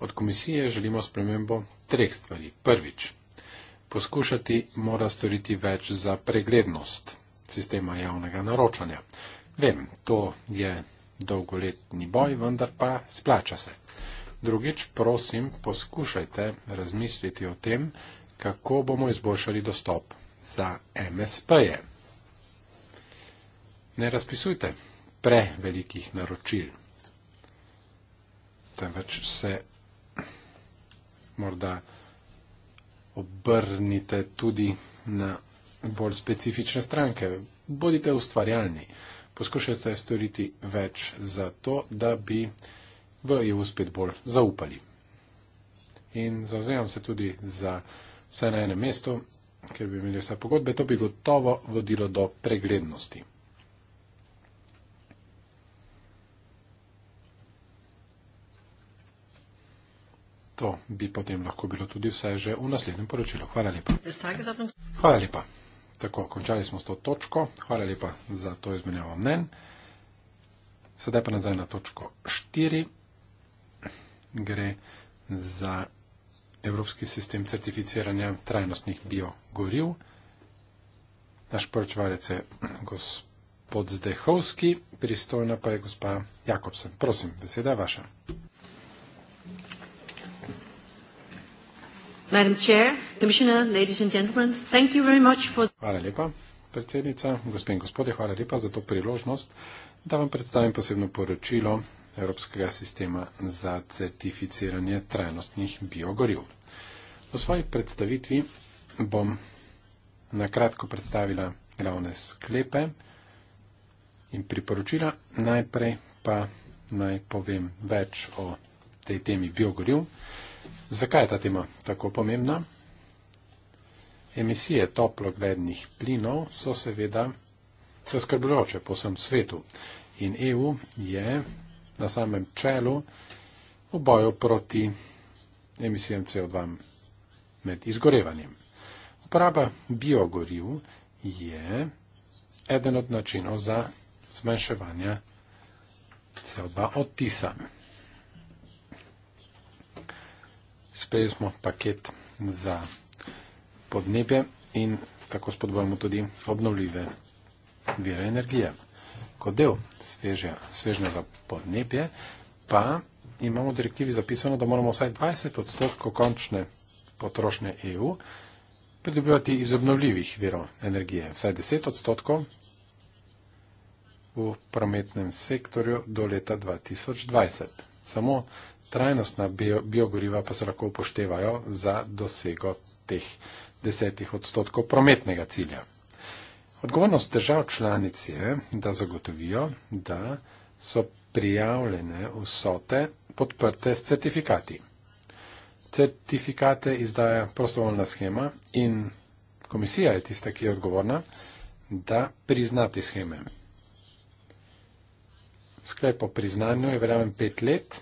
Od komisije želimo spremembo treh stvari. Prvič poskušati mora storiti več za preglednost sistema javnega naročanja. Vem, to je dolgoletni boj, vendar pa splača se. Drugič, prosim, poskušajte razmisliti o tem, kako bomo izboljšali dostop za MSP-je. Ne razpisujte prevelikih naročil, temveč se morda obrnite tudi na bolj specifične stranke. Bodite ustvarjalni. Poskušajte storiti več za to, da bi v EU spet bolj zaupali. In zazajam se tudi za vse na enem mestu, ker bi imeli vse pogodbe. To bi gotovo vodilo do preglednosti. To bi potem lahko bilo tudi vse že v naslednjem poročilu. Hvala lepa. Hvala lepa. Tako, končali smo s to točko. Hvala lepa za to izmenjavo mnen. Sedaj pa nazaj na točko 4. Gre za Evropski sistem certificiranja trajnostnih biogoriv. Naš poročvalec je gospod Zdehovski, pristojna pa je gospa Jakobsen. Prosim, beseda je vaša. Madam Chair, Commissioner, ladies and gentlemen, thank you very much for... Hvala lepa, predsednica. Gospe in gospodje, hvala lepa za to priložnost, da vam predstavim posebno poročilo Evropskega sistema za certificiranje trajnostnih biogoriv. V svoji predstavitvi bom nakratko predstavila glavne sklepe in priporočila. Najprej pa naj povem več o tej temi biogoriv. Zakaj je ta tema tako pomembna? Emisije toplogrednih plinov so seveda zaskrbljujoče po vsem svetu in EU je na samem čelu v boju proti emisijam CO2 med izgorevanjem. Uporaba biogoriv je eden od načinov za zmanjševanje CO2 odtisa. sprejeli smo paket za podnebje in tako spodbojamo tudi obnovljive vire energije. Kot del svežja, svežnja za podnebje pa imamo v direktivi zapisano, da moramo vsaj 20 odstotkov končne potrošnje EU pridobivati iz obnovljivih virov energije. Vsaj 10 odstotkov v prometnem sektorju do leta 2020. Samo trajnostna bio, biogoriva pa se lahko upoštevajo za dosego teh desetih odstotkov prometnega cilja. Odgovornost držav članic je, da zagotovijo, da so prijavljene vsote podprte s certifikati. Certifikate izdaja prostovoljna schema in komisija je tista, ki je odgovorna, da prizna te scheme. Sklep o priznanju je verjamem pet let,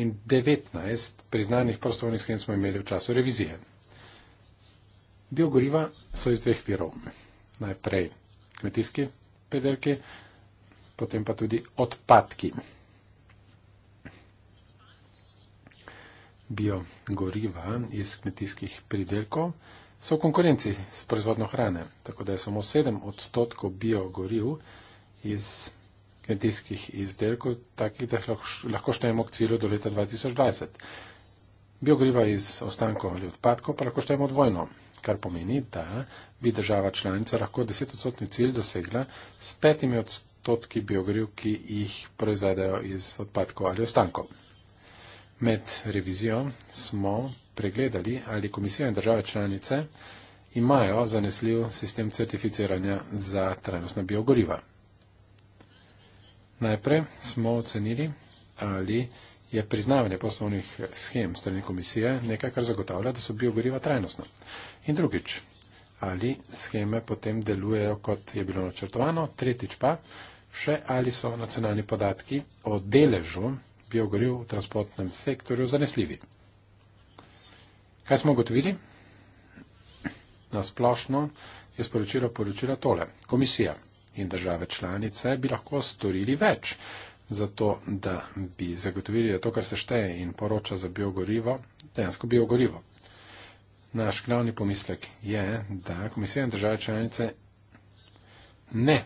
in 19 priznanih prostovoljnih schem smo imeli v času revizije. Biogoriva so iz dveh virov. Najprej kmetijski pedelki, potem pa tudi odpadki. Biogoriva iz kmetijskih pridelkov so v konkurenci s proizvodno hrane, tako da je samo 7 odstotkov biogoriv iz kmetijskih pridelkov kmetijskih izdelkov, takih, da jih lahko, lahko štejemo k cilju do leta 2020. Biogriva iz ostankov ali odpadkov pa lahko štejemo dvojno, kar pomeni, da bi država članica lahko 10-odstotni cilj dosegla s petimi odstotki biogriv, ki jih proizvedajo iz odpadkov ali ostankov. Med revizijo smo pregledali, ali komisija in države članice imajo zanesljiv sistem certificiranja za trajnostna biogoriva. Najprej smo ocenili, ali je priznavanje poslovnih schem strani komisije nekaj, kar zagotavlja, da so biogoriva trajnostna. In drugič, ali scheme potem delujejo, kot je bilo načrtovano. Tretjič pa, še ali so nacionalni podatki o deležu biogoriv v transportnem sektorju zanesljivi. Kaj smo ugotovili? Na splošno je sporočilo poročilo tole. Komisija in države članice bi lahko storili več za to, da bi zagotovili, da to, kar se šteje in poroča za biogorivo, dejansko biogorivo. Naš glavni pomislek je, da komisija in države članice ne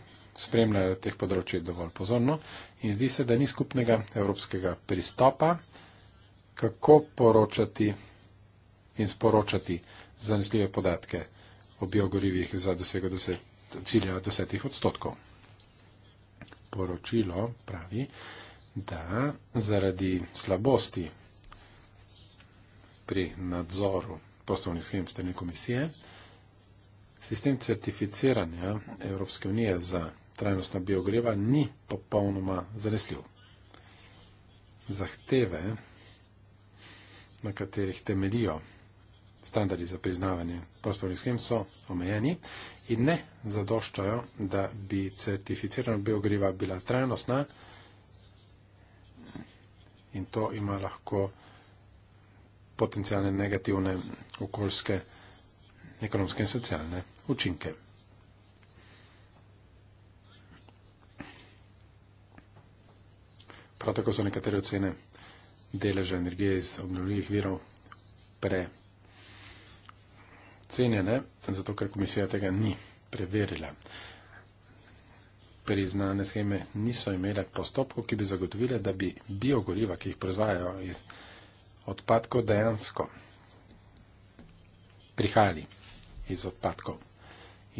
spremljajo teh področij dovolj pozorno in zdi se, da ni skupnega evropskega pristopa, kako poročati in sporočati zanesljive podatke o biogorivih za dosego 20 cilja desetih odstotkov. Poročilo pravi, da zaradi slabosti pri nadzoru prostovnih schem strani komisije, sistem certificiranja Evropske unije za trajnostna biogreva ni popolnoma zanesljiv. Zahteve, na katerih temelijo standardi za priznavanje prostovoljnih schem so omejeni in ne zadoščajo, da bi certificirana biogriva bila trajnostna in to ima lahko potencijalne negativne okoljske, ekonomske in socialne učinke. Prav tako so nekatere ocene deleža energije iz obnovljivih virov pre cenjene, zato ker komisija tega ni preverila. Priznane scheme niso imele postopkov, ki bi zagotovile, da bi biogoriva, ki jih proizvajajo iz odpadkov, dejansko prihajali iz odpadkov.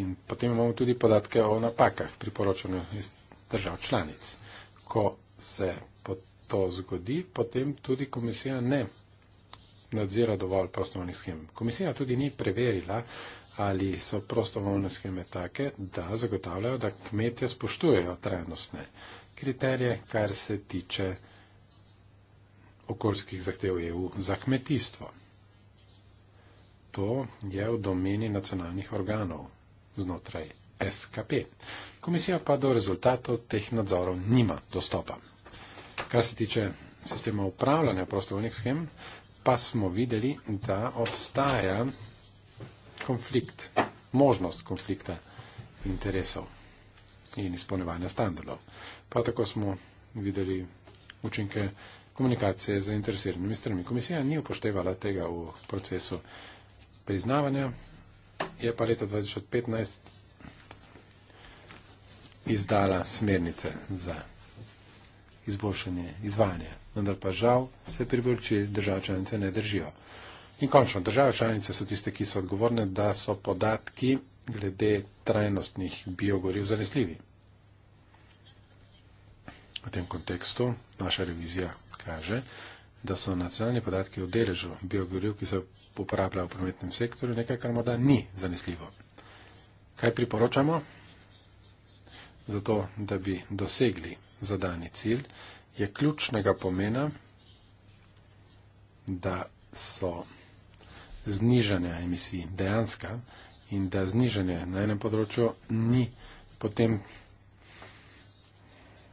In potem imamo tudi podatke o napakah pri poročanju iz držav članic. Ko se to zgodi, potem tudi komisija ne nadzira dovolj prostovoljnih schem. Komisija tudi ni preverila, ali so prostovoljne scheme take, da zagotavljajo, da kmetje spoštujejo trajnostne kriterije, kar se tiče okoljskih zahtev EU za kmetijstvo. To je v domeni nacionalnih organov znotraj SKP. Komisija pa do rezultatov teh nadzorov nima dostopa. Kar se tiče sistema upravljanja prostovoljnih schem, pa smo videli, da obstaja konflikt, možnost konflikta interesov in izpolnevanja standardov. Pa tako smo videli učinke komunikacije z zainteresiranimi stranmi. Komisija ni upoštevala tega v procesu priznavanja, je pa leta 2015 izdala smernice za izboljšanje izvajanja vendar pa žal se priporočil držav članice ne držijo. In končno, države članice so tiste, ki so odgovorne, da so podatki glede trajnostnih biogoriv zanesljivi. V tem kontekstu naša revizija kaže, da so nacionalni podatki o deležu biogoriv, ki se uporablja v prometnem sektorju, nekaj, kar morda ni zanesljivo. Kaj priporočamo? Zato, da bi dosegli zadani cilj, je ključnega pomena, da so znižanja emisij dejanska in da znižanje na enem področju ni potem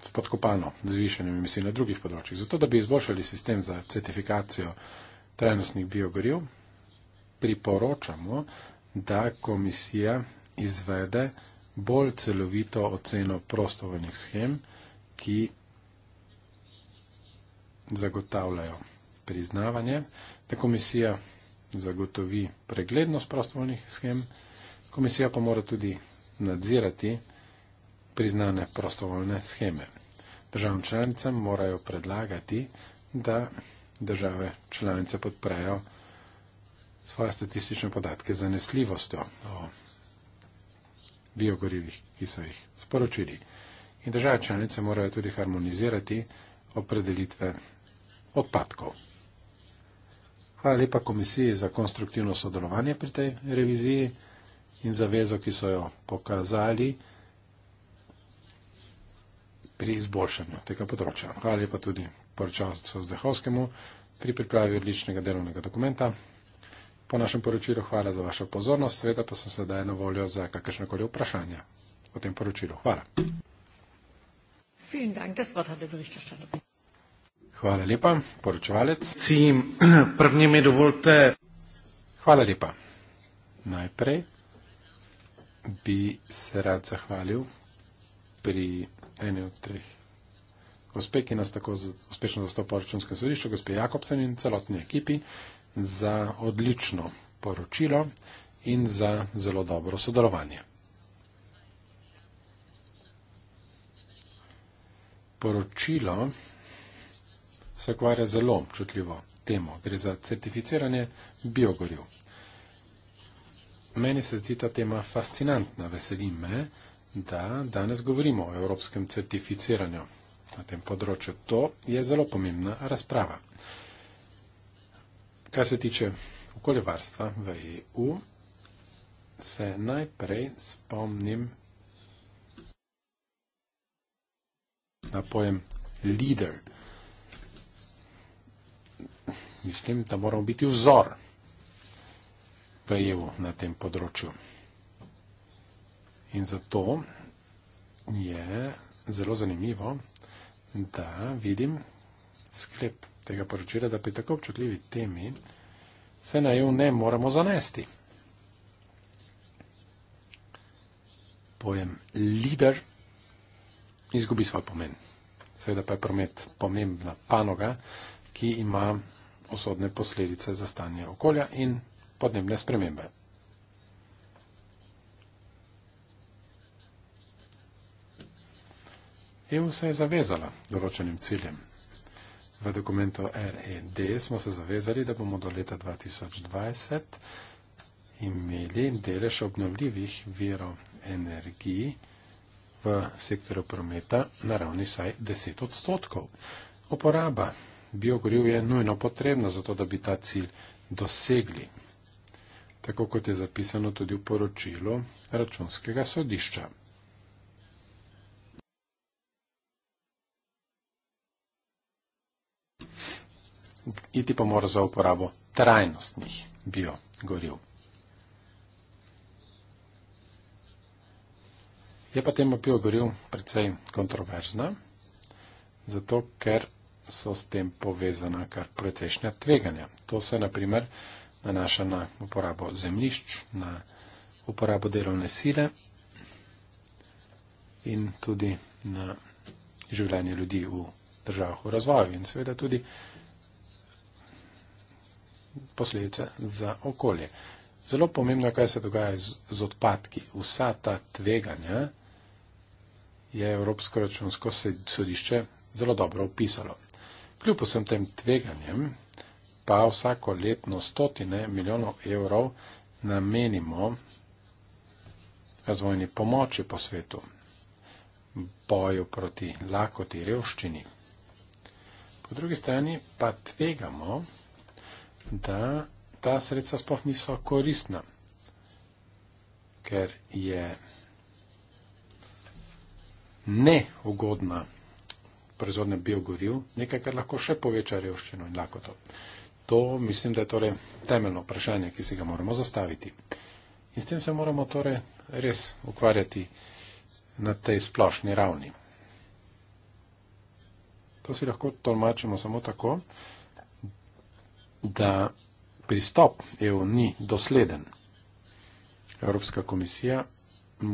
spodkopano z višanjem emisij na drugih področjih. Zato, da bi izboljšali sistem za certifikacijo trajnostnih biogoriv, priporočamo, da komisija izvede bolj celovito oceno prostovoljnih schem, ki zagotavljajo priznavanje, da komisija zagotovi preglednost prostovoljnih schem, komisija pa mora tudi nadzirati priznane prostovoljne scheme. Državam članicam morajo predlagati, da države članice podprejo svoje statistične podatke zanesljivostjo o biogorivih, ki so jih sporočili. In države članice morajo tudi harmonizirati opredelitve odpadkov. Hvala lepa komisiji za konstruktivno sodelovanje pri tej reviziji in zavezo, ki so jo pokazali pri izboljšanju tega področja. Hvala lepa tudi poročalcu Zdehovskemu pri pripravi odličnega delovnega dokumenta. Po našem poročilu hvala za vašo pozornost, sveda pa sem sedaj na voljo za kakršnekoli vprašanja o tem poročilu. Hvala. Vielen Dank, das Wort hat der Berichterstatter. Hvala lepa, poročevalec. Cim, prvni mi dovolite. Hvala lepa. Najprej bi se rad zahvalil pri eni od treh gospe, ki nas tako uspešno zastopa v računskem sodišču, gospe Jakobsen in celotni ekipi za odlično poročilo in za zelo dobro sodelovanje. Poročilo se ukvarja zelo občutljivo temo. Gre za certificiranje biogoriv. Meni se zdi ta tema fascinantna. Veseli me, da danes govorimo o evropskem certificiranju na tem področju. To je zelo pomembna razprava. Kar se tiče okoljevarstva v EU, se najprej spomnim na pojem leader mislim, da moramo biti vzor v EU na tem področju. In zato je zelo zanimivo, da vidim sklep tega poročila, da pri tako občutljivi temi se na EU ne moramo zanesti. Pojem lider izgubi svoj pomen. Seveda pa je promet pomembna panoga, ki ima usodne posledice za stanje okolja in podnebne spremembe. EU se je zavezala določenim ciljem. V dokumentu RED smo se zavezali, da bomo do leta 2020 imeli delež obnovljivih virov energiji v sektorju prometa na ravni saj 10 odstotkov. Oporaba biogoriv je nujno potrebno za to, da bi ta cilj dosegli, tako kot je zapisano tudi v poročilu računskega sodišča. Iti pa mora za uporabo trajnostnih biogoriv. Je pa tema biogoriv precej kontroverzna, zato ker so s tem povezana kar precejšnja tveganja. To se naprimer nanaša na uporabo zemlišč, na uporabo delovne sile in tudi na življenje ljudi v državah v razvoju in seveda tudi posledice za okolje. Zelo pomembno je, kaj se dogaja z, z odpadki. Vsa ta tveganja je Evropsko računsko sodišče zelo dobro opisalo. Kljub vsem tem tveganjem pa vsako letno stotine milijonov evrov namenimo razvojni pomoči po svetu, boju proti lakoti revščini. Po drugi strani pa tvegamo, da ta sredstva sploh niso koristna, ker je neugodna proizvodnje biogoriv, nekaj, kar lahko še poveča revščino in lakoto. To mislim, da je torej temeljno vprašanje, ki si ga moramo zastaviti. In s tem se moramo torej res ukvarjati na tej splošni ravni. To si lahko tolmačimo samo tako, da pristop EU ni dosleden. Evropska komisija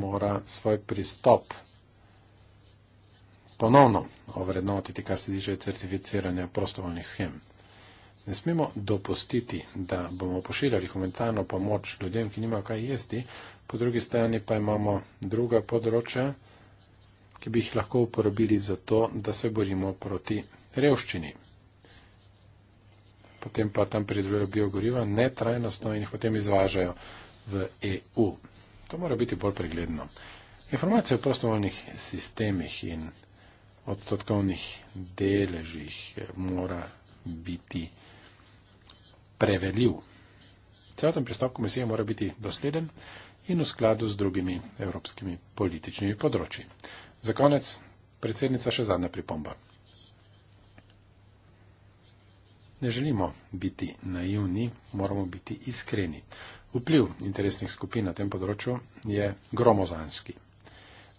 mora svoj pristop ponovno ovrednotiti, kar se diže certificiranja prostovoljnih schem. Ne smemo dopustiti, da bomo pošiljali humanitarno pomoč ljudem, ki nimajo kaj jesti, po drugi strani pa imamo druga področja, ki bi jih lahko uporabili za to, da se borimo proti revščini. Potem pa tam pridružijo biogoriva, ne trajnostno in jih potem izvažajo v EU. To mora biti bolj pregledno. Informacije o prostovoljnih sistemih in odstotkovnih deležih eh, mora biti preveljiv. Celoten pristop komisije mora biti dosleden in v skladu z drugimi evropskimi političnimi področji. Za konec, predsednica, še zadnja pripomba. Ne želimo biti naivni, moramo biti iskreni. Vpliv interesnih skupin na tem področju je gromozanski.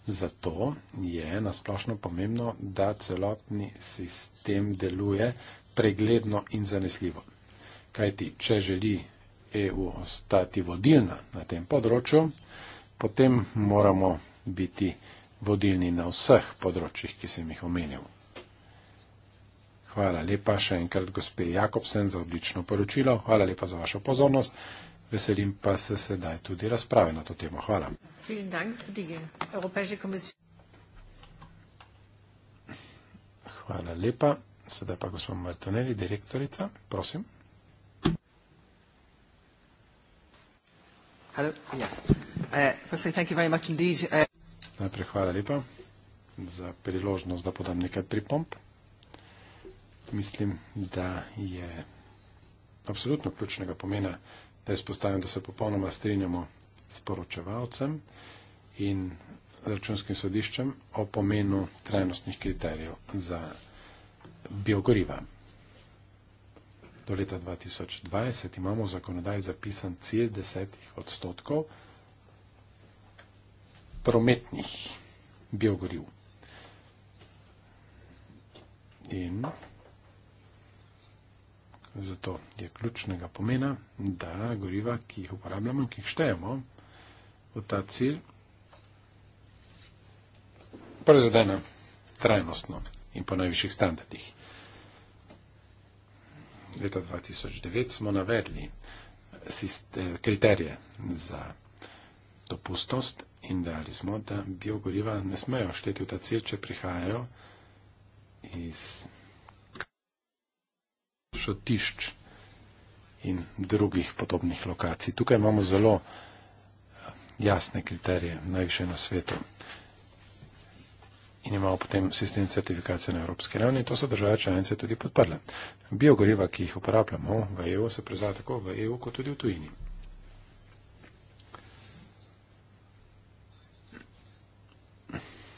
Zato je nasplošno pomembno, da celotni sistem deluje pregledno in zanesljivo. Kajti, če želi EU ostati vodilna na tem področju, potem moramo biti vodilni na vseh področjih, ki sem jih omenil. Hvala lepa še enkrat gospe Jakobsen za odlično poročilo. Hvala lepa za vašo pozornost veselim pa se sedaj tudi razprave na to temo. Hvala. Hvala lepa. Sedaj pa gospod Martoneli, direktorica, prosim. Uh, uh, Najprej hvala lepa za priložnost, da podam nekaj pripomp. Mislim, da je absolutno ključnega pomena Naj spostavim, da se popolnoma strinjamo s poročevalcem in računskim sodiščem o pomenu trajnostnih kriterijev za biogoriva. Do leta 2020 imamo v zakonodaji zapisan cilj desetih odstotkov prometnih biogoriv. In Zato je ključnega pomena, da goriva, ki jih uporabljamo in ki jih štejemo v ta cilj, proizvedena trajnostno in po najvišjih standardih. Leta 2009 smo navedli eh, kriterije za dopustnost in dali smo, da biogoriva ne smejo šteti v ta cilj, če prihajajo iz šotišč in drugih podobnih lokacij. Tukaj imamo zelo eh, jasne kriterije, najviše na svetu. In imamo potem sistem certifikacije na evropski ravni. To so države članice tudi podprle. Biogoriva, ki jih uporabljamo v EU, se prezada tako v EU, kot tudi v tujini.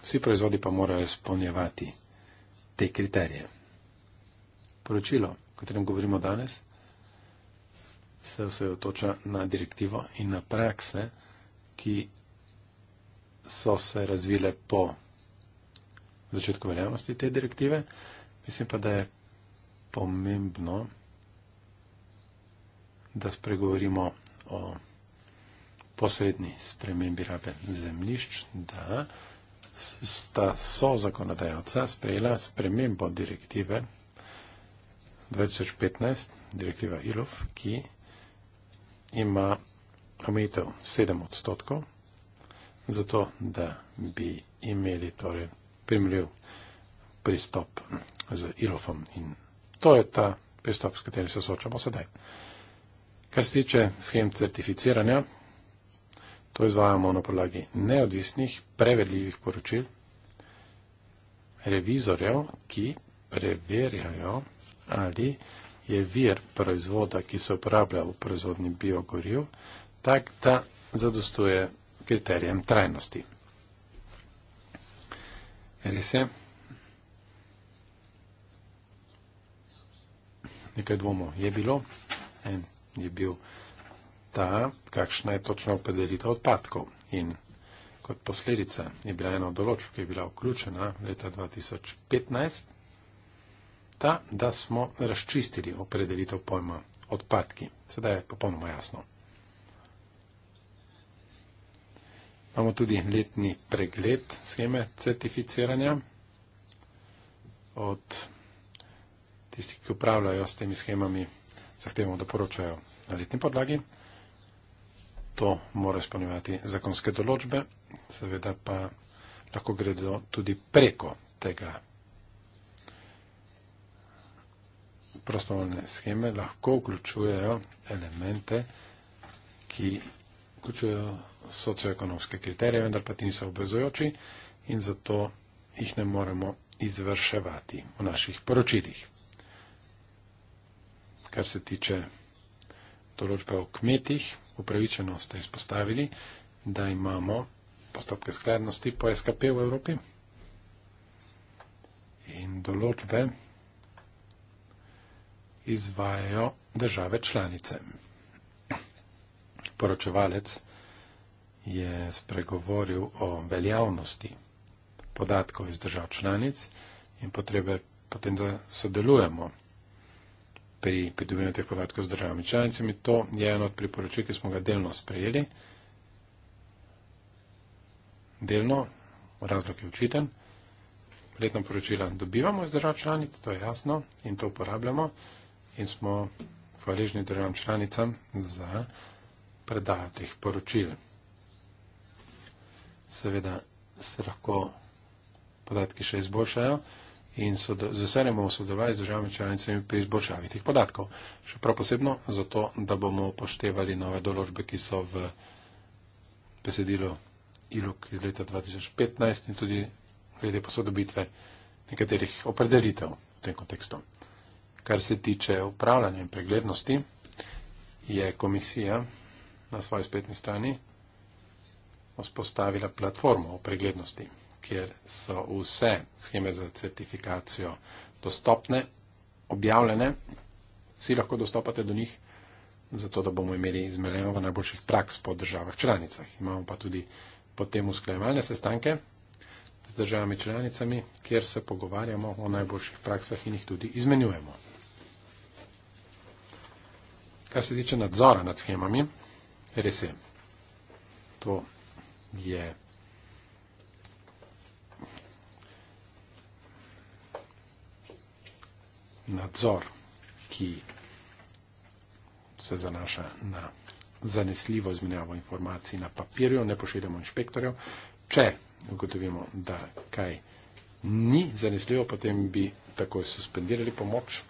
Vsi proizvodi pa morajo spolnjevati te kriterije. Poročilo katerem govorimo danes, se osredotoča na direktivo in na prakse, ki so se razvile po začetku veljavnosti te direktive. Mislim pa, da je pomembno, da spregovorimo o posredni spremembi rabe zemljišč, da sta so zakonodajalca sprejela spremembo direktive 2015, direktiva ILOF, ki ima omejitev 7 odstotkov, zato da bi imeli torej primljiv pristop z ILOFom. In to je ta pristop, s katerim se soočamo sedaj. Kar se tiče schem certificiranja, to izvajamo na podlagi neodvisnih, preverljivih poročil revizorjev, ki preverjajo ali je vir proizvoda, ki se uporablja v proizvodni biogoriv, tak, da zadostuje kriterijem trajnosti. Res je? Nekaj dvomov je bilo. En je bil ta, kakšna je točna opredelitev odpadkov. In kot posledica je bila ena od določb, ki je bila vključena leta 2015, ta, da smo razčistili opredelitev pojma odpadki. Sedaj je popolnoma jasno. Imamo tudi letni pregled scheme certificiranja od tistih, ki upravljajo s temi schemami, zahtevamo, da poročajo na letni podlagi. To mora izpolnjevati zakonske določbe, seveda pa lahko gredo tudi preko tega prostovoljne scheme lahko vključujejo elemente, ki vključujejo socioekonomske kriterije, vendar pa ti niso obvezujoči in zato jih ne moremo izvrševati v naših poročilih. Kar se tiče določbe o kmetih, upravičeno ste izpostavili, da imamo postopke skladnosti po SKP v Evropi in določbe izvajajo države članice. Poročevalec je spregovoril o veljavnosti podatkov iz držav članic in potrebe potem, da sodelujemo pri pridobivanju teh podatkov z državami članicami. To je eno od priporočil, ki smo ga delno sprejeli. Delno, razlog je očiten. Letno poročila dobivamo iz držav članic, to je jasno in to uporabljamo in smo hvaležni državam članicam za predajo teh poročil. Seveda se lahko podatki še izboljšajo in z veseljem bomo sodelovali z državami članicami pri izboljšavi teh podatkov. Še prav posebno zato, da bomo poštevali nove določbe, ki so v besedilu ILUK iz leta 2015 in tudi glede posodobitve nekaterih opredelitev v tem kontekstu. Kar se tiče upravljanja in preglednosti, je komisija na svoji spletni strani vzpostavila platformo o preglednosti, kjer so vse scheme za certifikacijo dostopne, objavljene, vsi lahko dostopate do njih, zato da bomo imeli izmeljeno v najboljših praks po državah članicah. Imamo pa tudi potem usklajevalne sestanke z državami članicami, kjer se pogovarjamo o najboljših praksah in jih tudi izmenjujemo. Kar se tiče nadzora nad schemami, res je, to je nadzor, ki se zanaša na zanesljivo izmenjavo informacij na papirju, ne pošiljamo inšpektorjev. Če ugotovimo, da kaj ni zanesljivo, potem bi takoj suspendirali pomoč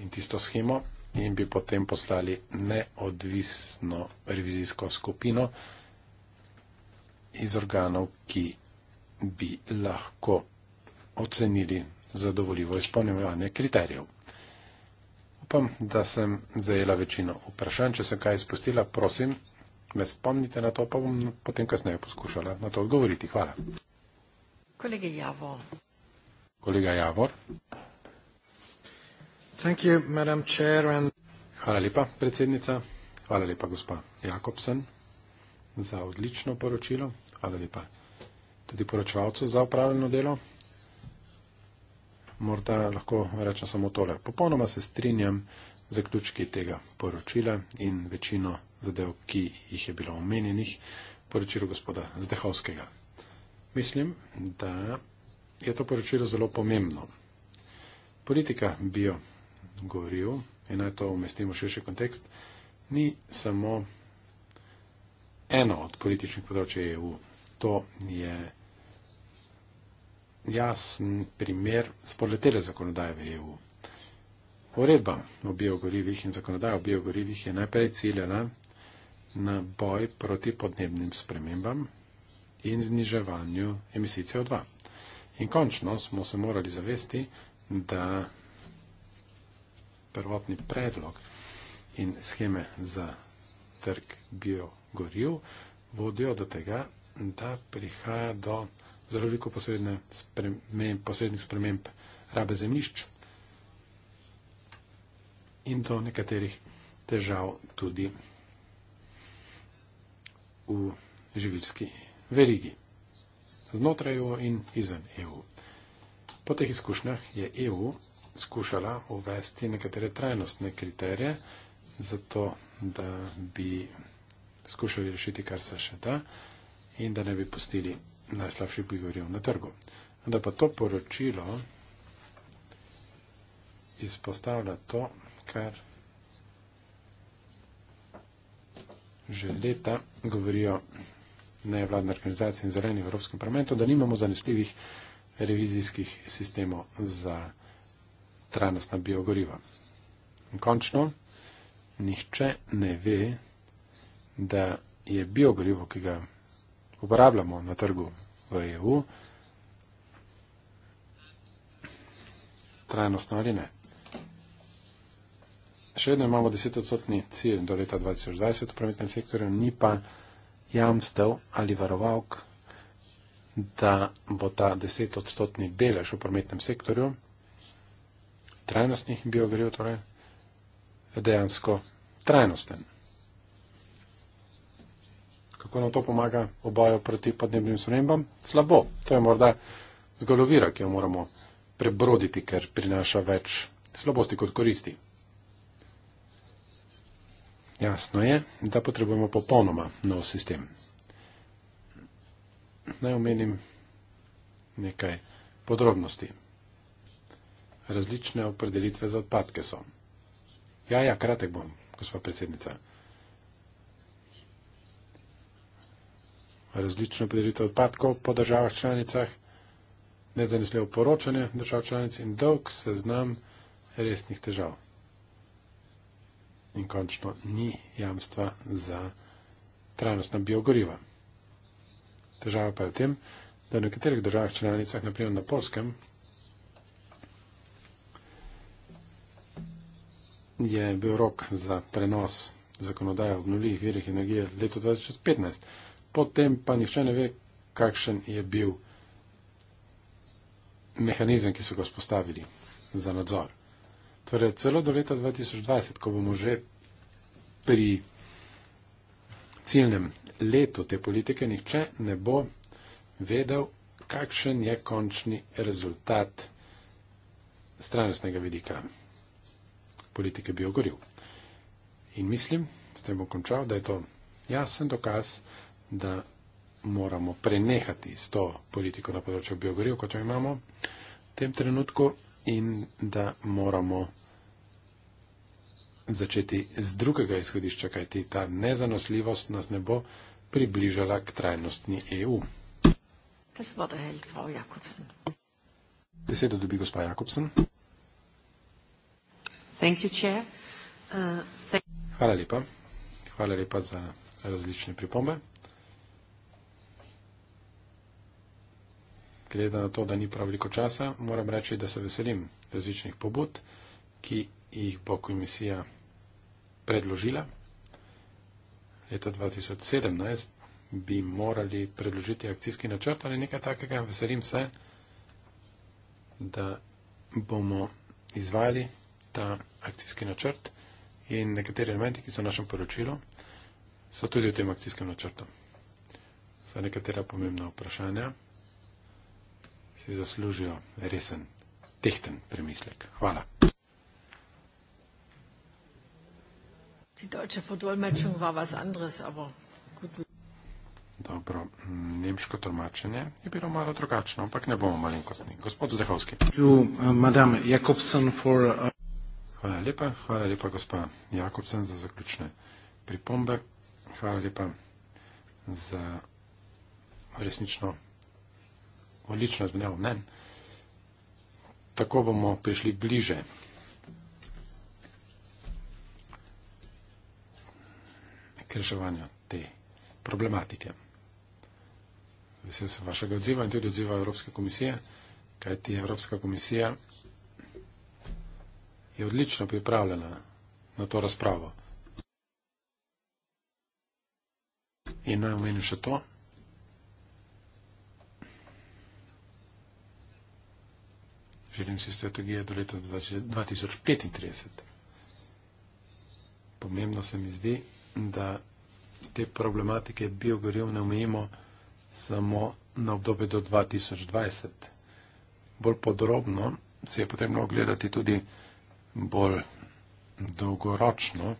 in tisto schemo in bi potem poslali neodvisno revizijsko skupino iz organov, ki bi lahko ocenili zadovoljivo izpolnjevanje kriterijev. Upam, da sem zajela večino vprašanj. Če sem kaj izpustila, prosim, me spomnite na to, pa bom potem kasneje poskušala na to odgovoriti. Hvala. Kolega Javor. Kolega Javor. Hvala lepa, predsednica. Hvala lepa, gospa Jakobsen, za odlično poročilo. Hvala lepa tudi poročevalcu za upravljeno delo. Morda lahko rečem samo tole. Popolnoma se strinjam zaključki tega poročila in večino zadev, ki jih je bilo omenjenih, poročilo gospoda Zdehovskega. Mislim, da je to poročilo zelo pomembno. Politika bio govoril, in naj to umestimo še še kontekst, ni samo eno od političnih področji EU. To je jasen primer spoletele zakonodaje v EU. Uredba o biogorivih in zakonodaja o biogorivih je najprej ciljena na boj proti podnebnim spremembam in zniževanju emisij CO2. In končno smo se morali zavesti, da prvotni predlog in scheme za trg biogoriv vodijo do tega, da prihaja do zelo veliko sprem, posrednih sprememb rabe zemljišč in do nekaterih težav tudi v živilski verigi, znotraj EU in izven EU. Po teh izkušnjah je EU skušala uvesti nekatere trajnostne kriterije, zato da bi skušali rešiti, kar se še da, in da ne bi pustili najslabših bigorjev na trgu. Da pa to poročilo izpostavlja to, kar že leta govorijo nevladne organizacije in zeleni v Evropskem parlamentu, da nimamo zanesljivih revizijskih sistemov za trg trajnostna biogoriva. In končno, nihče ne ve, da je biogorivo, ki ga uporabljamo na trgu v EU, trajnostno ali ne. Še vedno imamo 10-odstotni cilj do leta 2020 v prometnem sektorju, ni pa jamstev ali varovalk, da bo ta 10-odstotni delež v prometnem sektorju trajnostnih biogorjev, torej dejansko trajnosten. Kako nam to pomaga obojo proti podnebnim spremembam? Slabo. To je morda zgolovira, ki jo moramo prebroditi, ker prinaša več slabosti kot koristi. Jasno je, da potrebujemo popolnoma nov sistem. Naj omenim nekaj podrobnosti. Različne opredelitve za odpadke so. Ja, ja, kratek bom, gospod predsednica. Različne opredelitve odpadkov po državah članicah, nezanesljivo poročanje držav članic in dolg seznam resnih težav. In končno ni jamstva za trajnostna biogoriva. Težava pa je v tem, da v nekaterih državah članicah, naprimer na Polskem, je bil rok za prenos zakonodaje o obnovljivih virih energije leto 2015. Potem pa nihče ne ve, kakšen je bil mehanizem, ki so ga spostavili za nadzor. Torej, celo do leta 2020, ko bomo že pri ciljnem letu te politike, nihče ne bo vedel, kakšen je končni rezultat stranostnega vidika politike biogoriv. In mislim, s tem bom končal, da je to jasen dokaz, da moramo prenehati s to politiko na področju biogoriv, kot jo imamo v tem trenutku, in da moramo začeti z drugega izhodišča, kajti ta nezanosljivost nas ne bo približala k trajnostni EU. Besedo dobi gospa Jakobsen. Thank you, chair. Uh, thank Hvala lepa. Hvala lepa za različne pripombe. Glede na to, da ni prav veliko časa, moram reči, da se veselim različnih pobud, ki jih bo komisija predložila. Leta 2017 bi morali predložiti akcijski načrt ali nekaj takega. Veselim se, da bomo izvajali ta akcijski načrt in nekateri elementi, ki so v našem poročilu, so tudi v tem akcijskem načrtu. Za nekatera pomembna vprašanja si zaslužijo resen, tehten premislek. Hvala. Dobro, nemško tolmačenje je bilo malo drugačno, ampak ne bomo malenkostni. Gospod Zdehovski. Uh, Hvala lepa, hvala lepa, gospa Jakobsen, za zaključne pripombe. Hvala lepa za resnično odlično izmenjavo mnen. Tako bomo prišli bliže. reševanja te problematike. Vesel sem vašega odziva in tudi odziva Evropske komisije, kajti Evropska komisija je odlično pripravljena na to razpravo. In naj omenim še to. Želim si strategije do leta 2035. Pomembno se mi zdi, da te problematike biogoriv ne omejimo samo na obdobje do 2020. Bolj podrobno se je potrebno ogledati tudi bolj dolgoročno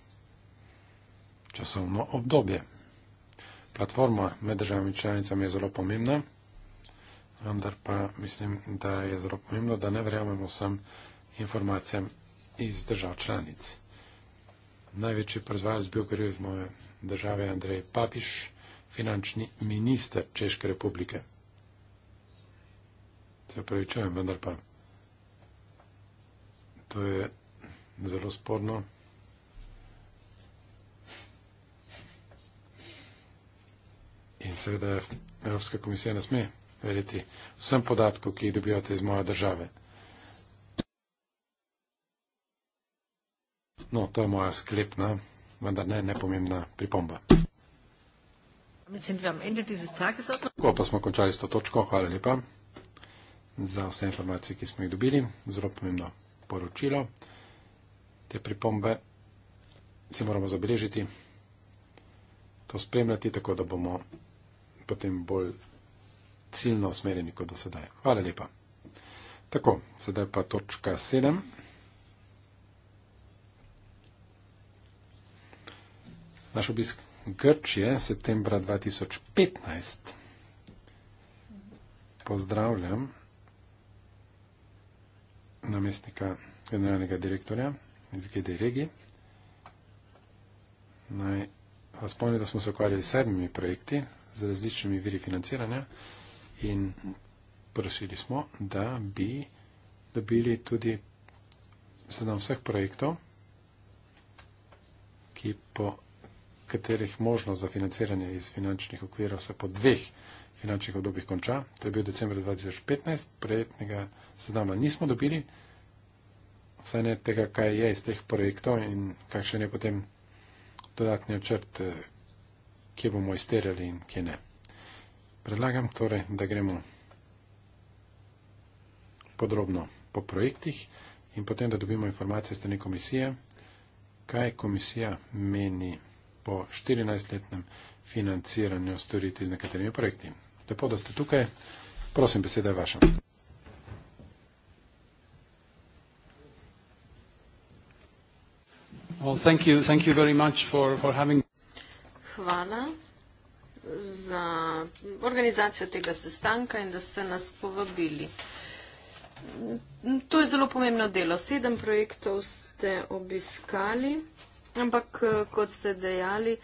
časovno obdobje. Platforma med državami članicami je zelo pomembna, vendar pa mislim, da je zelo pomembno, da ne verjamemo vsem informacijam iz držav članic. Največji proizvajalec bioperiv iz moje države je Andrej Papiš, finančni minister Češke republike. Se pravi, čujem, vendar pa. To je zelo sporno. In seveda Evropska komisija ne sme verjeti vsem podatkom, ki jih dobivate iz moje države. No, to je moja sklepna, vendar ne nepomembna pripomba. Tako pa smo končali s to točko. Hvala lepa za vse informacije, ki smo jih dobili. Zelo pomembno poročilo te pripombe si moramo zabeležiti, to spremljati, tako da bomo potem bolj ciljno usmerjeni kot do sedaj. Hvala lepa. Tako, sedaj pa točka sedem. Naš obisk Grčije, septembra 2015. Pozdravljam namestnika generalnega direktorja izgleda regije. Naj vas spomnim, da smo se ukvarjali s sedmimi projekti z različnimi viri financiranja in prosili smo, da bi dobili tudi seznam vseh projektov, ki po katerih možnost za financiranje iz finančnih okvirov se po dveh finančnih obdobjih konča. To je bil decembr 2015, projektnega seznama nismo dobili vsaj ne tega, kaj je iz teh projektov in kakšen je potem dodatni načrt, eh, kje bomo izterjali in kje ne. Predlagam torej, da gremo podrobno po projektih in potem, da dobimo informacije strani komisije, kaj komisija meni po 14-letnem financiranju storiti z nekaterimi projekti. Lepo, da ste tukaj. Prosim, beseda je vaša. Well, thank you. Thank you very much for, for having... Hvala za organizacijo tega sestanka in da ste nas povabili. To je zelo pomembno delo. Sedem projektov ste obiskali, ampak kot ste dejali,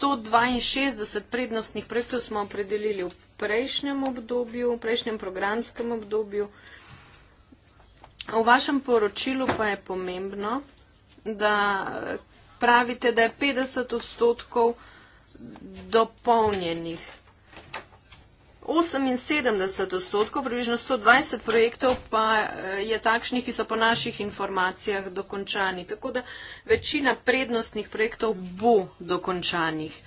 162 prednostnih projektov smo opredelili v prejšnjem obdobju, v prejšnjem programskem obdobju. V vašem poročilu pa je pomembno, da pravite, da je 50 odstotkov dopolnjenih. 78 odstotkov, približno 120 projektov pa eh, je takšnih, ki so po naših informacijah dokončani. Tako da večina prednostnih projektov bo dokončanih.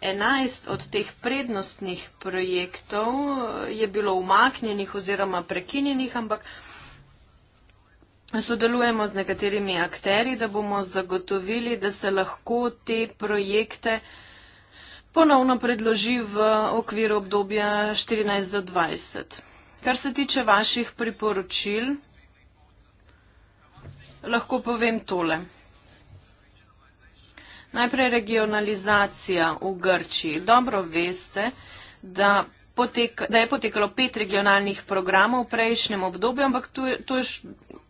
11 od teh prednostnih projektov eh, je bilo umaknjenih oziroma prekinjenih, ampak sodelujemo z nekaterimi akteri, da bomo zagotovili, da se lahko te projekte ponovno predloži v okviru obdobja 14 do 20. Kar se tiče vaših priporočil, lahko povem tole. Najprej regionalizacija v Grčiji. Dobro veste, da, potek, da je potekalo pet regionalnih programov v prejšnjem obdobju, ampak to je, to je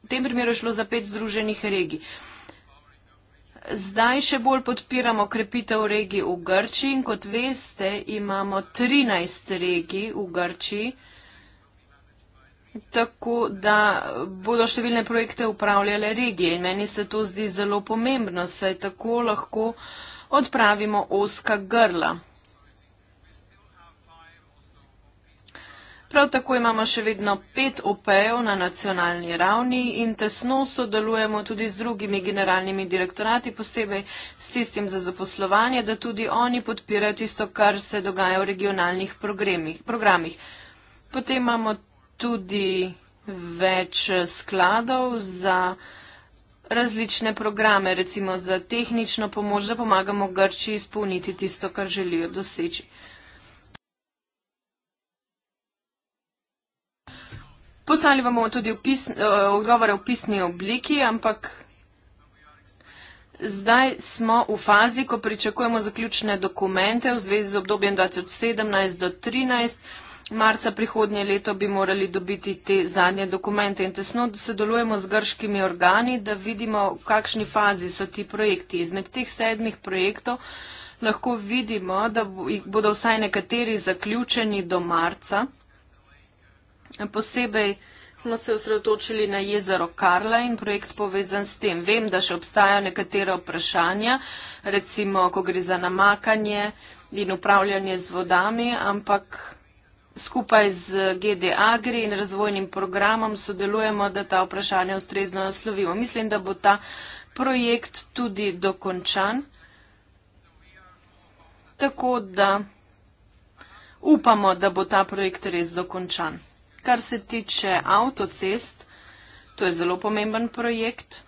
v tem primeru je šlo za pet združenih regij. Zdaj še bolj podpiramo krepitev regij v Grčiji in kot veste, imamo 13 regij v Grčiji, tako da bodo številne projekte upravljale regije in meni se to zdi zelo pomembno, saj tako lahko odpravimo oska grla. Prav tako imamo še vedno pet OP-jev na nacionalni ravni in tesno sodelujemo tudi z drugimi generalnimi direktorati, posebej s tistim za zaposlovanje, da tudi oni podpirajo tisto, kar se dogaja v regionalnih programih. Potem imamo tudi več skladov za različne programe, recimo za tehnično pomoč, da pomagamo Grči izpolniti tisto, kar želijo doseči. Poslali bomo tudi eh, odgovore v, v pisni obliki, ampak zdaj smo v fazi, ko pričakujemo zaključne dokumente v zvezi z obdobjem 2017 do 2013. Marca prihodnje leto bi morali dobiti te zadnje dokumente in tesno sodelujemo z grškimi organi, da vidimo, v kakšni fazi so ti projekti. Izmed teh sedmih projektov lahko vidimo, da bodo vsaj nekateri zaključeni do marca. Posebej smo se osredotočili na jezero Karla in projekt povezan s tem. Vem, da še obstajajo nekatera vprašanja, recimo, ko gre za namakanje in upravljanje z vodami, ampak. Skupaj z GD Agri in razvojnim programom sodelujemo, da ta vprašanja ustrezno naslovimo. Mislim, da bo ta projekt tudi dokončan, tako da upamo, da bo ta projekt res dokončan. Kar se tiče avtocest, to je zelo pomemben projekt,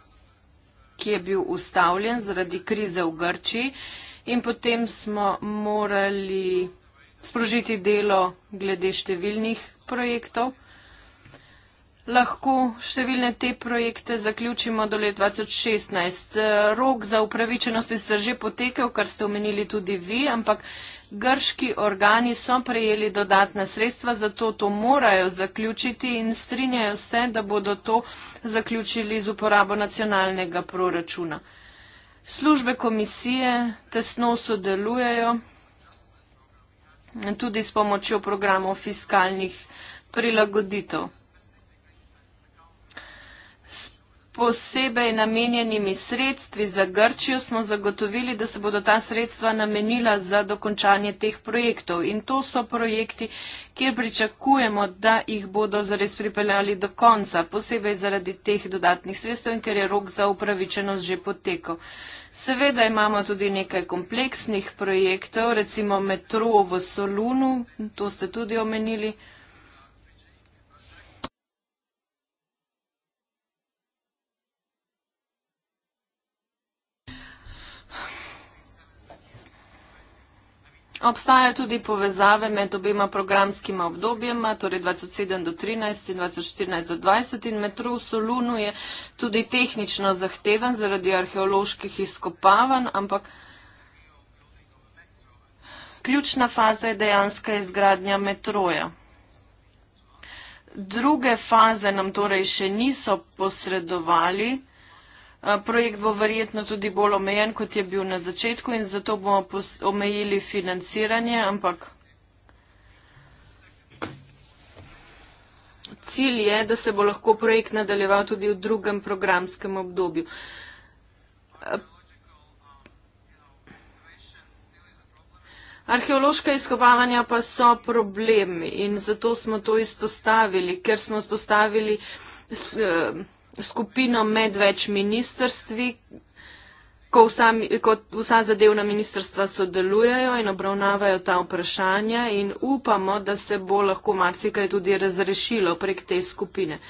ki je bil ustavljen zaradi krize v Grčiji in potem smo morali sprožiti delo glede številnih projektov. Lahko številne te projekte zaključimo do leta 2016. Rok za upravičenosti se že potekel, kar ste omenili tudi vi, ampak grški organi so prejeli dodatna sredstva, zato to morajo zaključiti in strinjajo se, da bodo to zaključili z uporabo nacionalnega proračuna. Službe komisije tesno sodelujejo tudi s pomočjo programov fiskalnih prilagoditev. posebej namenjenimi sredstvi za Grčijo smo zagotovili, da se bodo ta sredstva namenila za dokončanje teh projektov. In to so projekti, kjer pričakujemo, da jih bodo zares pripeljali do konca, posebej zaradi teh dodatnih sredstev in ker je rok za upravičenost že potekel. Seveda imamo tudi nekaj kompleksnih projektov, recimo metro v Solunu, to ste tudi omenili. obstajajo tudi povezave med obema programskima obdobjema, torej 2007 do 2013 in 2014 do 2020 in metro v Solunu je tudi tehnično zahteven zaradi arheoloških izkopavanj, ampak ključna faza je dejanska izgradnja metroja. Druge faze nam torej še niso posredovali. Projekt bo verjetno tudi bolj omejen, kot je bil na začetku in zato bomo omejili financiranje, ampak cilj je, da se bo lahko projekt nadaljeval tudi v drugem programskem obdobju. Arheološka izkopavanja pa so problem in zato smo to izpostavili, ker smo izpostavili uh, skupino med več ministrstvi, ko vsa, ko vsa zadevna ministrstva sodelujajo in obravnavajo ta vprašanja in upamo, da se bo lahko marsikaj tudi razrešilo prek te skupine.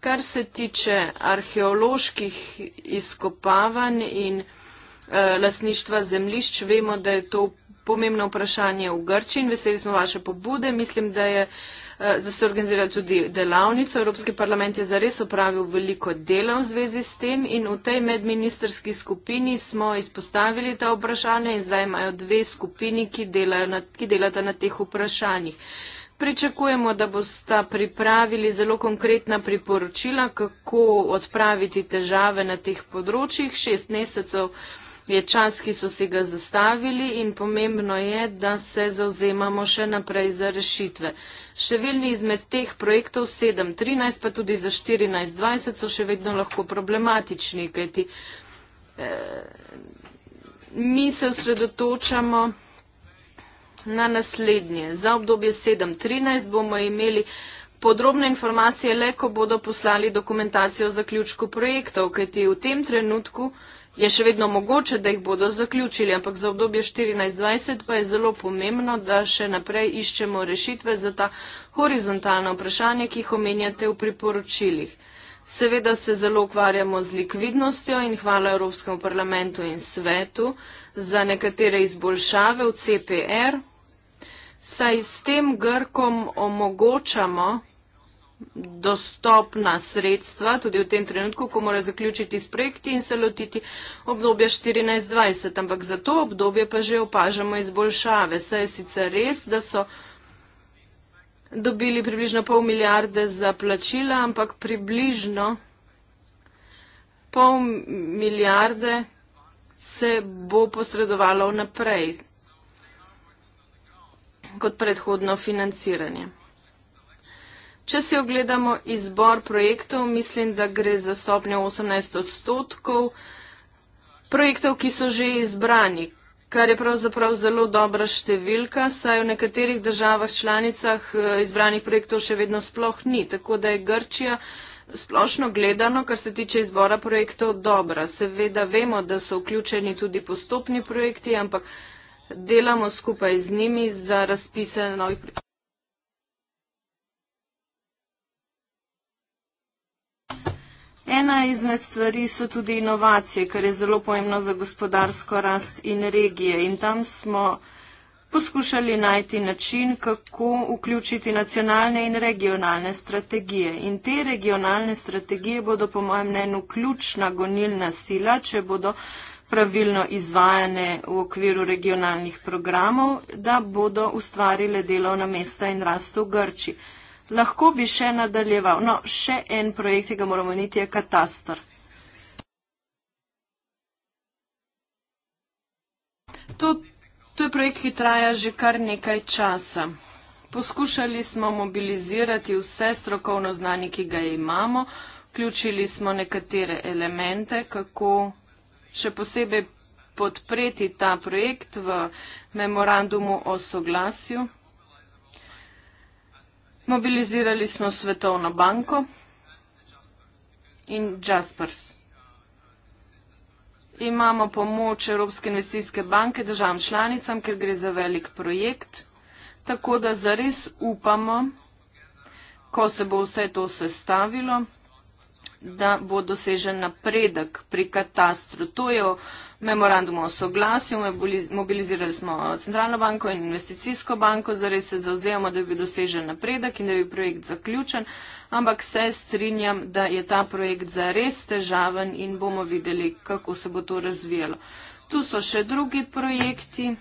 Kar se tiče arheoloških izkopavanj in eh, lasništva zemlišč, vemo, da je to pomembno vprašanje v Grči in veseli smo vaše pobude. Mislim, da je eh, Eh, da se organizira tudi delavnico. Evropski parlament je zares opravil veliko dela v zvezi s tem in v tej medministerski skupini smo izpostavili ta vprašanja in zdaj imajo dve skupini, ki, na, ki delata na teh vprašanjih. Pričakujemo, da boste pripravili zelo konkretna priporočila, kako odpraviti težave na teh področjih. Šest mesecev je čas, ki so si ga zastavili in pomembno je, da se zauzemamo še naprej za rešitve. Številni izmed teh projektov 7.13 pa tudi za 14.20 so še vedno lahko problematični, kajti eh, mi se osredotočamo na naslednje. Za obdobje 7.13 bomo imeli podrobne informacije le, ko bodo poslali dokumentacijo za ključku projektov, kajti v tem trenutku je še vedno mogoče, da jih bodo zaključili, ampak za obdobje 14-20 pa je zelo pomembno, da še naprej iščemo rešitve za ta horizontalna vprašanja, ki jih omenjate v priporočilih. Seveda se zelo ukvarjamo z likvidnostjo in hvala Evropskemu parlamentu in svetu za nekatere izboljšave v CPR. Saj s tem Grkom omogočamo, dostopna sredstva tudi v tem trenutku, ko mora zaključiti s projekti in se lotiti obdobja 14-20. Ampak za to obdobje pa že opažamo izboljšave. Saj je sicer res, da so dobili približno pol milijarde za plačila, ampak približno pol milijarde se bo posredovalo naprej kot predhodno financiranje. Če si ogledamo izbor projektov, mislim, da gre za stopnjo 18 odstotkov projektov, ki so že izbrani, kar je pravzaprav zelo dobra številka, saj v nekaterih državah članicah eh, izbranih projektov še vedno sploh ni, tako da je Grčija splošno gledano, kar se tiče izbora projektov, dobra. Seveda vemo, da so vključeni tudi postopni projekti, ampak delamo skupaj z njimi za razpisane nove projekte. Ena izmed stvari so tudi inovacije, kar je zelo pomembno za gospodarsko rast in regije. In tam smo poskušali najti način, kako vključiti nacionalne in regionalne strategije. In te regionalne strategije bodo, po mojem mnenju, ključna gonilna sila, če bodo pravilno izvajane v okviru regionalnih programov, da bodo ustvarile delovna mesta in rast v Grči lahko bi še nadaljeval. No, še en projekt, ki ga moramo niti je katastar. To, to je projekt, ki traja že kar nekaj časa. Poskušali smo mobilizirati vse strokovno znanje, ki ga imamo, vključili smo nekatere elemente, kako še posebej podpreti ta projekt v memorandumu o soglasju. Mobilizirali smo Svetovno banko in Jaspers. Imamo pomoč Evropske investicijske banke državam članicam, ker gre za velik projekt, tako da zares upamo, ko se bo vse to sestavilo, da bo dosežen napredek pri katastru. To je v memorandumu o soglasju, mobilizirali smo Centralno banko in Investicijsko banko, zares se zauzemamo, da bi dosežen napredek in da bi projekt zaključen, ampak se strinjam, da je ta projekt zares težaven in bomo videli, kako se bo to razvijalo. Tu so še drugi projekti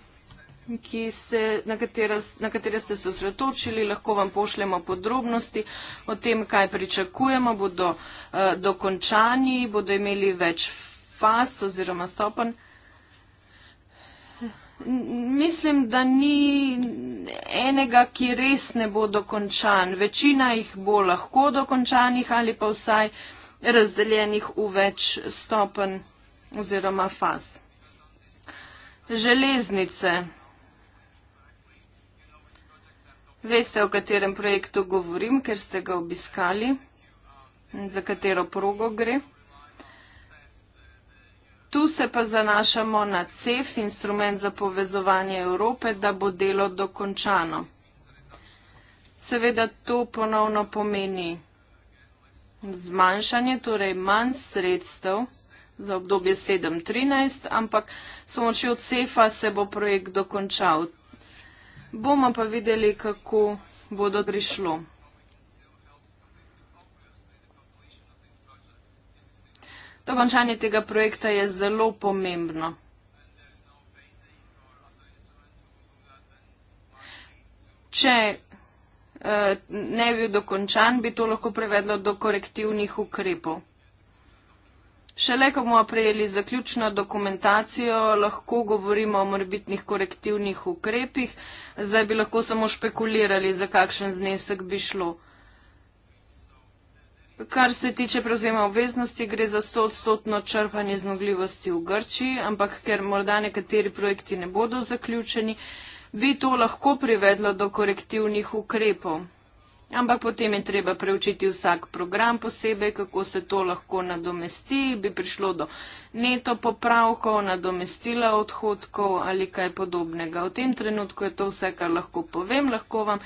ki se, na, katera, na katere ste se osredotočili. Lahko vam pošljemo podrobnosti o tem, kaj pričakujemo. Bodo uh, dokončani, bodo imeli več fas oziroma sopen. Mislim, da ni enega, ki res ne bo dokončan. Večina jih bo lahko dokončanih ali pa vsaj razdeljenih v več stopen oziroma faz. Železnice. Veste, o katerem projektu govorim, ker ste ga obiskali, za katero progo gre. Tu se pa zanašamo na CEF, instrument za povezovanje Evrope, da bo delo dokončano. Seveda to ponovno pomeni zmanjšanje, torej manj sredstev za obdobje 7-13, ampak s pomočjo CEF-a se bo projekt dokončal bomo pa videli, kako bodo prišlo. Dokončanje tega projekta je zelo pomembno. Če eh, ne bi dokončan, bi to lahko prevedlo do korektivnih ukrepov. Šele, ko bomo prejeli zaključno dokumentacijo, lahko govorimo o morbitnih korektivnih ukrepih. Zdaj bi lahko samo špekulirali, za kakšen znesek bi šlo. Kar se tiče prevzema obveznosti, gre za 100 odstotno črpanje zmogljivosti v Grčiji, ampak ker morda nekateri projekti ne bodo zaključeni, bi to lahko privedlo do korektivnih ukrepov ampak potem je treba preučiti vsak program posebej, kako se to lahko nadomesti, bi prišlo do neto popravkov, nadomestila odhodkov ali kaj podobnega. V tem trenutku je to vse, kar lahko povem, lahko vam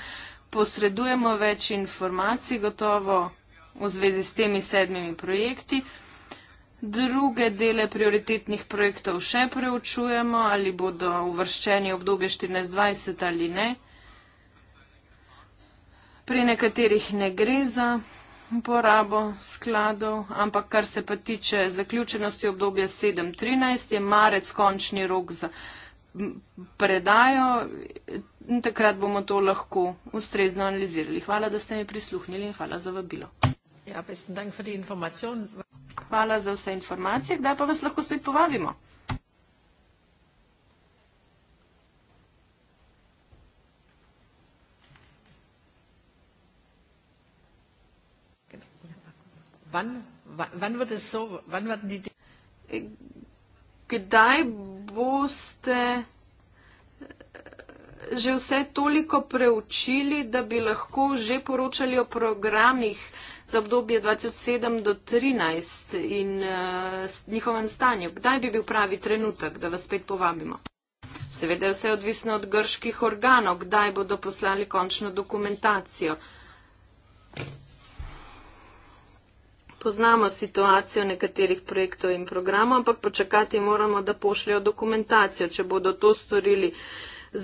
posredujemo več informacij, gotovo v zvezi s temi sedmimi projekti. Druge dele prioritetnih projektov še preučujemo, ali bodo uvrščeni obdobje 14-20 ali ne pri nekaterih ne gre za porabo skladov, ampak kar se pa tiče zaključenosti obdobja 7.13, je marec končni rok za predajo in takrat bomo to lahko ustrezno analizirali. Hvala, da ste mi prisluhnili in hvala za vabilo. Ja, hvala za vse informacije, kdaj pa vas lahko spet povabimo? wann, wann wird es so, wann werden die Dinge... Eh, kdaj boste eh, že vse toliko preučili, da bi lahko že poročali o programih za obdobje 2007 do 2013 in uh, njihovem stanju? Kdaj bi bil pravi trenutek, da vas spet povabimo? Seveda je vse odvisno od grških organov, kdaj bodo poslali končno dokumentacijo poznamo situacijo nekaterih projektov in programov, ampak počakati moramo, da pošljajo dokumentacijo. Če bodo to storili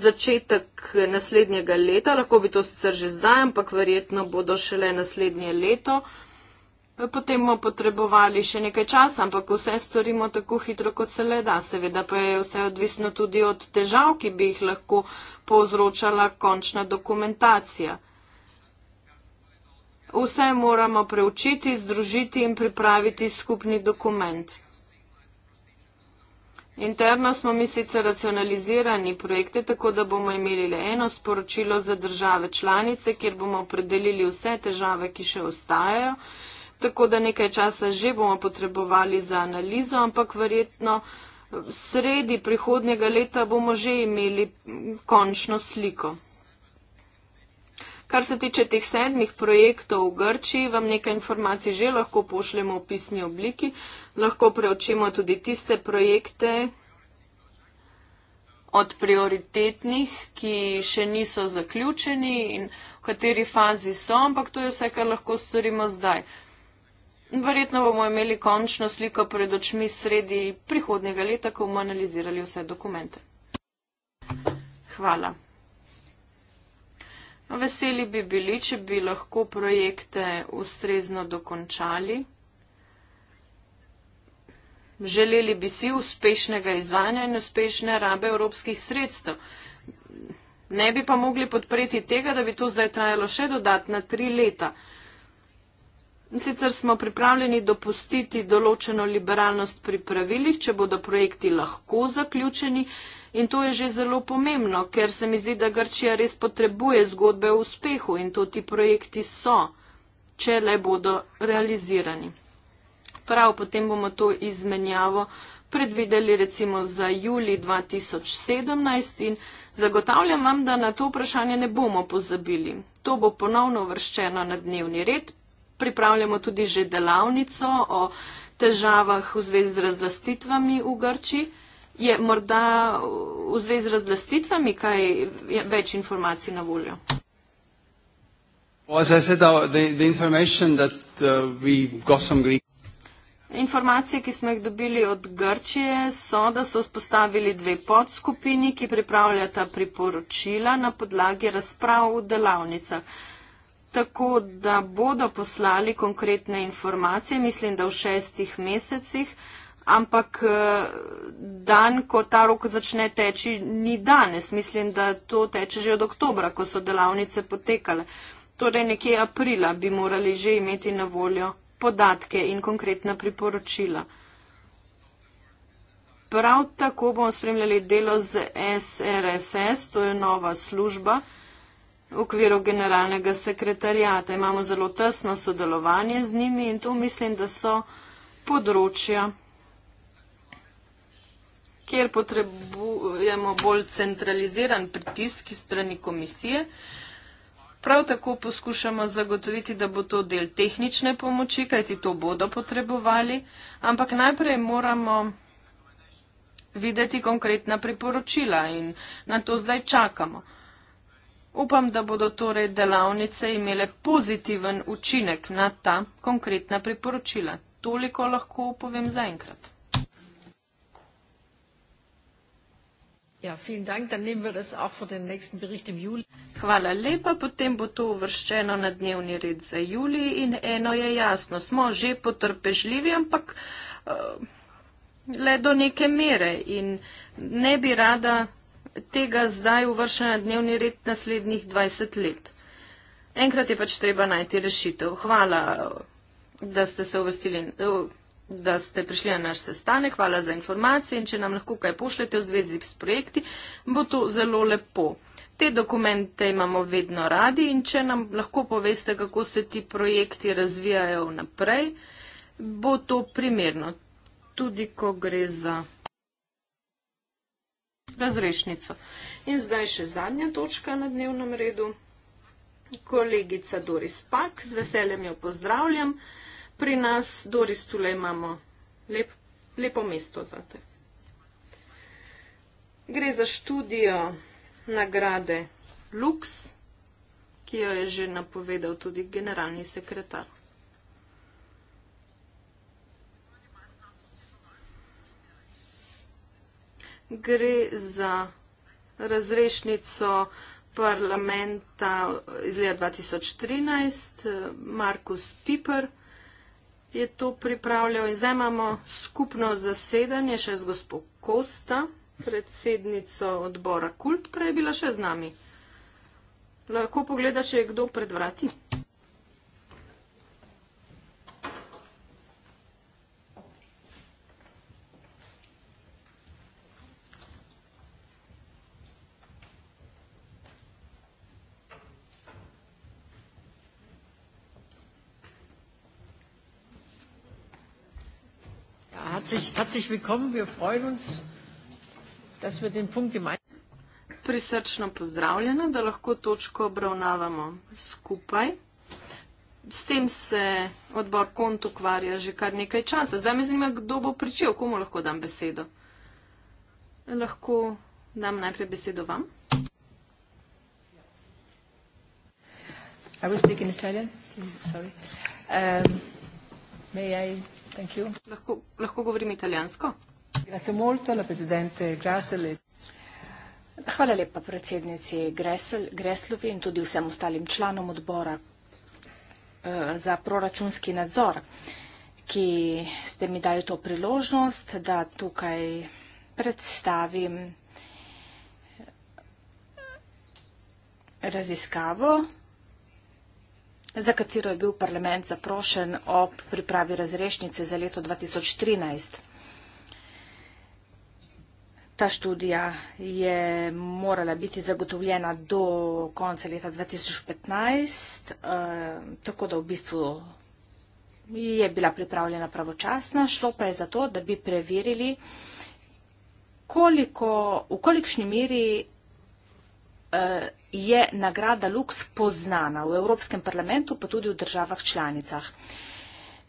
začetek naslednjega leta, lahko bi to sicer že zdaj, ampak verjetno bodo šele naslednje leto. Potem bomo potrebovali še nekaj časa, ampak vse storimo tako hitro, kot se le da. Seveda pa je vse odvisno tudi od težav, ki bi jih lahko povzročala končna dokumentacija vse moramo preučiti, združiti in pripraviti skupni dokument. Interno smo mi sicer racionalizirani projekte, tako da bomo imeli le eno sporočilo za države članice, kjer bomo opredelili vse težave, ki še ostajajo, tako da nekaj časa že bomo potrebovali za analizo, ampak verjetno sredi prihodnjega leta bomo že imeli končno sliko. Kar se tiče teh sedmih projektov v Grčiji, vam nekaj informacij že lahko pošljemo v pisni obliki. Lahko preučimo tudi tiste projekte od prioritetnih, ki še niso zaključeni in v kateri fazi so, ampak to je vse, kar lahko storimo zdaj. Verjetno bomo imeli končno sliko pred očmi sredi prihodnega leta, ko bomo analizirali vse dokumente. Hvala. Veseli bi bili, če bi lahko projekte ustrezno dokončali. Želeli bi si uspešnega izvanja in uspešne rabe evropskih sredstev. Ne bi pa mogli podpreti tega, da bi to zdaj trajalo še dodatna tri leta. Sicer smo pripravljeni dopustiti določeno liberalnost pri pravilih, če bodo projekti lahko zaključeni. In to je že zelo pomembno, ker se mi zdi, da Grčija res potrebuje zgodbe o uspehu in to ti projekti so, če le bodo realizirani. Prav potem bomo to izmenjavo predvideli recimo za juli 2017 in zagotavljam vam, da na to vprašanje ne bomo pozabili. To bo ponovno vrščeno na dnevni red, pripravljamo tudi že delavnico o težavah v zvezi z razlastitvami v Grči. Je morda v zvezi z razlastitvami kaj več informacij na voljo? Uh, Informacije, ki smo jih dobili od Grčije, so, da so vzpostavili dve podskupini, ki pripravljata priporočila na podlagi razprav v delavnicah tako, da bodo poslali konkretne informacije, mislim, da v šestih mesecih, ampak eh, dan, ko ta rok začne teči, ni danes. Mislim, da to teče že od oktobra, ko so delavnice potekale. Torej nekje aprila bi morali že imeti na voljo podatke in konkretna priporočila. Prav tako bomo spremljali delo z SRSS, to je nova služba v okviru generalnega sekretarijata. Imamo zelo tesno sodelovanje z njimi in tu mislim, da so področja, kjer potrebujemo bolj centraliziran pritisk strani komisije. Prav tako poskušamo zagotoviti, da bo to del tehnične pomoči, kajti to bodo potrebovali, ampak najprej moramo videti konkretna priporočila in na to zdaj čakamo. Upam, da bodo torej delavnice imele pozitiven učinek na ta konkretna priporočila. Toliko lahko povem zaenkrat. Ja, Hvala lepa, potem bo to uvrščeno na dnevni red za julij in eno je jasno, smo že potrpežljivi, ampak uh, le do neke mere in ne bi rada tega zdaj uvršena na dnevni red naslednjih 20 let. Enkrat je pač treba najti rešitev. Hvala, da ste se uvrstili, eh, da ste prišli na naš sestanek, hvala za informacije in če nam lahko kaj pošljete v zvezi s projekti, bo to zelo lepo. Te dokumente imamo vedno radi in če nam lahko poveste, kako se ti projekti razvijajo naprej, bo to primerno. Tudi ko gre za razrešnico. In zdaj še zadnja točka na dnevnem redu. Kolegica Doris Pak, z veseljem jo pozdravljam. Pri nas, Doris, tule imamo lep, lepo mesto za te. Gre za študijo nagrade Lux, ki jo je že napovedal tudi generalni sekretar. gre za razrešnico parlamenta iz leta 2013. Eh, Markus Piper je to pripravljal in zdaj imamo skupno zasedanje še z gospod Kosta, predsednico odbora Kult, prej je bila še z nami. Lahko pogleda, če je kdo pred vrati. Herzlich, herzlich willkommen. Wir freuen uns, dass wir den Punkt gemeinsam. Prisrčno pozdravljena, da lahko točko obravnavamo skupaj. S tem se odbor kont ukvarja že kar nekaj časa. Zdaj me zanima, kdo bo pričel, komu lahko dam besedo. Lahko dam najprej besedo vam. Are we speaking Italian? Sorry. Um, May I thank you? Lahko, lahko govorim italijansko. Grazie molto, la presidente Grasel. Hvala lepa predsednici Gresel, Greslovi in tudi vsem ostalim članom odbora eh, za proračunski nadzor, ki ste mi dali to priložnost, da tukaj predstavim eh, raziskavo, za katero je bil parlament zaprošen ob pripravi razrešnice za leto 2013. Ta študija je morala biti zagotovljena do konca leta 2015, eh, tako da v bistvu je bila pripravljena pravočasna, šlo pa je za to, da bi preverili, koliko, v kolikšni meri Eh, je nagrada Lux poznana v Evropskem parlamentu, pa tudi v državah članicah.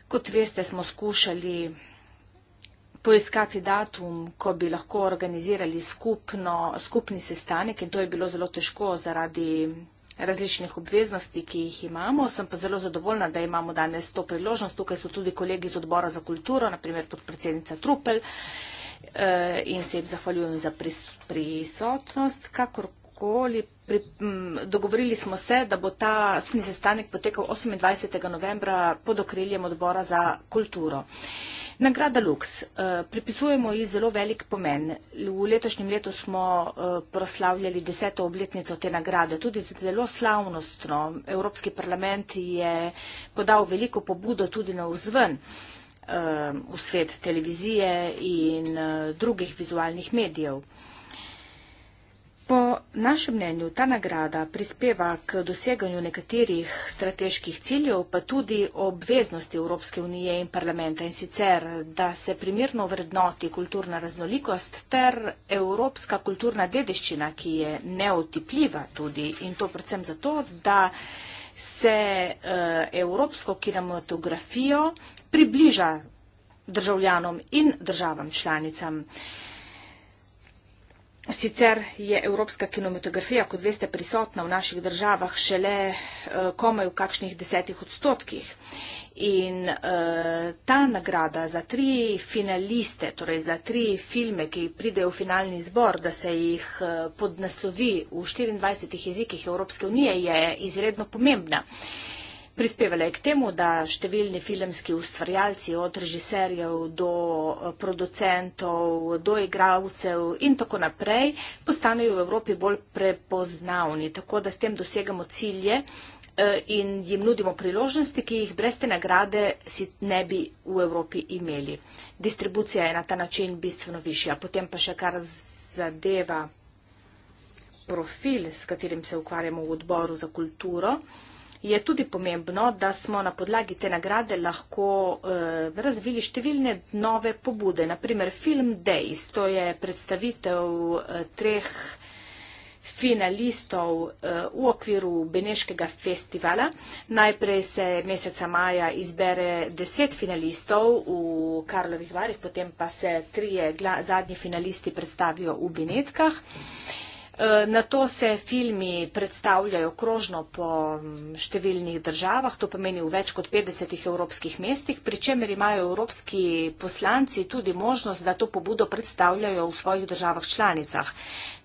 Kot veste, smo skušali poiskati datum, ko bi lahko organizirali skupno, skupni sestanek in to je bilo zelo težko zaradi različnih obveznosti, ki jih imamo. Sem pa zelo zadovoljna, da imamo danes to priložnost. Tukaj so tudi kolegi iz odbora za kulturo, naprimer podpredsednica Trupel eh, in se jim zahvaljujem za prisotnost. Kakor karkoli. Pri, m, mm, dogovorili smo se, da bo ta smi sestanek potekal 28. novembra pod okriljem odbora za kulturo. Nagrada Lux. Uh, pripisujemo ji zelo velik pomen. V letošnjem letu smo uh, proslavljali deseto obletnico te nagrade. Tudi zelo slavnostno. Evropski parlament je podal veliko pobudo tudi na vzven uh, v svet televizije in uh, drugih vizualnih medijev. Po našem mnenju ta nagrada prispeva k doseganju nekaterih strateških ciljev, pa tudi obveznosti Evropske unije in parlamenta in sicer, da se primirno vrednoti kulturna raznolikost ter evropska kulturna dediščina, ki je neotipljiva tudi in to predvsem zato, da se eh, evropsko kinematografijo približa državljanom in državam članicam. Sicer je evropska kinematografija, kot veste, prisotna v naših državah šele eh, komaj v kakšnih desetih odstotkih. In eh, ta nagrada za tri finaliste, torej za tri filme, ki pridejo v finalni zbor, da se jih eh, podnaslovi v 24 jezikih Evropske unije, je izredno pomembna. Prispevala je k temu, da številni filmski ustvarjalci, od režiserjev do eh, producentov, do igravcev in tako naprej, postanejo v Evropi bolj prepoznavni. Tako da s tem dosegamo cilje eh, in jim nudimo priložnosti, ki jih brez te nagrade si ne bi v Evropi imeli. Distribucija je na ta način bistveno višja. Potem pa še kar zadeva profil, s katerim se ukvarjamo v odboru za kulturo je tudi pomembno, da smo na podlagi te nagrade lahko eh, razvili številne nove pobude. Naprimer, Film Days, to je predstavitev eh, treh finalistov eh, v okviru Beneškega festivala. Najprej se meseca maja izbere deset finalistov v Karlovih varih, potem pa se trije zadnji finalisti predstavijo v Benetkah. Eh, Eh, na to se filmi predstavljajo krožno po mm, številnih državah, to pomeni v več kot 50 evropskih mestih, pri čemer imajo evropski poslanci tudi možnost, da to pobudo predstavljajo v svojih državah članicah.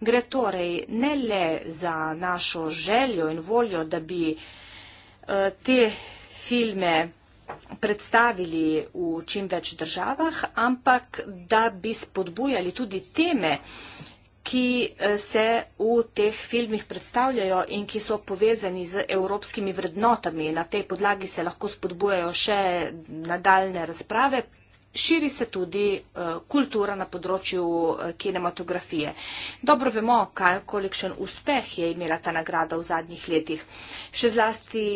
Gre torej ne le za našo željo in voljo, da bi eh, te filme predstavili v čim več državah, ampak da bi spodbujali tudi teme, ki eh, se v teh filmih predstavljajo in ki so povezani z evropskimi vrednotami. Na tej podlagi se lahko spodbujajo še nadaljne razprave. Širi se tudi eh, kultura na področju eh, kinematografije. Dobro vemo, kolikšen uspeh je imela ta nagrada v zadnjih letih. Še zlasti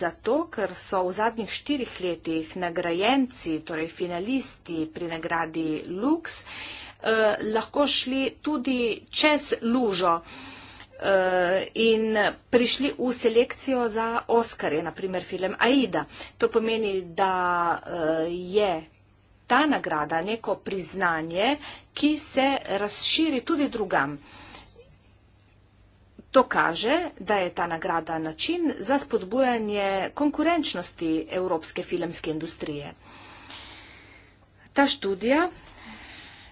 zato, ker so v zadnjih štirih letih nagrajenci, torej finalisti pri nagradi Lux, Eh, lahko šli tudi čez lužo eh, in prišli v selekcijo za Oskarje, naprimer film Aida. To pomeni, da eh, je ta nagrada neko priznanje, ki se razširi tudi drugam. To kaže, da je ta nagrada način za spodbujanje konkurenčnosti evropske filmske industrije. Ta študija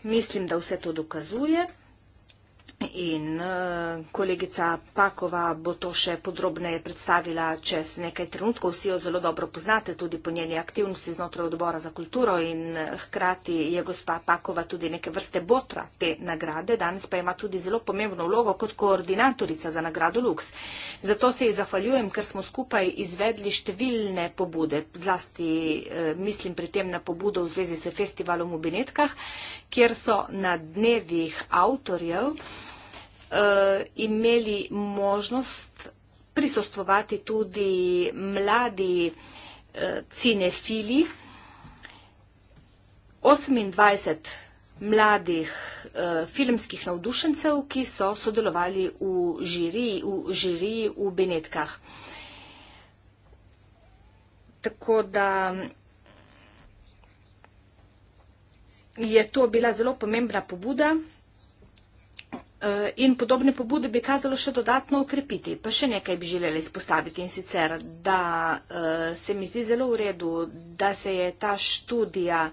mislim, da vse to dokazuje, In eh, kolegica Pakova bo to še podrobneje predstavila čez nekaj trenutkov. Vsi jo zelo dobro poznate, tudi po njeni aktivnosti znotraj odbora za kulturo in eh, hkrati je gospa Pakova tudi neke vrste botra te nagrade. Danes pa ima tudi zelo pomembno vlogo kot koordinatorica za nagrado Lux. Zato se ji zahvaljujem, ker smo skupaj izvedli številne pobude. Zlasti eh, mislim pri tem na pobudo v zvezi s festivalom v Benetkah, kjer so na dnevih avtorjev. Eh, imeli možnost prisostovati tudi mladi eh, cinefili. 28 mladih eh, filmskih navdušencev, ki so sodelovali v žiriji v, žiriji v Benetkah. Tako da je to bila zelo pomembna pobuda. Eh, in podobne pobude bi kazalo še dodatno ukrepiti. Pa še nekaj bi želeli izpostaviti in sicer, da eh, se mi zdi zelo v redu, da se je ta študija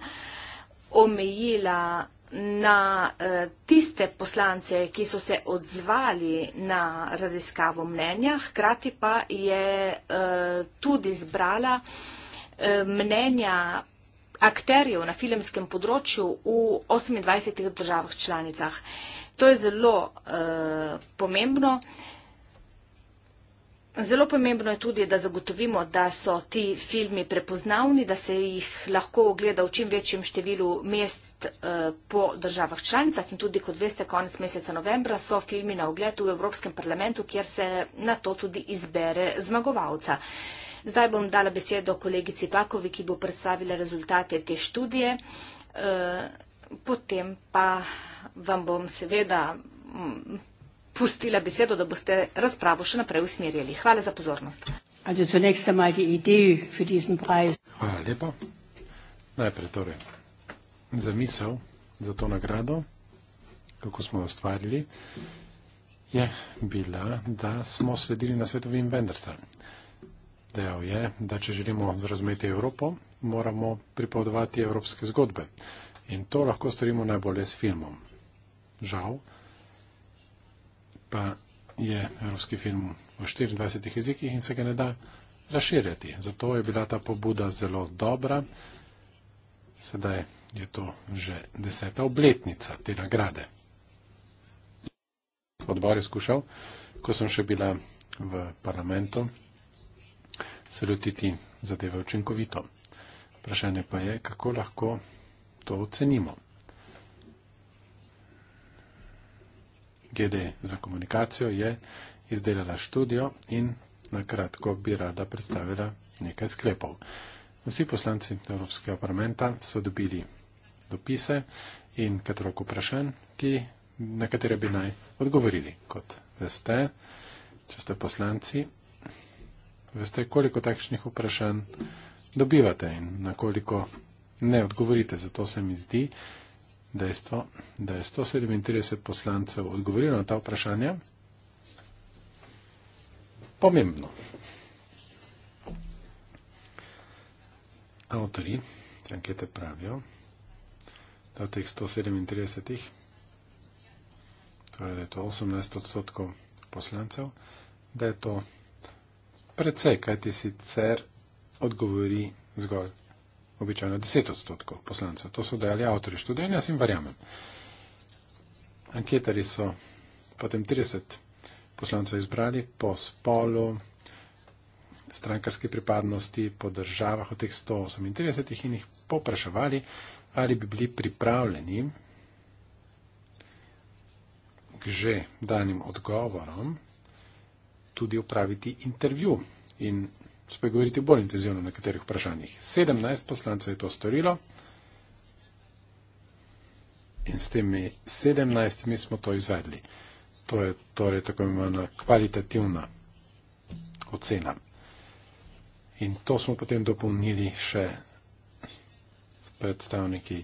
omejila na eh, tiste poslance, ki so se odzvali na raziskavo mnenja, hkrati pa je tudi zbrala mnenja akterjev na filmskem področju v 28 državah članicah. To je zelo uh, pomembno. Zelo pomembno je tudi, da zagotovimo, da so ti filmi prepoznavni, da se jih lahko ogleda v čim večjem številu mest eh, po državah članicah in tudi, kot veste, konec meseca novembra so filmi na ogled v Evropskem parlamentu, kjer se na to tudi izbere zmagovalca. Zdaj bom dala besedo kolegici Pakovi, ki bo predstavila rezultate te študije, eh, potem pa vam bom seveda mm, pustila besedo, da boste razpravo še naprej usmerjali. Hvala za pozornost. Hvala lepa. Najprej torej za misel, za to nagrado, kako smo jo ustvarili, je bila, da smo sledili na svetu Wim Wendersa. Dejal je, da če želimo razumeti Evropo, moramo pripovedovati evropske zgodbe. In to lahko storimo najbolje s filmom žal, pa je evropski film v 24 jezikih in se ga ne da razširjati. Zato je bila ta pobuda zelo dobra. Sedaj je to že deseta obletnica te nagrade. Odbor je skušal, ko sem še bila v parlamentu, se lotiti zadeve učinkovito. Vprašanje pa je, kako lahko to ocenimo. GD za komunikacijo je izdelala študijo in na kratko bi rada predstavila nekaj sklepov. Vsi poslanci Evropskega parlamenta so dobili dopise in katerok vprašanj, ki, na katere bi naj odgovorili. Kot veste, če ste poslanci, veste, koliko takšnih vprašanj dobivate in na koliko ne odgovorite. Zato se mi zdi, dejstvo, da je 137 poslancev odgovorilo na ta vprašanja. Pomembno. Avtori te ankete pravijo, da teh 137, torej da je to 18 odstotkov poslancev, da je to precej, kajti sicer odgovori zgolj običajno 10 odstotkov poslancev. To so dejali avtori študenja, jaz jim verjamem. Anketari so potem 30 poslancev izbrali po spolu, strankarske pripadnosti, po državah od teh 138 in jih popraševali, ali bi bili pripravljeni k že danim odgovorom tudi upraviti intervju. In spregovoriti bolj intenzivno na katerih vprašanjih. 17 poslancev je to storilo in s temi 17 mi smo to izvedli. To je torej tako imena kvalitativna ocena. In to smo potem dopolnili še s predstavniki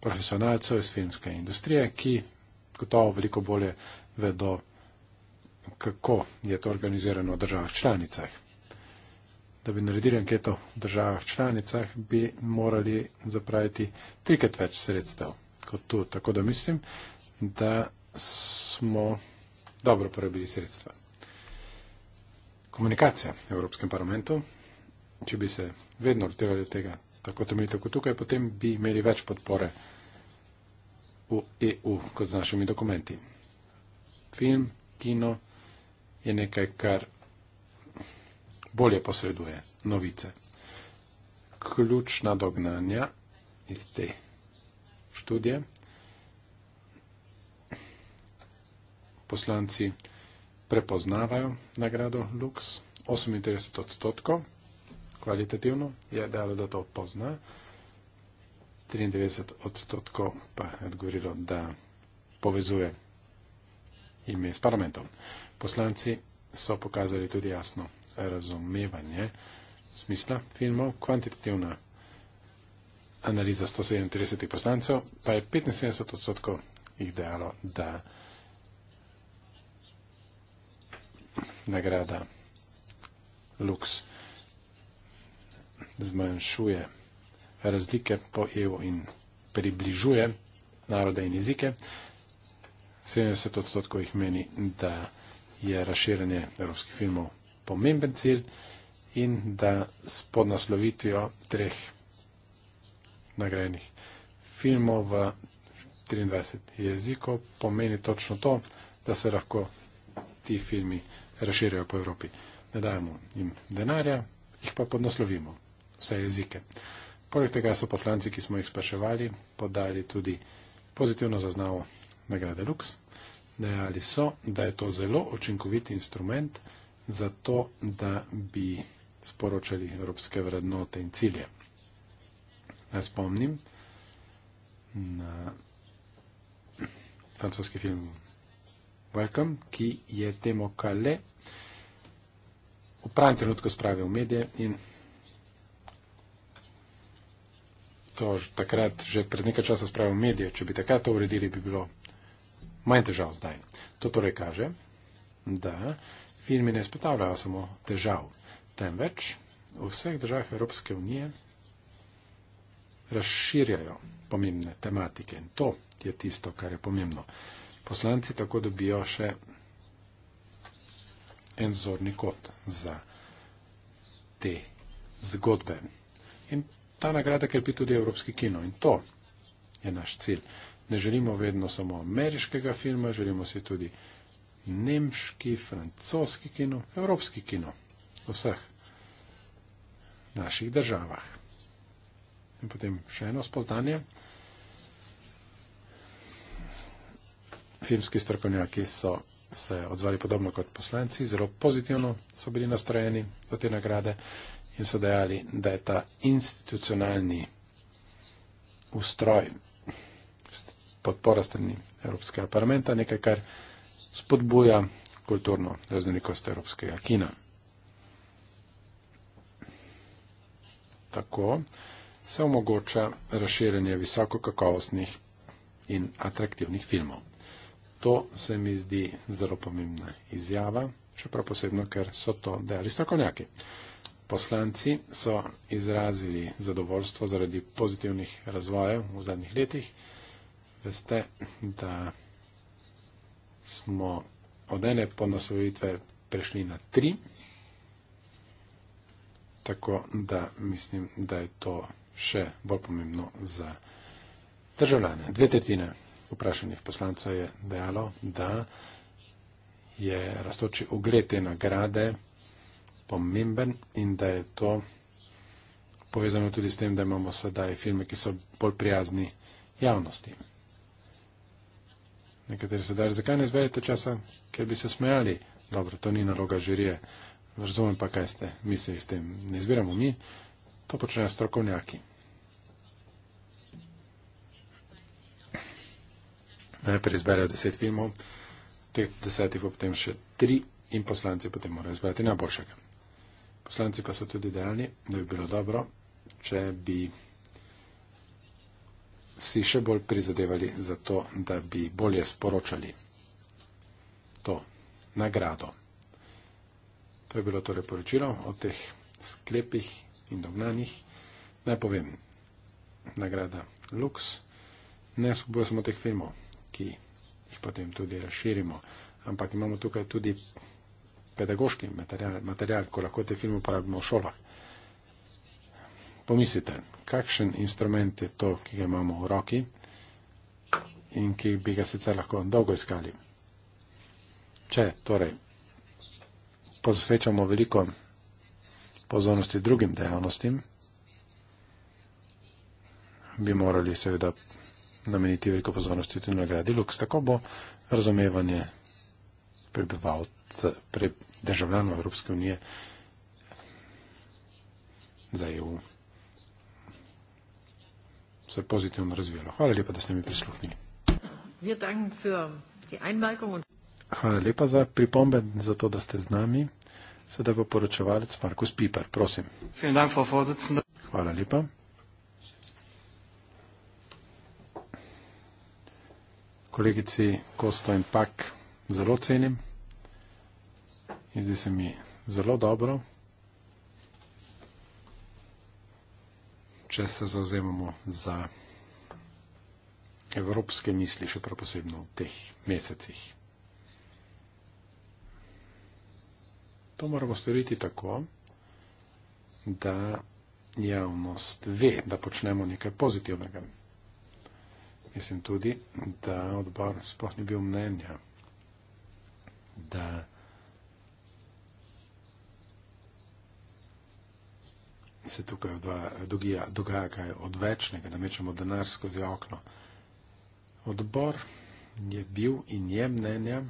profesionalcev iz filmske industrije, ki gotovo veliko bolje vedo, kako je to organizirano v državah članicah da bi naredili anketo v državah članicah, bi morali zapraviti trikrat več sredstev kot tu. Tako da mislim, da smo dobro porabili sredstva. Komunikacija v Evropskem parlamentu, če bi se vedno lotevali tega tako temeljito kot tukaj, potem bi imeli več podpore v EU kot z našimi dokumenti. Film, kino je nekaj, kar bolje posreduje novice. Ključna dognanja iz te študije. Poslanci prepoznavajo nagrado Lux, 38 odstotkov, kvalitativno je dalo, da to pozna, 93 odstotkov pa je odgovorilo, da povezuje ime s parlamentom. Poslanci so pokazali tudi jasno razumevanje smisla filmov, kvantitativna analiza 137 poslancev, pa je 75 odstotkov jih dejalo, da nagrada Lux zmanjšuje razlike po EU in približuje narode in jezike. 70 odstotkov jih meni, da je razširanje evropskih filmov pomemben cilj in da s podnaslovitvijo treh nagrajenih filmov v 23 jezikov pomeni točno to, da se lahko ti filmi razširjajo po Evropi. Ne dajemo jim denarja, jih pa podnaslovimo vse jezike. Poleg tega so poslanci, ki smo jih spraševali, podali tudi pozitivno zaznavo nagrade Lux, dejali so, da je to zelo učinkovit instrument, za to, da bi sporočali evropske vrednote in cilje. Naj spomnim na francoski film Welcome, ki je temo Kale v pravem trenutku spravil v medije in to že takrat, že pred nekaj časa spravil medije, če bi takrat to uredili, bi bilo manj težav zdaj. To torej kaže, da Filmi ne spetavljajo samo težav, temveč v vseh državah Evropske unije razširjajo pomembne tematike in to je tisto, kar je pomembno. Poslanci tako dobijo še en zorni kot za te zgodbe. In ta nagrada krepi tudi evropski kino in to je naš cilj. Ne želimo vedno samo ameriškega filma, želimo si tudi nemški, francoski kino, evropski kino v vseh naših državah. In potem še eno spoznanje. Filmski strokovnjaki so se odzvali podobno kot poslanci, zelo pozitivno so bili nastrojeni do te nagrade in so dejali, da je ta institucionalni ustroj podpora strani Evropskega parlamenta nekaj, kar spodbuja kulturno raznolikost evropskega kina. Tako se omogoča razširjanje visokokakovostnih in atraktivnih filmov. To se mi zdi zelo pomembna izjava, čeprav posebno, ker so to dejali strokovnjaki. Poslanci so izrazili zadovoljstvo zaradi pozitivnih razvojev v zadnjih letih. Veste, da smo od ene ponosovitve prešli na tri. Tako da mislim, da je to še bolj pomembno za državljane. Dve tretjine vprašanih poslancev je dejalo, da je rastoči ugled te nagrade pomemben in da je to povezano tudi s tem, da imamo sedaj filme, ki so bolj prijazni javnosti nekateri se daži, zakaj ne izvedete časa, ker bi se smejali. Dobro, to ni naloga žirije. Razumem pa, kaj ste mislili s tem. Ne izbiramo mi, to počnejo strokovnjaki. Najprej izberejo deset filmov, teh desetih bo potem še tri in poslanci potem morajo izbrati najboljšega. Poslanci pa so tudi dejani, da bi bilo dobro, če bi si še bolj prizadevali za to, da bi bolje sporočali to nagrado. To je bilo torej poročilo o teh sklepih in dognanjih. Naj povem, nagrada Lux ne spodbuja samo teh filmov, ki jih potem tudi razširimo, ampak imamo tukaj tudi pedagoški material, material ko lahko te filme uporabimo v šolah. Pomislite, kakšen instrument je to, ki ga imamo v roki in ki bi ga sicer lahko dolgo iskali. Če torej posvečamo veliko pozornosti drugim dejavnostim, bi morali seveda nameniti veliko pozornosti tudi nagradi Lux. Tako bo razumevanje prebivalcev, pre državljanov Evropske unije za EU se pozitivno razvijalo. Hvala lepa, da ste mi prisluhnili. Hvala lepa za pripombe, za to, da ste z nami. Sedaj bo poročevalec Markus Piper, prosim. Hvala lepa. Kolegici Kosto in Pak zelo cenim. In zdi se mi zelo dobro, če se zauzemamo za evropske misli, še prav posebno v teh mesecih. To moramo storiti tako, da javnost ve, da počnemo nekaj pozitivnega. Mislim tudi, da odbor sploh ni bil mnenja, da se tukaj dogaja, dogaja kaj odvečnega, da mečemo denar skozi okno. Odbor je bil in je mnenja,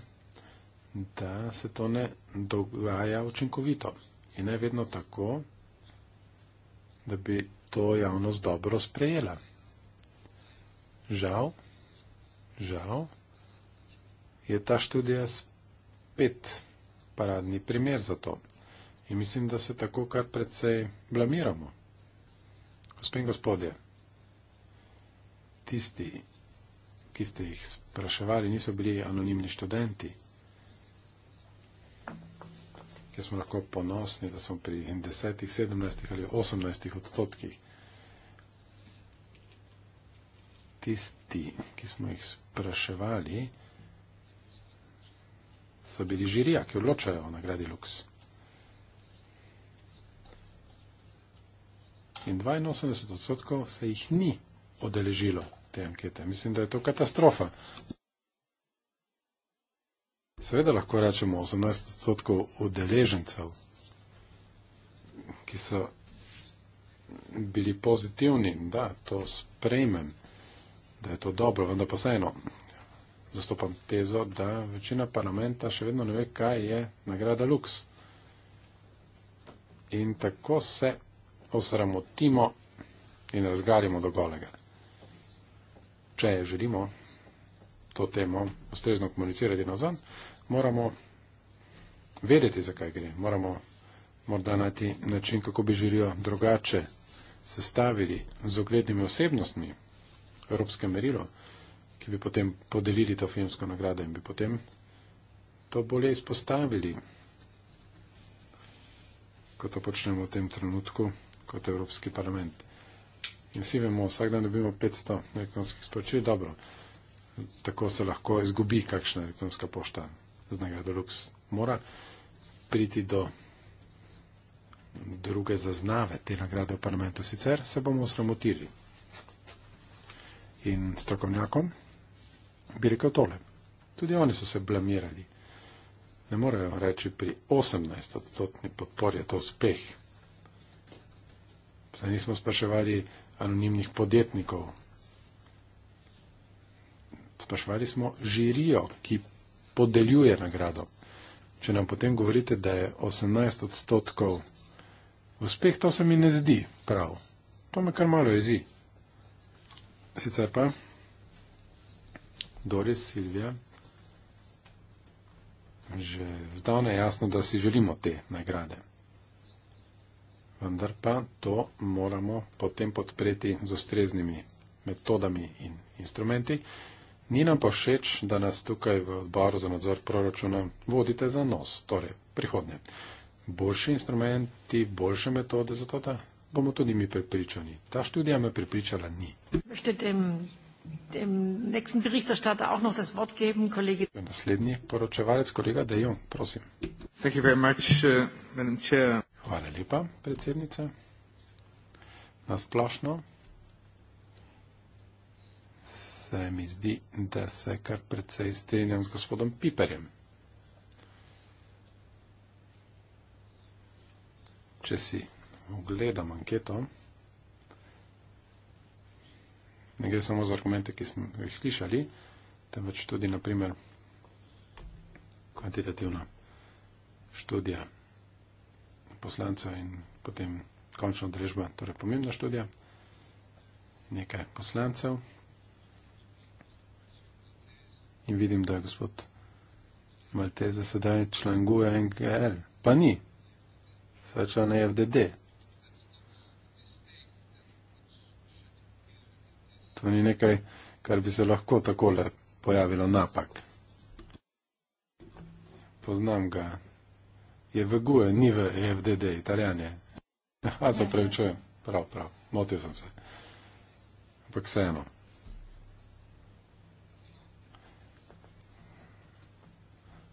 da se to ne dogaja učinkovito in ne vedno tako, da bi to javnost dobro sprejela. Žal, žal, je ta študija spet paradni primer za to. In mislim, da se tako kar predvsej blamiramo. Gospe in gospodje, tisti, ki ste jih spraševali, niso bili anonimni študenti, ki smo lahko ponosni, da smo pri 10, 17 ali 18 odstotkih. Tisti, ki smo jih spraševali, so bili žirija, ki odločajo o nagradi Luks. in 82 odstotkov se jih ni odeležilo te ankete. Mislim, da je to katastrofa. Seveda lahko rečemo 18 odstotkov udeležencev, ki so bili pozitivni, da to sprejmem, da je to dobro, vendar pa vseeno zastopam tezo, da večina parlamenta še vedno ne ve, kaj je nagrada Lux. In tako se osramotimo in razgarimo do golega. Če želimo to temo ustrezno komunicirati nazaj, moramo vedeti, zakaj gre. Moramo morda najti način, kako bi žirijo drugače sestavili z oglednimi osebnostmi Evropske merilo, ki bi potem podelili to filmsko nagrado in bi potem to bolje izpostavili, kot to počnemo v tem trenutku kot Evropski parlament. In vsi vemo, vsak dan dobimo 500 elektronskih sporočil, dobro, tako se lahko izgubi kakšna elektronska pošta z nagrado Lux. Mora priti do druge zaznave te nagrade v parlamentu, sicer se bomo sramotili. In strokovnjakom bi rekel tole. Tudi oni so se blamirali. Ne morejo reči pri 18-odstotni podpori, je to uspeh. Saj nismo spraševali anonimnih podjetnikov. Sprašvali smo žirijo, ki podeljuje nagrado. Če nam potem govorite, da je 18 odstotkov uspeh, to se mi ne zdi prav. To me kar malo jezi. Sicer pa, Doris, Silvija, že zdavne jasno, da si želimo te nagrade vendar pa to moramo potem podpreti z ustreznimi metodami in instrumenti. Ni nam pa všeč, da nas tukaj v odboru za nadzor proračuna vodite za nos, torej prihodnje. Boljši instrumenti, boljše metode za to, da bomo tudi mi pripričani. Ta študija me pripričala ni. Naslednji poročevalec, kolega Dejon, prosim. Thank you very much, uh, Madam Chair. Hvala lepa, predsednica. Nasplošno se mi zdi, da se kar predvsej strinjam z gospodom Piperjem. Če si ogledam anketo, ne gre samo za argumente, ki smo jih slišali, temveč tudi, naprimer, kvantitativna študija poslancev in potem končno drežba, torej pomembna študija, nekaj poslancev. In vidim, da je gospod Malteza sedaj član GUE NGL, e pa ni, sedaj član e FDD. To ni nekaj, kar bi se lahko takole pojavilo napak. Poznam ga je v GUE, ni v e FDD, italijane. A se pravi, čuje. Prav, prav, motil sem se. Ampak vseeno.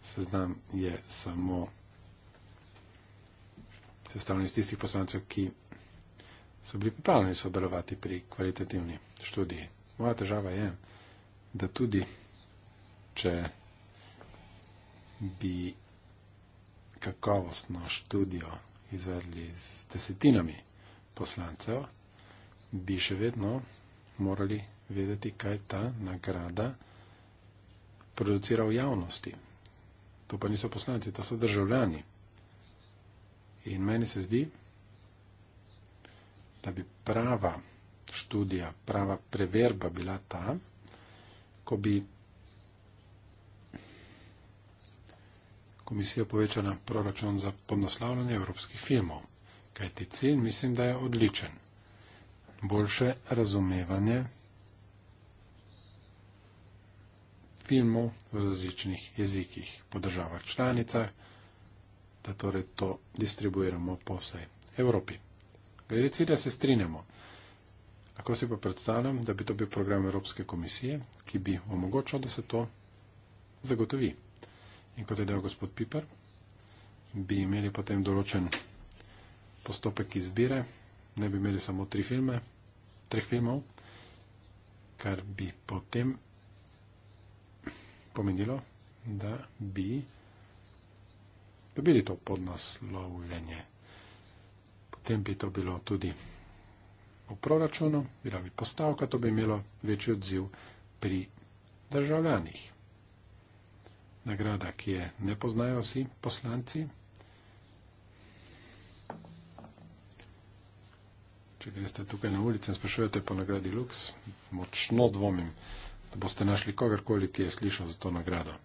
Seznam je samo sestavljen iz tistih poslancev, ki so bili pripravljeni sodelovati pri kvalitativni študiji. Moja težava je, da tudi, če bi kakovostno študijo izvedli z desetinami poslancev, bi še vedno morali vedeti, kaj ta nagrada producira v javnosti. To pa niso poslanci, to so državljani. In meni se zdi, da bi prava študija, prava preverba bila ta, ko bi komisija povečala proračun za podnaslavljanje evropskih filmov. Kaj ti cilj mislim, da je odličen? Boljše razumevanje filmov v različnih jezikih po državah članicah, da torej to distribuiramo po vsej Evropi. Glede cilja se strinjamo. Lahko si pa predstavljam, da bi to bil program Evropske komisije, ki bi omogočal, da se to zagotovi. In kot je dejal gospod Piper, bi imeli potem določen postopek izbire, ne bi imeli samo tri filme, treh filmov, kar bi potem pomenilo, da bi dobili to podnaslovljenje. Potem bi to bilo tudi v proračunu, bila bi postavka, to bi imelo večji odziv pri državljanih nagrada, ki je ne poznajo vsi poslanci. Če greste tukaj na ulici in sprašujete po nagradi Lux, močno dvomim, da boste našli kogarkoli, ki je slišal za to nagrado.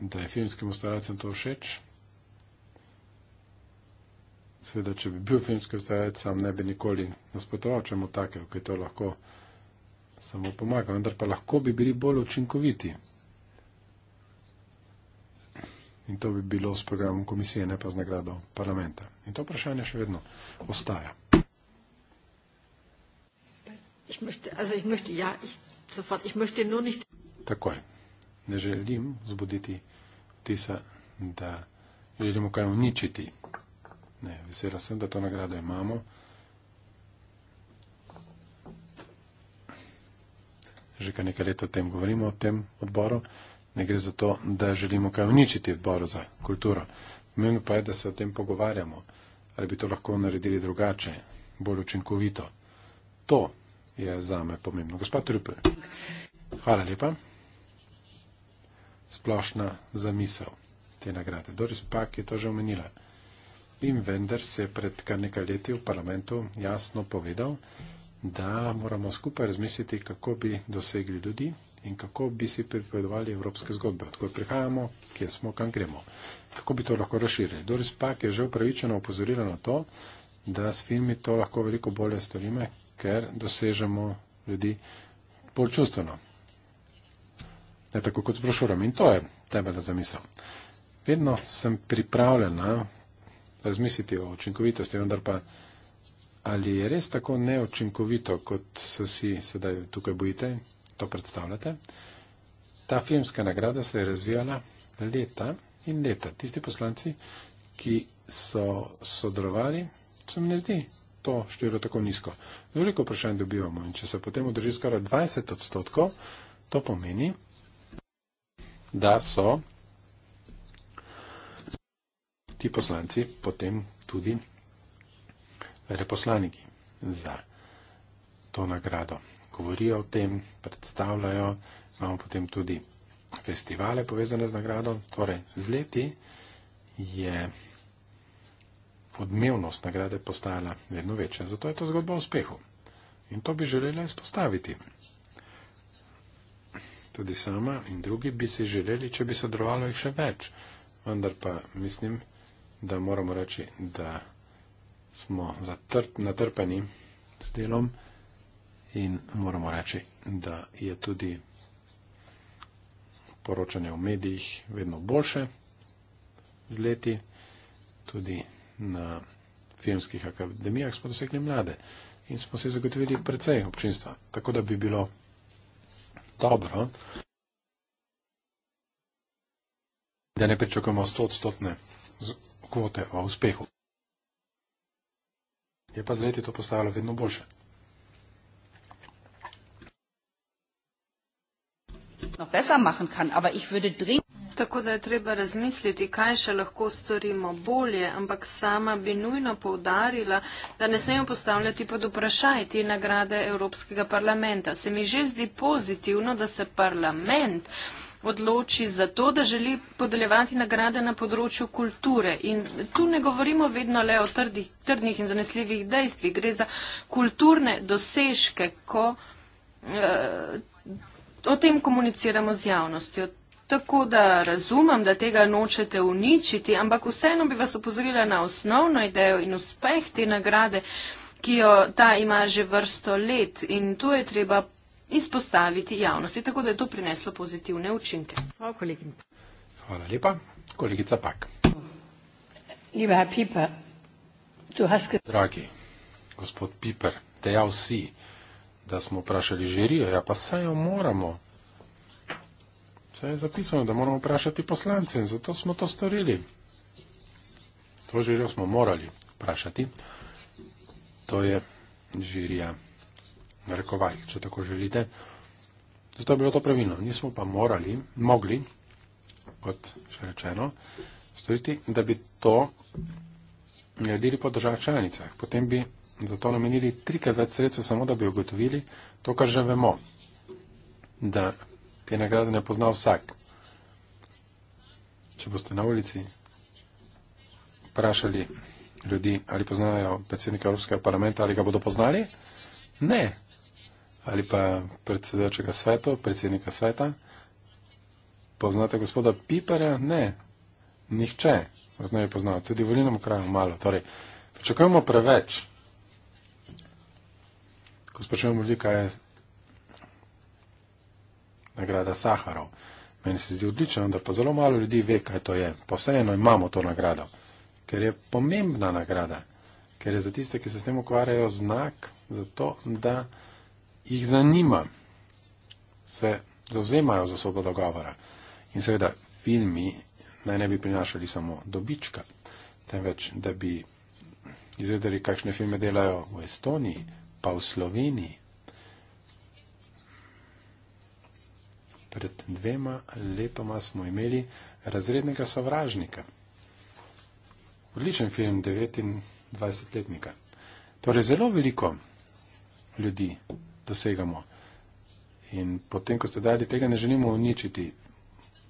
Da je filmskim ustvarjalcem to všeč. Seveda, če bi bil filmski ustvarjalec, sam ne bi nikoli nasprotoval čemu takemu, ki to lahko samo pomaga, vendar pa lahko bi bili bolj učinkoviti in to bi bilo s programom komisije, ne pa z nagrado parlamenta. In to vprašanje še vedno ostaja. Ja, Tako je. Ne želim zbuditi tisa, da želimo kaj uničiti. Ne, vesela sem, da to nagrado imamo. Že kar nekaj let o tem govorimo, o tem odboru ne gre za to, da želimo kaj uničiti v boru za kulturo. Pomembno pa je, da se o tem pogovarjamo, ali bi to lahko naredili drugače, bolj učinkovito. To je za me pomembno. Gospod Trupel, hvala lepa. Splošna zamisel te nagrade. Doris Pak je to že omenila. In vendar se je pred kar nekaj leti v parlamentu jasno povedal, da moramo skupaj razmisliti, kako bi dosegli ljudi, in kako bi si pripovedovali evropske zgodbe, odkud prihajamo, kje smo, kam gremo. Kako bi to lahko razširili? Doris Pak je že upravičeno upozorila na to, da s filmi to lahko veliko bolje storime, ker dosežemo ljudi polčustveno. Ne tako kot s brošurami. In to je temeljna zamisel. Vedno sem pripravljena razmisliti o učinkovitosti, vendar pa ali je res tako neučinkovito, kot se vsi sedaj tukaj bojite, to predstavljate. Ta filmska nagrada se je razvijala leta in leta. Tisti poslanci, ki so sodelovali, se mi ne zdi to število tako nizko. Veliko vprašanj dobivamo in če se potem udrži skoraj 20 odstotkov, to pomeni, da so ti poslanci potem tudi reposlaniki za to nagrado govorijo o tem, predstavljajo, imamo potem tudi festivale povezane z nagrado. Torej, z leti je odmevnost nagrade postajala vedno večja. Zato je to zgodba o uspehu. In to bi želela izpostaviti. Tudi sama in drugi bi si želeli, če bi sodelovalo jih še več. Vendar pa mislim, da moramo reči, da smo natrpani s delom. Mm. In moramo reči, da je tudi poročanje v medijih vedno boljše z leti, tudi na filmskih akademijah smo dosegli mlade in smo se zagotovili precej občinstva. Tako da bi bilo dobro, da ne pričakujemo 100 odstotne kvote o uspehu. Je pa z leti to postajalo vedno boljše. noch besser machen kann, aber ich würde dringend. Tako da je treba razmisliti, kaj še lahko storimo bolje, ampak sama bi nujno povdarila, da ne smemo postavljati pod vprašaj te nagrade Evropskega parlamenta. Se mi že zdi pozitivno, da se parlament odloči za to, da želi podeljevati nagrade na področju kulture. In tu ne govorimo vedno le o trdih, trdnih in zanesljivih dejstvih, gre za kulturne dosežke, ko. Uh, o tem komuniciramo z javnostjo. Tako da razumem, da tega nočete uničiti, ampak vseeno bi vas upozorila na osnovno idejo in uspeh te nagrade, ki jo ta ima že vrsto let in to je treba izpostaviti javnosti, tako da je to prineslo pozitivne učinke. Hvala lepa. Kolegica Pak. Dragi gospod Piper, dejal si, da smo vprašali žirijo, ja pa saj jo moramo. Saj je zapisano, da moramo vprašati poslance in zato smo to storili. To žirijo smo morali vprašati. To je žirija, narekovaj, če tako želite. Zato je bilo to pravilno. Nismo pa morali, mogli, kot še rečeno, storiti, da bi to naredili po državah članicah. Potem bi zato namenili trikrat več sredstev, samo da bi ugotovili to, kar že vemo, da te nagrade ne pozna vsak. Če boste na ulici vprašali ljudi, ali poznajo predsednika Evropskega parlamenta, ali ga bodo poznali, ne. Ali pa predsedečega sveta, predsednika sveta, poznate gospoda Piperja, ne. Nihče vas ne je poznal, tudi volilnemu kraju malo. Torej, pričakujemo preveč ko sprašujem ljudi, kaj je nagrada Saharov, meni se zdi odlično, vendar pa zelo malo ljudi ve, kaj to je. Posejeno imamo to nagrado, ker je pomembna nagrada, ker je za tiste, ki se s tem ukvarjajo, znak za to, da jih zanima, se zauzemajo za svobodo govora. In seveda, filmi naj ne bi prinašali samo dobička, temveč, da bi izvedeli, kakšne filme delajo v Estoniji, pa v Sloveniji. Pred dvema letoma smo imeli razrednega sovražnika. Odličen film 29-letnika. Torej zelo veliko ljudi dosegamo. In potem, ko ste dali, tega ne želimo uničiti.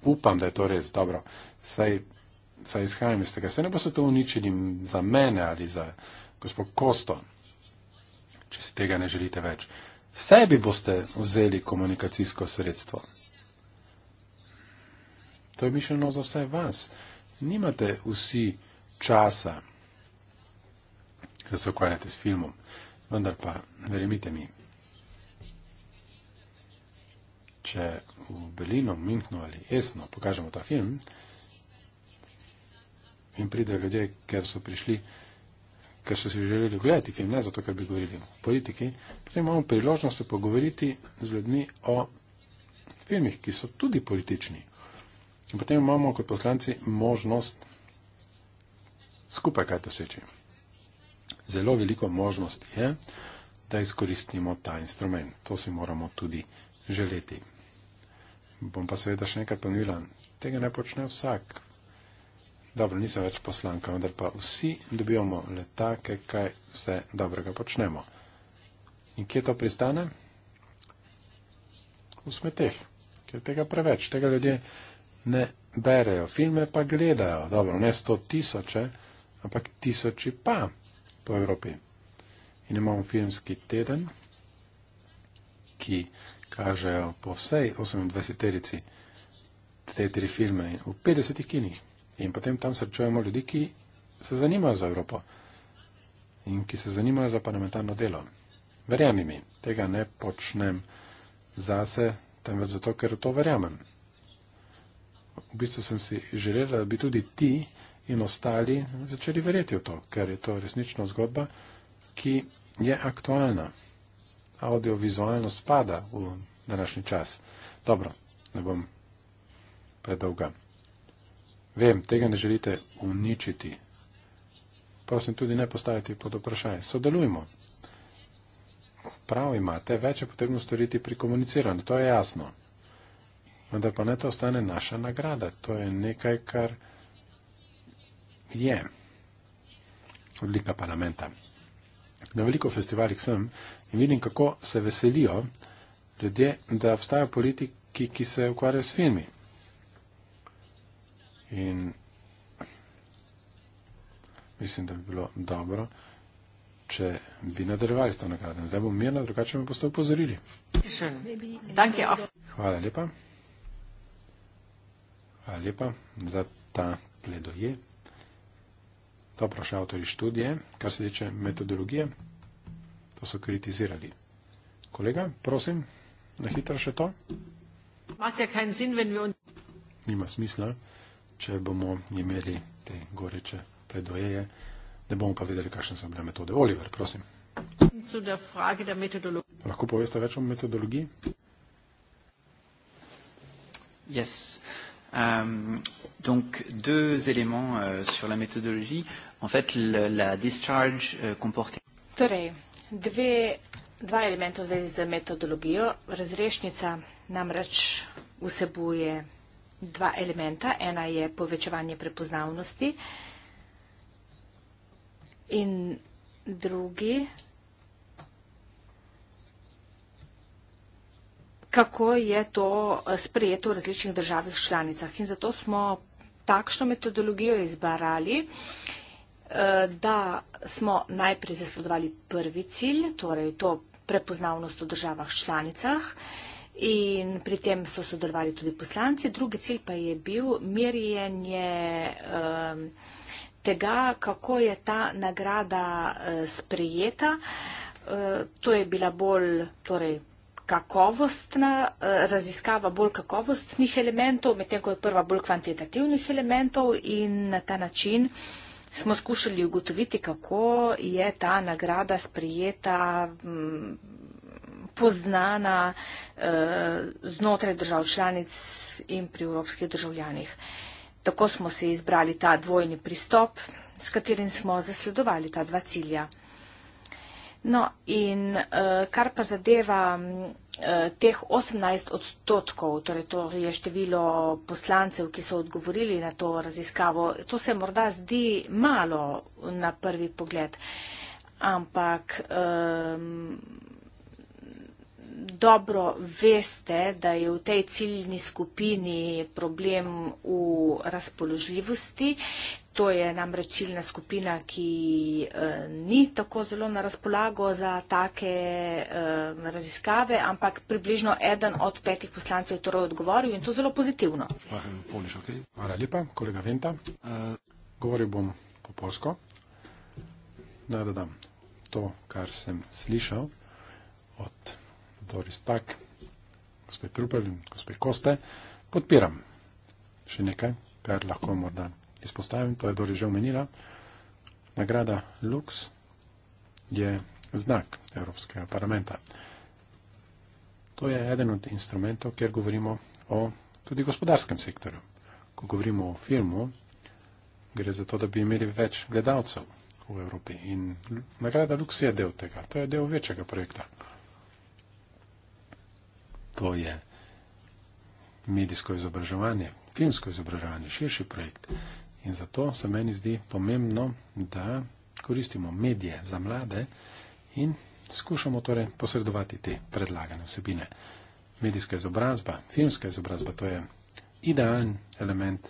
Upam, da je to res dobro. Saj, saj izhajam iz tega. Se ne boste to uničili za mene ali za gospod Kosto če si tega ne želite več. Sebi boste vzeli komunikacijsko sredstvo. To je mišljeno za vse vas. Nimate vsi časa, da se ukvarjate s filmom, vendar pa verjemite mi, če v Belinu, Münchnu ali Esno pokažemo ta film in pridejo ljudje, ker so prišli ker so si želeli gledati film, ne zato, ker bi govorili o politiki, potem imamo priložnost se pogovoriti z ljudmi o filmih, ki so tudi politični. In potem imamo kot poslanci možnost skupaj kaj doseči. Zelo veliko možnosti je, da izkoristimo ta instrument. To si moramo tudi želeti. Bom pa seveda še nekaj ponovila. Tega ne počne vsak dobro, nisem več poslanka, vendar pa vsi dobivamo letake, kaj vse dobrega počnemo. In kje to pristane? V smeteh, ker tega preveč, tega ljudje ne berejo, filme pa gledajo, dobro, ne sto tisoče, ampak tisoči pa po Evropi. In imamo filmski teden, ki kažejo po vsej 28-terici te tri filme v 50-ih kinih. In potem tam srečujemo ljudi, ki se zanimajo za Evropo in ki se zanimajo za parlamentarno delo. Verjemi mi, tega ne počnem zase, temveč zato, ker v to verjamem. V bistvu sem si želela, da bi tudi ti in ostali začeli verjeti v to, ker je to resnično zgodba, ki je aktualna. Audiovizualno spada v današnji čas. Dobro, ne bom predolga. Vem, tega ne želite uničiti. Prosim tudi ne postaviti pod vprašanje. Sodelujmo. Prav imate, več je potrebno storiti pri komuniciranju, to je jasno. Vendar pa ne to ostane naša nagrada, to je nekaj, kar je odlika parlamenta. Na veliko festivalih sem in vidim, kako se veselijo ljudje, da obstajajo politiki, ki se ukvarjajo s filmi. In mislim, da bi bilo dobro, če bi nadaljevali s to nagrado. Zdaj bom mirna, drugače me boste upozorili. Hvala lepa. Hvala lepa za ta pledoje. To vprašajo avtori študije, kar se tiče metodologije. To so kritizirali. Kolega, prosim, na hitro še to. Ja Nima smisla če bomo imeli te goreče predojeje, da bomo pa videli, kakšne so bile metode. Oliver, prosim. Lahko poveste več o metodologiji? Yes. Um, donc deux éléments euh, sur la méthodologie. En fait, le, la discharge euh, comportait. Torej, dve, dva elementa v zvezi z metodologijo. Razrešnica namreč vsebuje dva elementa. Ena je povečevanje prepoznavnosti in drugi, kako je to sprejeto v različnih državih članicah. In zato smo takšno metodologijo izbarali, eh, da smo najprej zasledovali prvi cilj, torej to prepoznavnost v državah članicah, in pri tem so sodelovali tudi poslanci. Drugi cilj pa je bil merjenje ehm, tega, kako je ta nagrada eh, sprejeta. Eh, to je bila bolj torej, kakovostna eh, raziskava bolj kakovostnih elementov, medtem ko je prva bolj kvantitativnih elementov in na ta način smo skušali ugotoviti, kako je ta nagrada sprejeta poznana eh, znotraj držav članic in pri evropskih državljanih. Tako smo se izbrali ta dvojni pristop, s katerim smo zasledovali ta dva cilja. No in eh, kar pa zadeva eh, teh 18 odstotkov, torej to je število poslancev, ki so odgovorili na to raziskavo, to se morda zdi malo na prvi pogled, ampak ehm, dobro veste, da je v tej ciljni skupini problem v razpoložljivosti. To je namreč ciljna skupina, ki eh, ni tako zelo na razpolago za take eh, raziskave, ampak približno eden od petih poslancev je torej odgovoril in to zelo pozitivno. Hvala lepa, kolega Venta. Eh. Govoril bom po polsko. Naj dodam to, kar sem slišal od. Doris Pak, gospod Trupel in gospod Koste, podpiram. Še nekaj, kar lahko morda izpostavim, to je Doris že omenila. Nagrada Lux je znak Evropskega parlamenta. To je eden od instrumentov, kjer govorimo o tudi gospodarskem sektorju. Ko govorimo o filmu, gre za to, da bi imeli več gledalcev v Evropi. In nagrada Lux je del tega. To je del večjega projekta to je medijsko izobraževanje, filmsko izobraževanje, širši projekt. In zato se meni zdi pomembno, da koristimo medije za mlade in skušamo torej posredovati te predlagane vsebine. Medijska izobrazba, filmska izobrazba, to je idealen element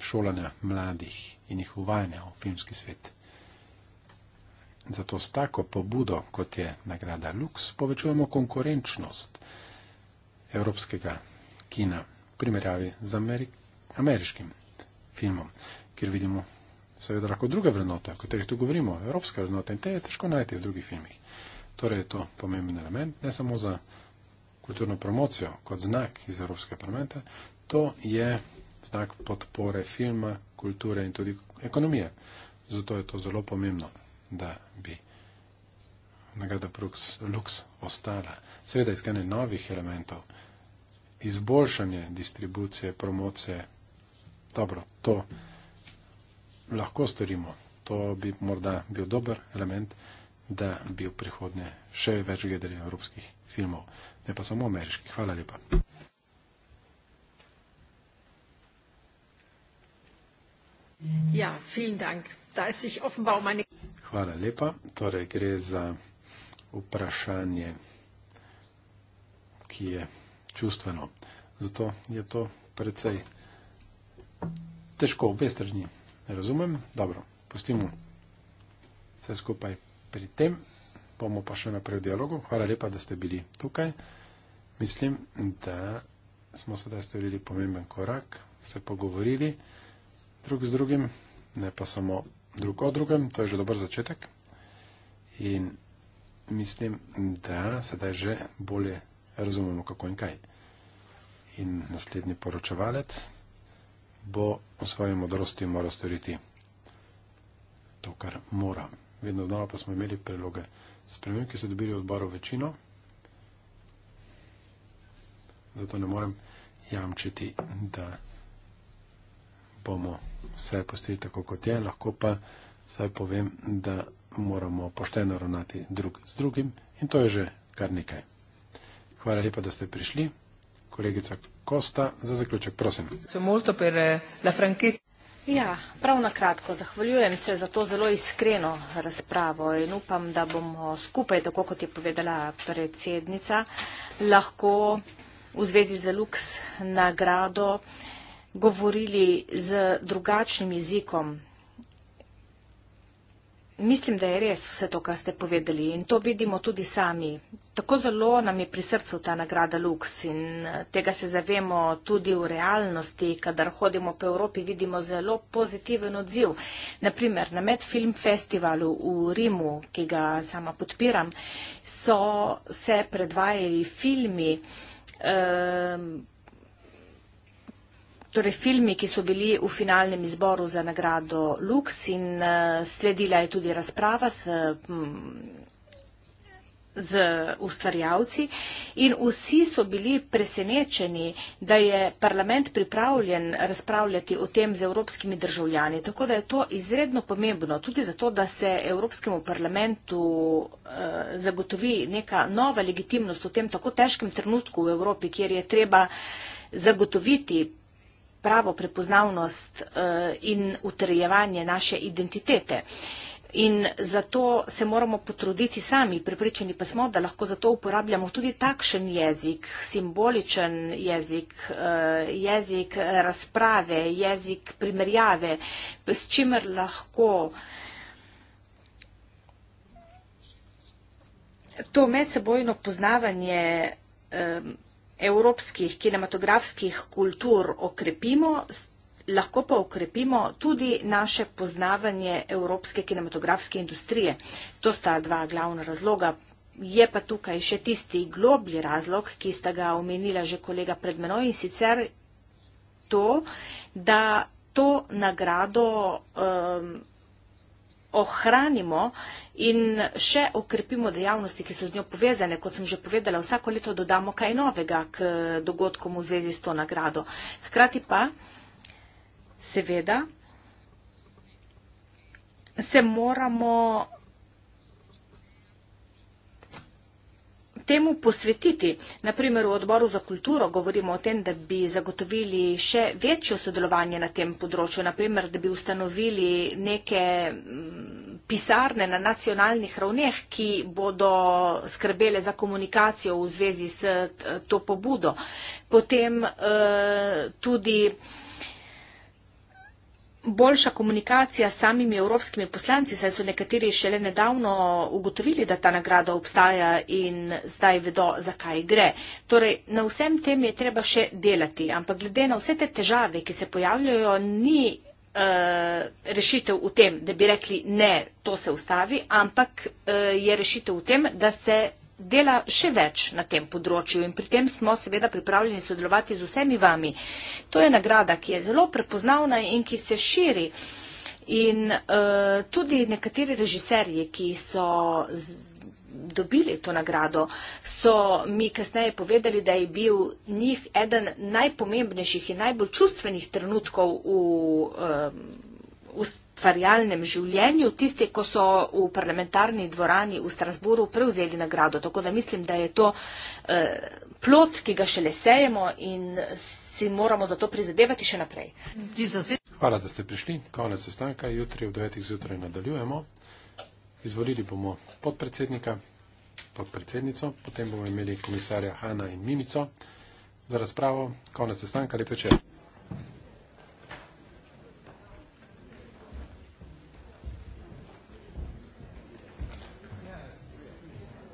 šolanja mladih in jih uvajanja v filmski svet. Zato s tako pobudo, kot je nagrada Lux, povečujemo konkurenčnost evropskega kina v primerjavi z Ameri ameriškim filmom, kjer vidimo seveda lahko druge vrednote, o katerih tu govorimo, evropske vrednote in te je težko najti v drugih filmih. Torej je to pomemben element, ne samo za kulturno promocijo kot znak iz Evropskega parlamenta, to je znak podpore filma, kulture in tudi ekonomije. Zato je to zelo pomembno da bi nagrada Pruks Lux ostala. Seveda iskanje novih elementov, izboljšanje distribucije, promocije, dobro, to lahko storimo. To bi morda bil dober element, da bi v prihodnje še več gledali evropskih filmov, ne pa samo ameriških. Hvala lepa. Ja, vielen Dank. Da ist sich offenbar um eine Hvala lepa. Torej gre za vprašanje, ki je čustveno. Zato je to precej težko, obe strani. Ne razumem. Dobro, pustimo vse skupaj pri tem. Bomo pa še naprej v dialogu. Hvala lepa, da ste bili tukaj. Mislim, da smo sedaj storili pomemben korak, se pogovorili drug z drugim, ne pa samo drug o drugem, to je že dober začetek. In mislim, da sedaj že bolje razumemo, kako in kaj. In naslednji poročevalec bo v svoji modrosti moral storiti to, kar mora. Vedno znova pa smo imeli predloge sprememb, ki so dobili odboru večino. Zato ne morem jamčiti, da bomo vse postili tako, kot je, lahko pa saj povem, da moramo pošteno ravnati drug z drugim in to je že kar nekaj. Hvala lepa, da ste prišli. Kolegica Kosta, za zaključek, prosim. Eh, ja, prav na kratko. Zahvaljujem se za to zelo iskreno razpravo in upam, da bomo skupaj, tako kot je povedala predsednica, lahko v zvezi z Lux nagrado eh, govorili z drugačnim jezikom. Mislim, da je res vse to, kar ste povedali in to vidimo tudi sami. Tako zelo nam je pri srcu ta nagrada Lux in eh, tega se zavemo tudi v realnosti, kadar hodimo po Evropi, vidimo zelo pozitiven odziv. Naprimer, na Med Film Festivalu v Rimu, ki ga sama podpiram, so se predvajali filmi. Eh, torej filmi, ki so bili v finalnem izboru za nagrado Lux in eh, sledila je tudi razprava s, mm, z ustvarjavci in vsi so bili presenečeni, da je parlament pripravljen razpravljati o tem z evropskimi državljani. Tako da je to izredno pomembno tudi zato, da se Evropskemu parlamentu eh, zagotovi neka nova legitimnost v tem tako težkem trenutku v Evropi, kjer je treba zagotoviti pravo prepoznavnost eh, in utrjevanje naše identitete. In zato se moramo potruditi sami, pripričani pa smo, da lahko zato uporabljamo tudi takšen jezik, simboličen jezik, eh, jezik razprave, jezik primerjave, s čimer lahko to medsebojno poznavanje eh, evropskih kinematografskih kultur okrepimo, lahko pa okrepimo tudi naše poznavanje evropske kinematografske industrije. To sta dva glavna razloga. Je pa tukaj še tisti globlji razlog, ki sta ga omenila že kolega pred menoj in sicer to, da to nagrado um, ohranimo in še okrepimo dejavnosti, ki so z njo povezane. Kot sem že povedala, vsako leto dodamo kaj novega k dogodkom v zvezi s to nagrado. Hkrati pa, seveda, se moramo temu posvetiti. Naprimer, v odboru za kulturo govorimo o tem, da bi zagotovili še večjo sodelovanje na tem področju, naprimer, da bi ustanovili neke mm, pisarne na nacionalnih ravneh, ki bodo skrbele za komunikacijo v zvezi s eh, to pobudo. Potem eh, tudi boljša komunikacija s samimi evropskimi poslanci, saj so nekateri šele nedavno ugotovili, da ta nagrada obstaja in zdaj vedo, zakaj gre. Torej, na vsem tem je treba še delati, ampak glede na vse te težave, ki se pojavljajo, ni uh, rešitev v tem, da bi rekli ne, to se ustavi, ampak uh, je rešitev v tem, da se dela še več na tem področju in pri tem smo seveda pripravljeni sodelovati z vsemi vami. To je nagrada, ki je zelo prepoznavna in ki se širi. In uh, tudi nekateri režiserji, ki so z, dobili to nagrado, so mi kasneje povedali, da je bil njih eden najpomembnejših in najbolj čustvenih trenutkov v, um, v parijalnem življenju, tisti, ko so v parlamentarni dvorani v Strasburu prevzeli nagrado. Tako da mislim, da je to eh, plot, ki ga šele sejemo in si moramo za to prizadevati še naprej. Hvala, da ste prišli. Konec sestanka. Jutri v 9. zjutraj nadaljujemo. Izvolili bomo podpredsednika, podpredsednico, potem bomo imeli komisarja Hanna in Mimico za razpravo. Konec sestanka. Lep večer.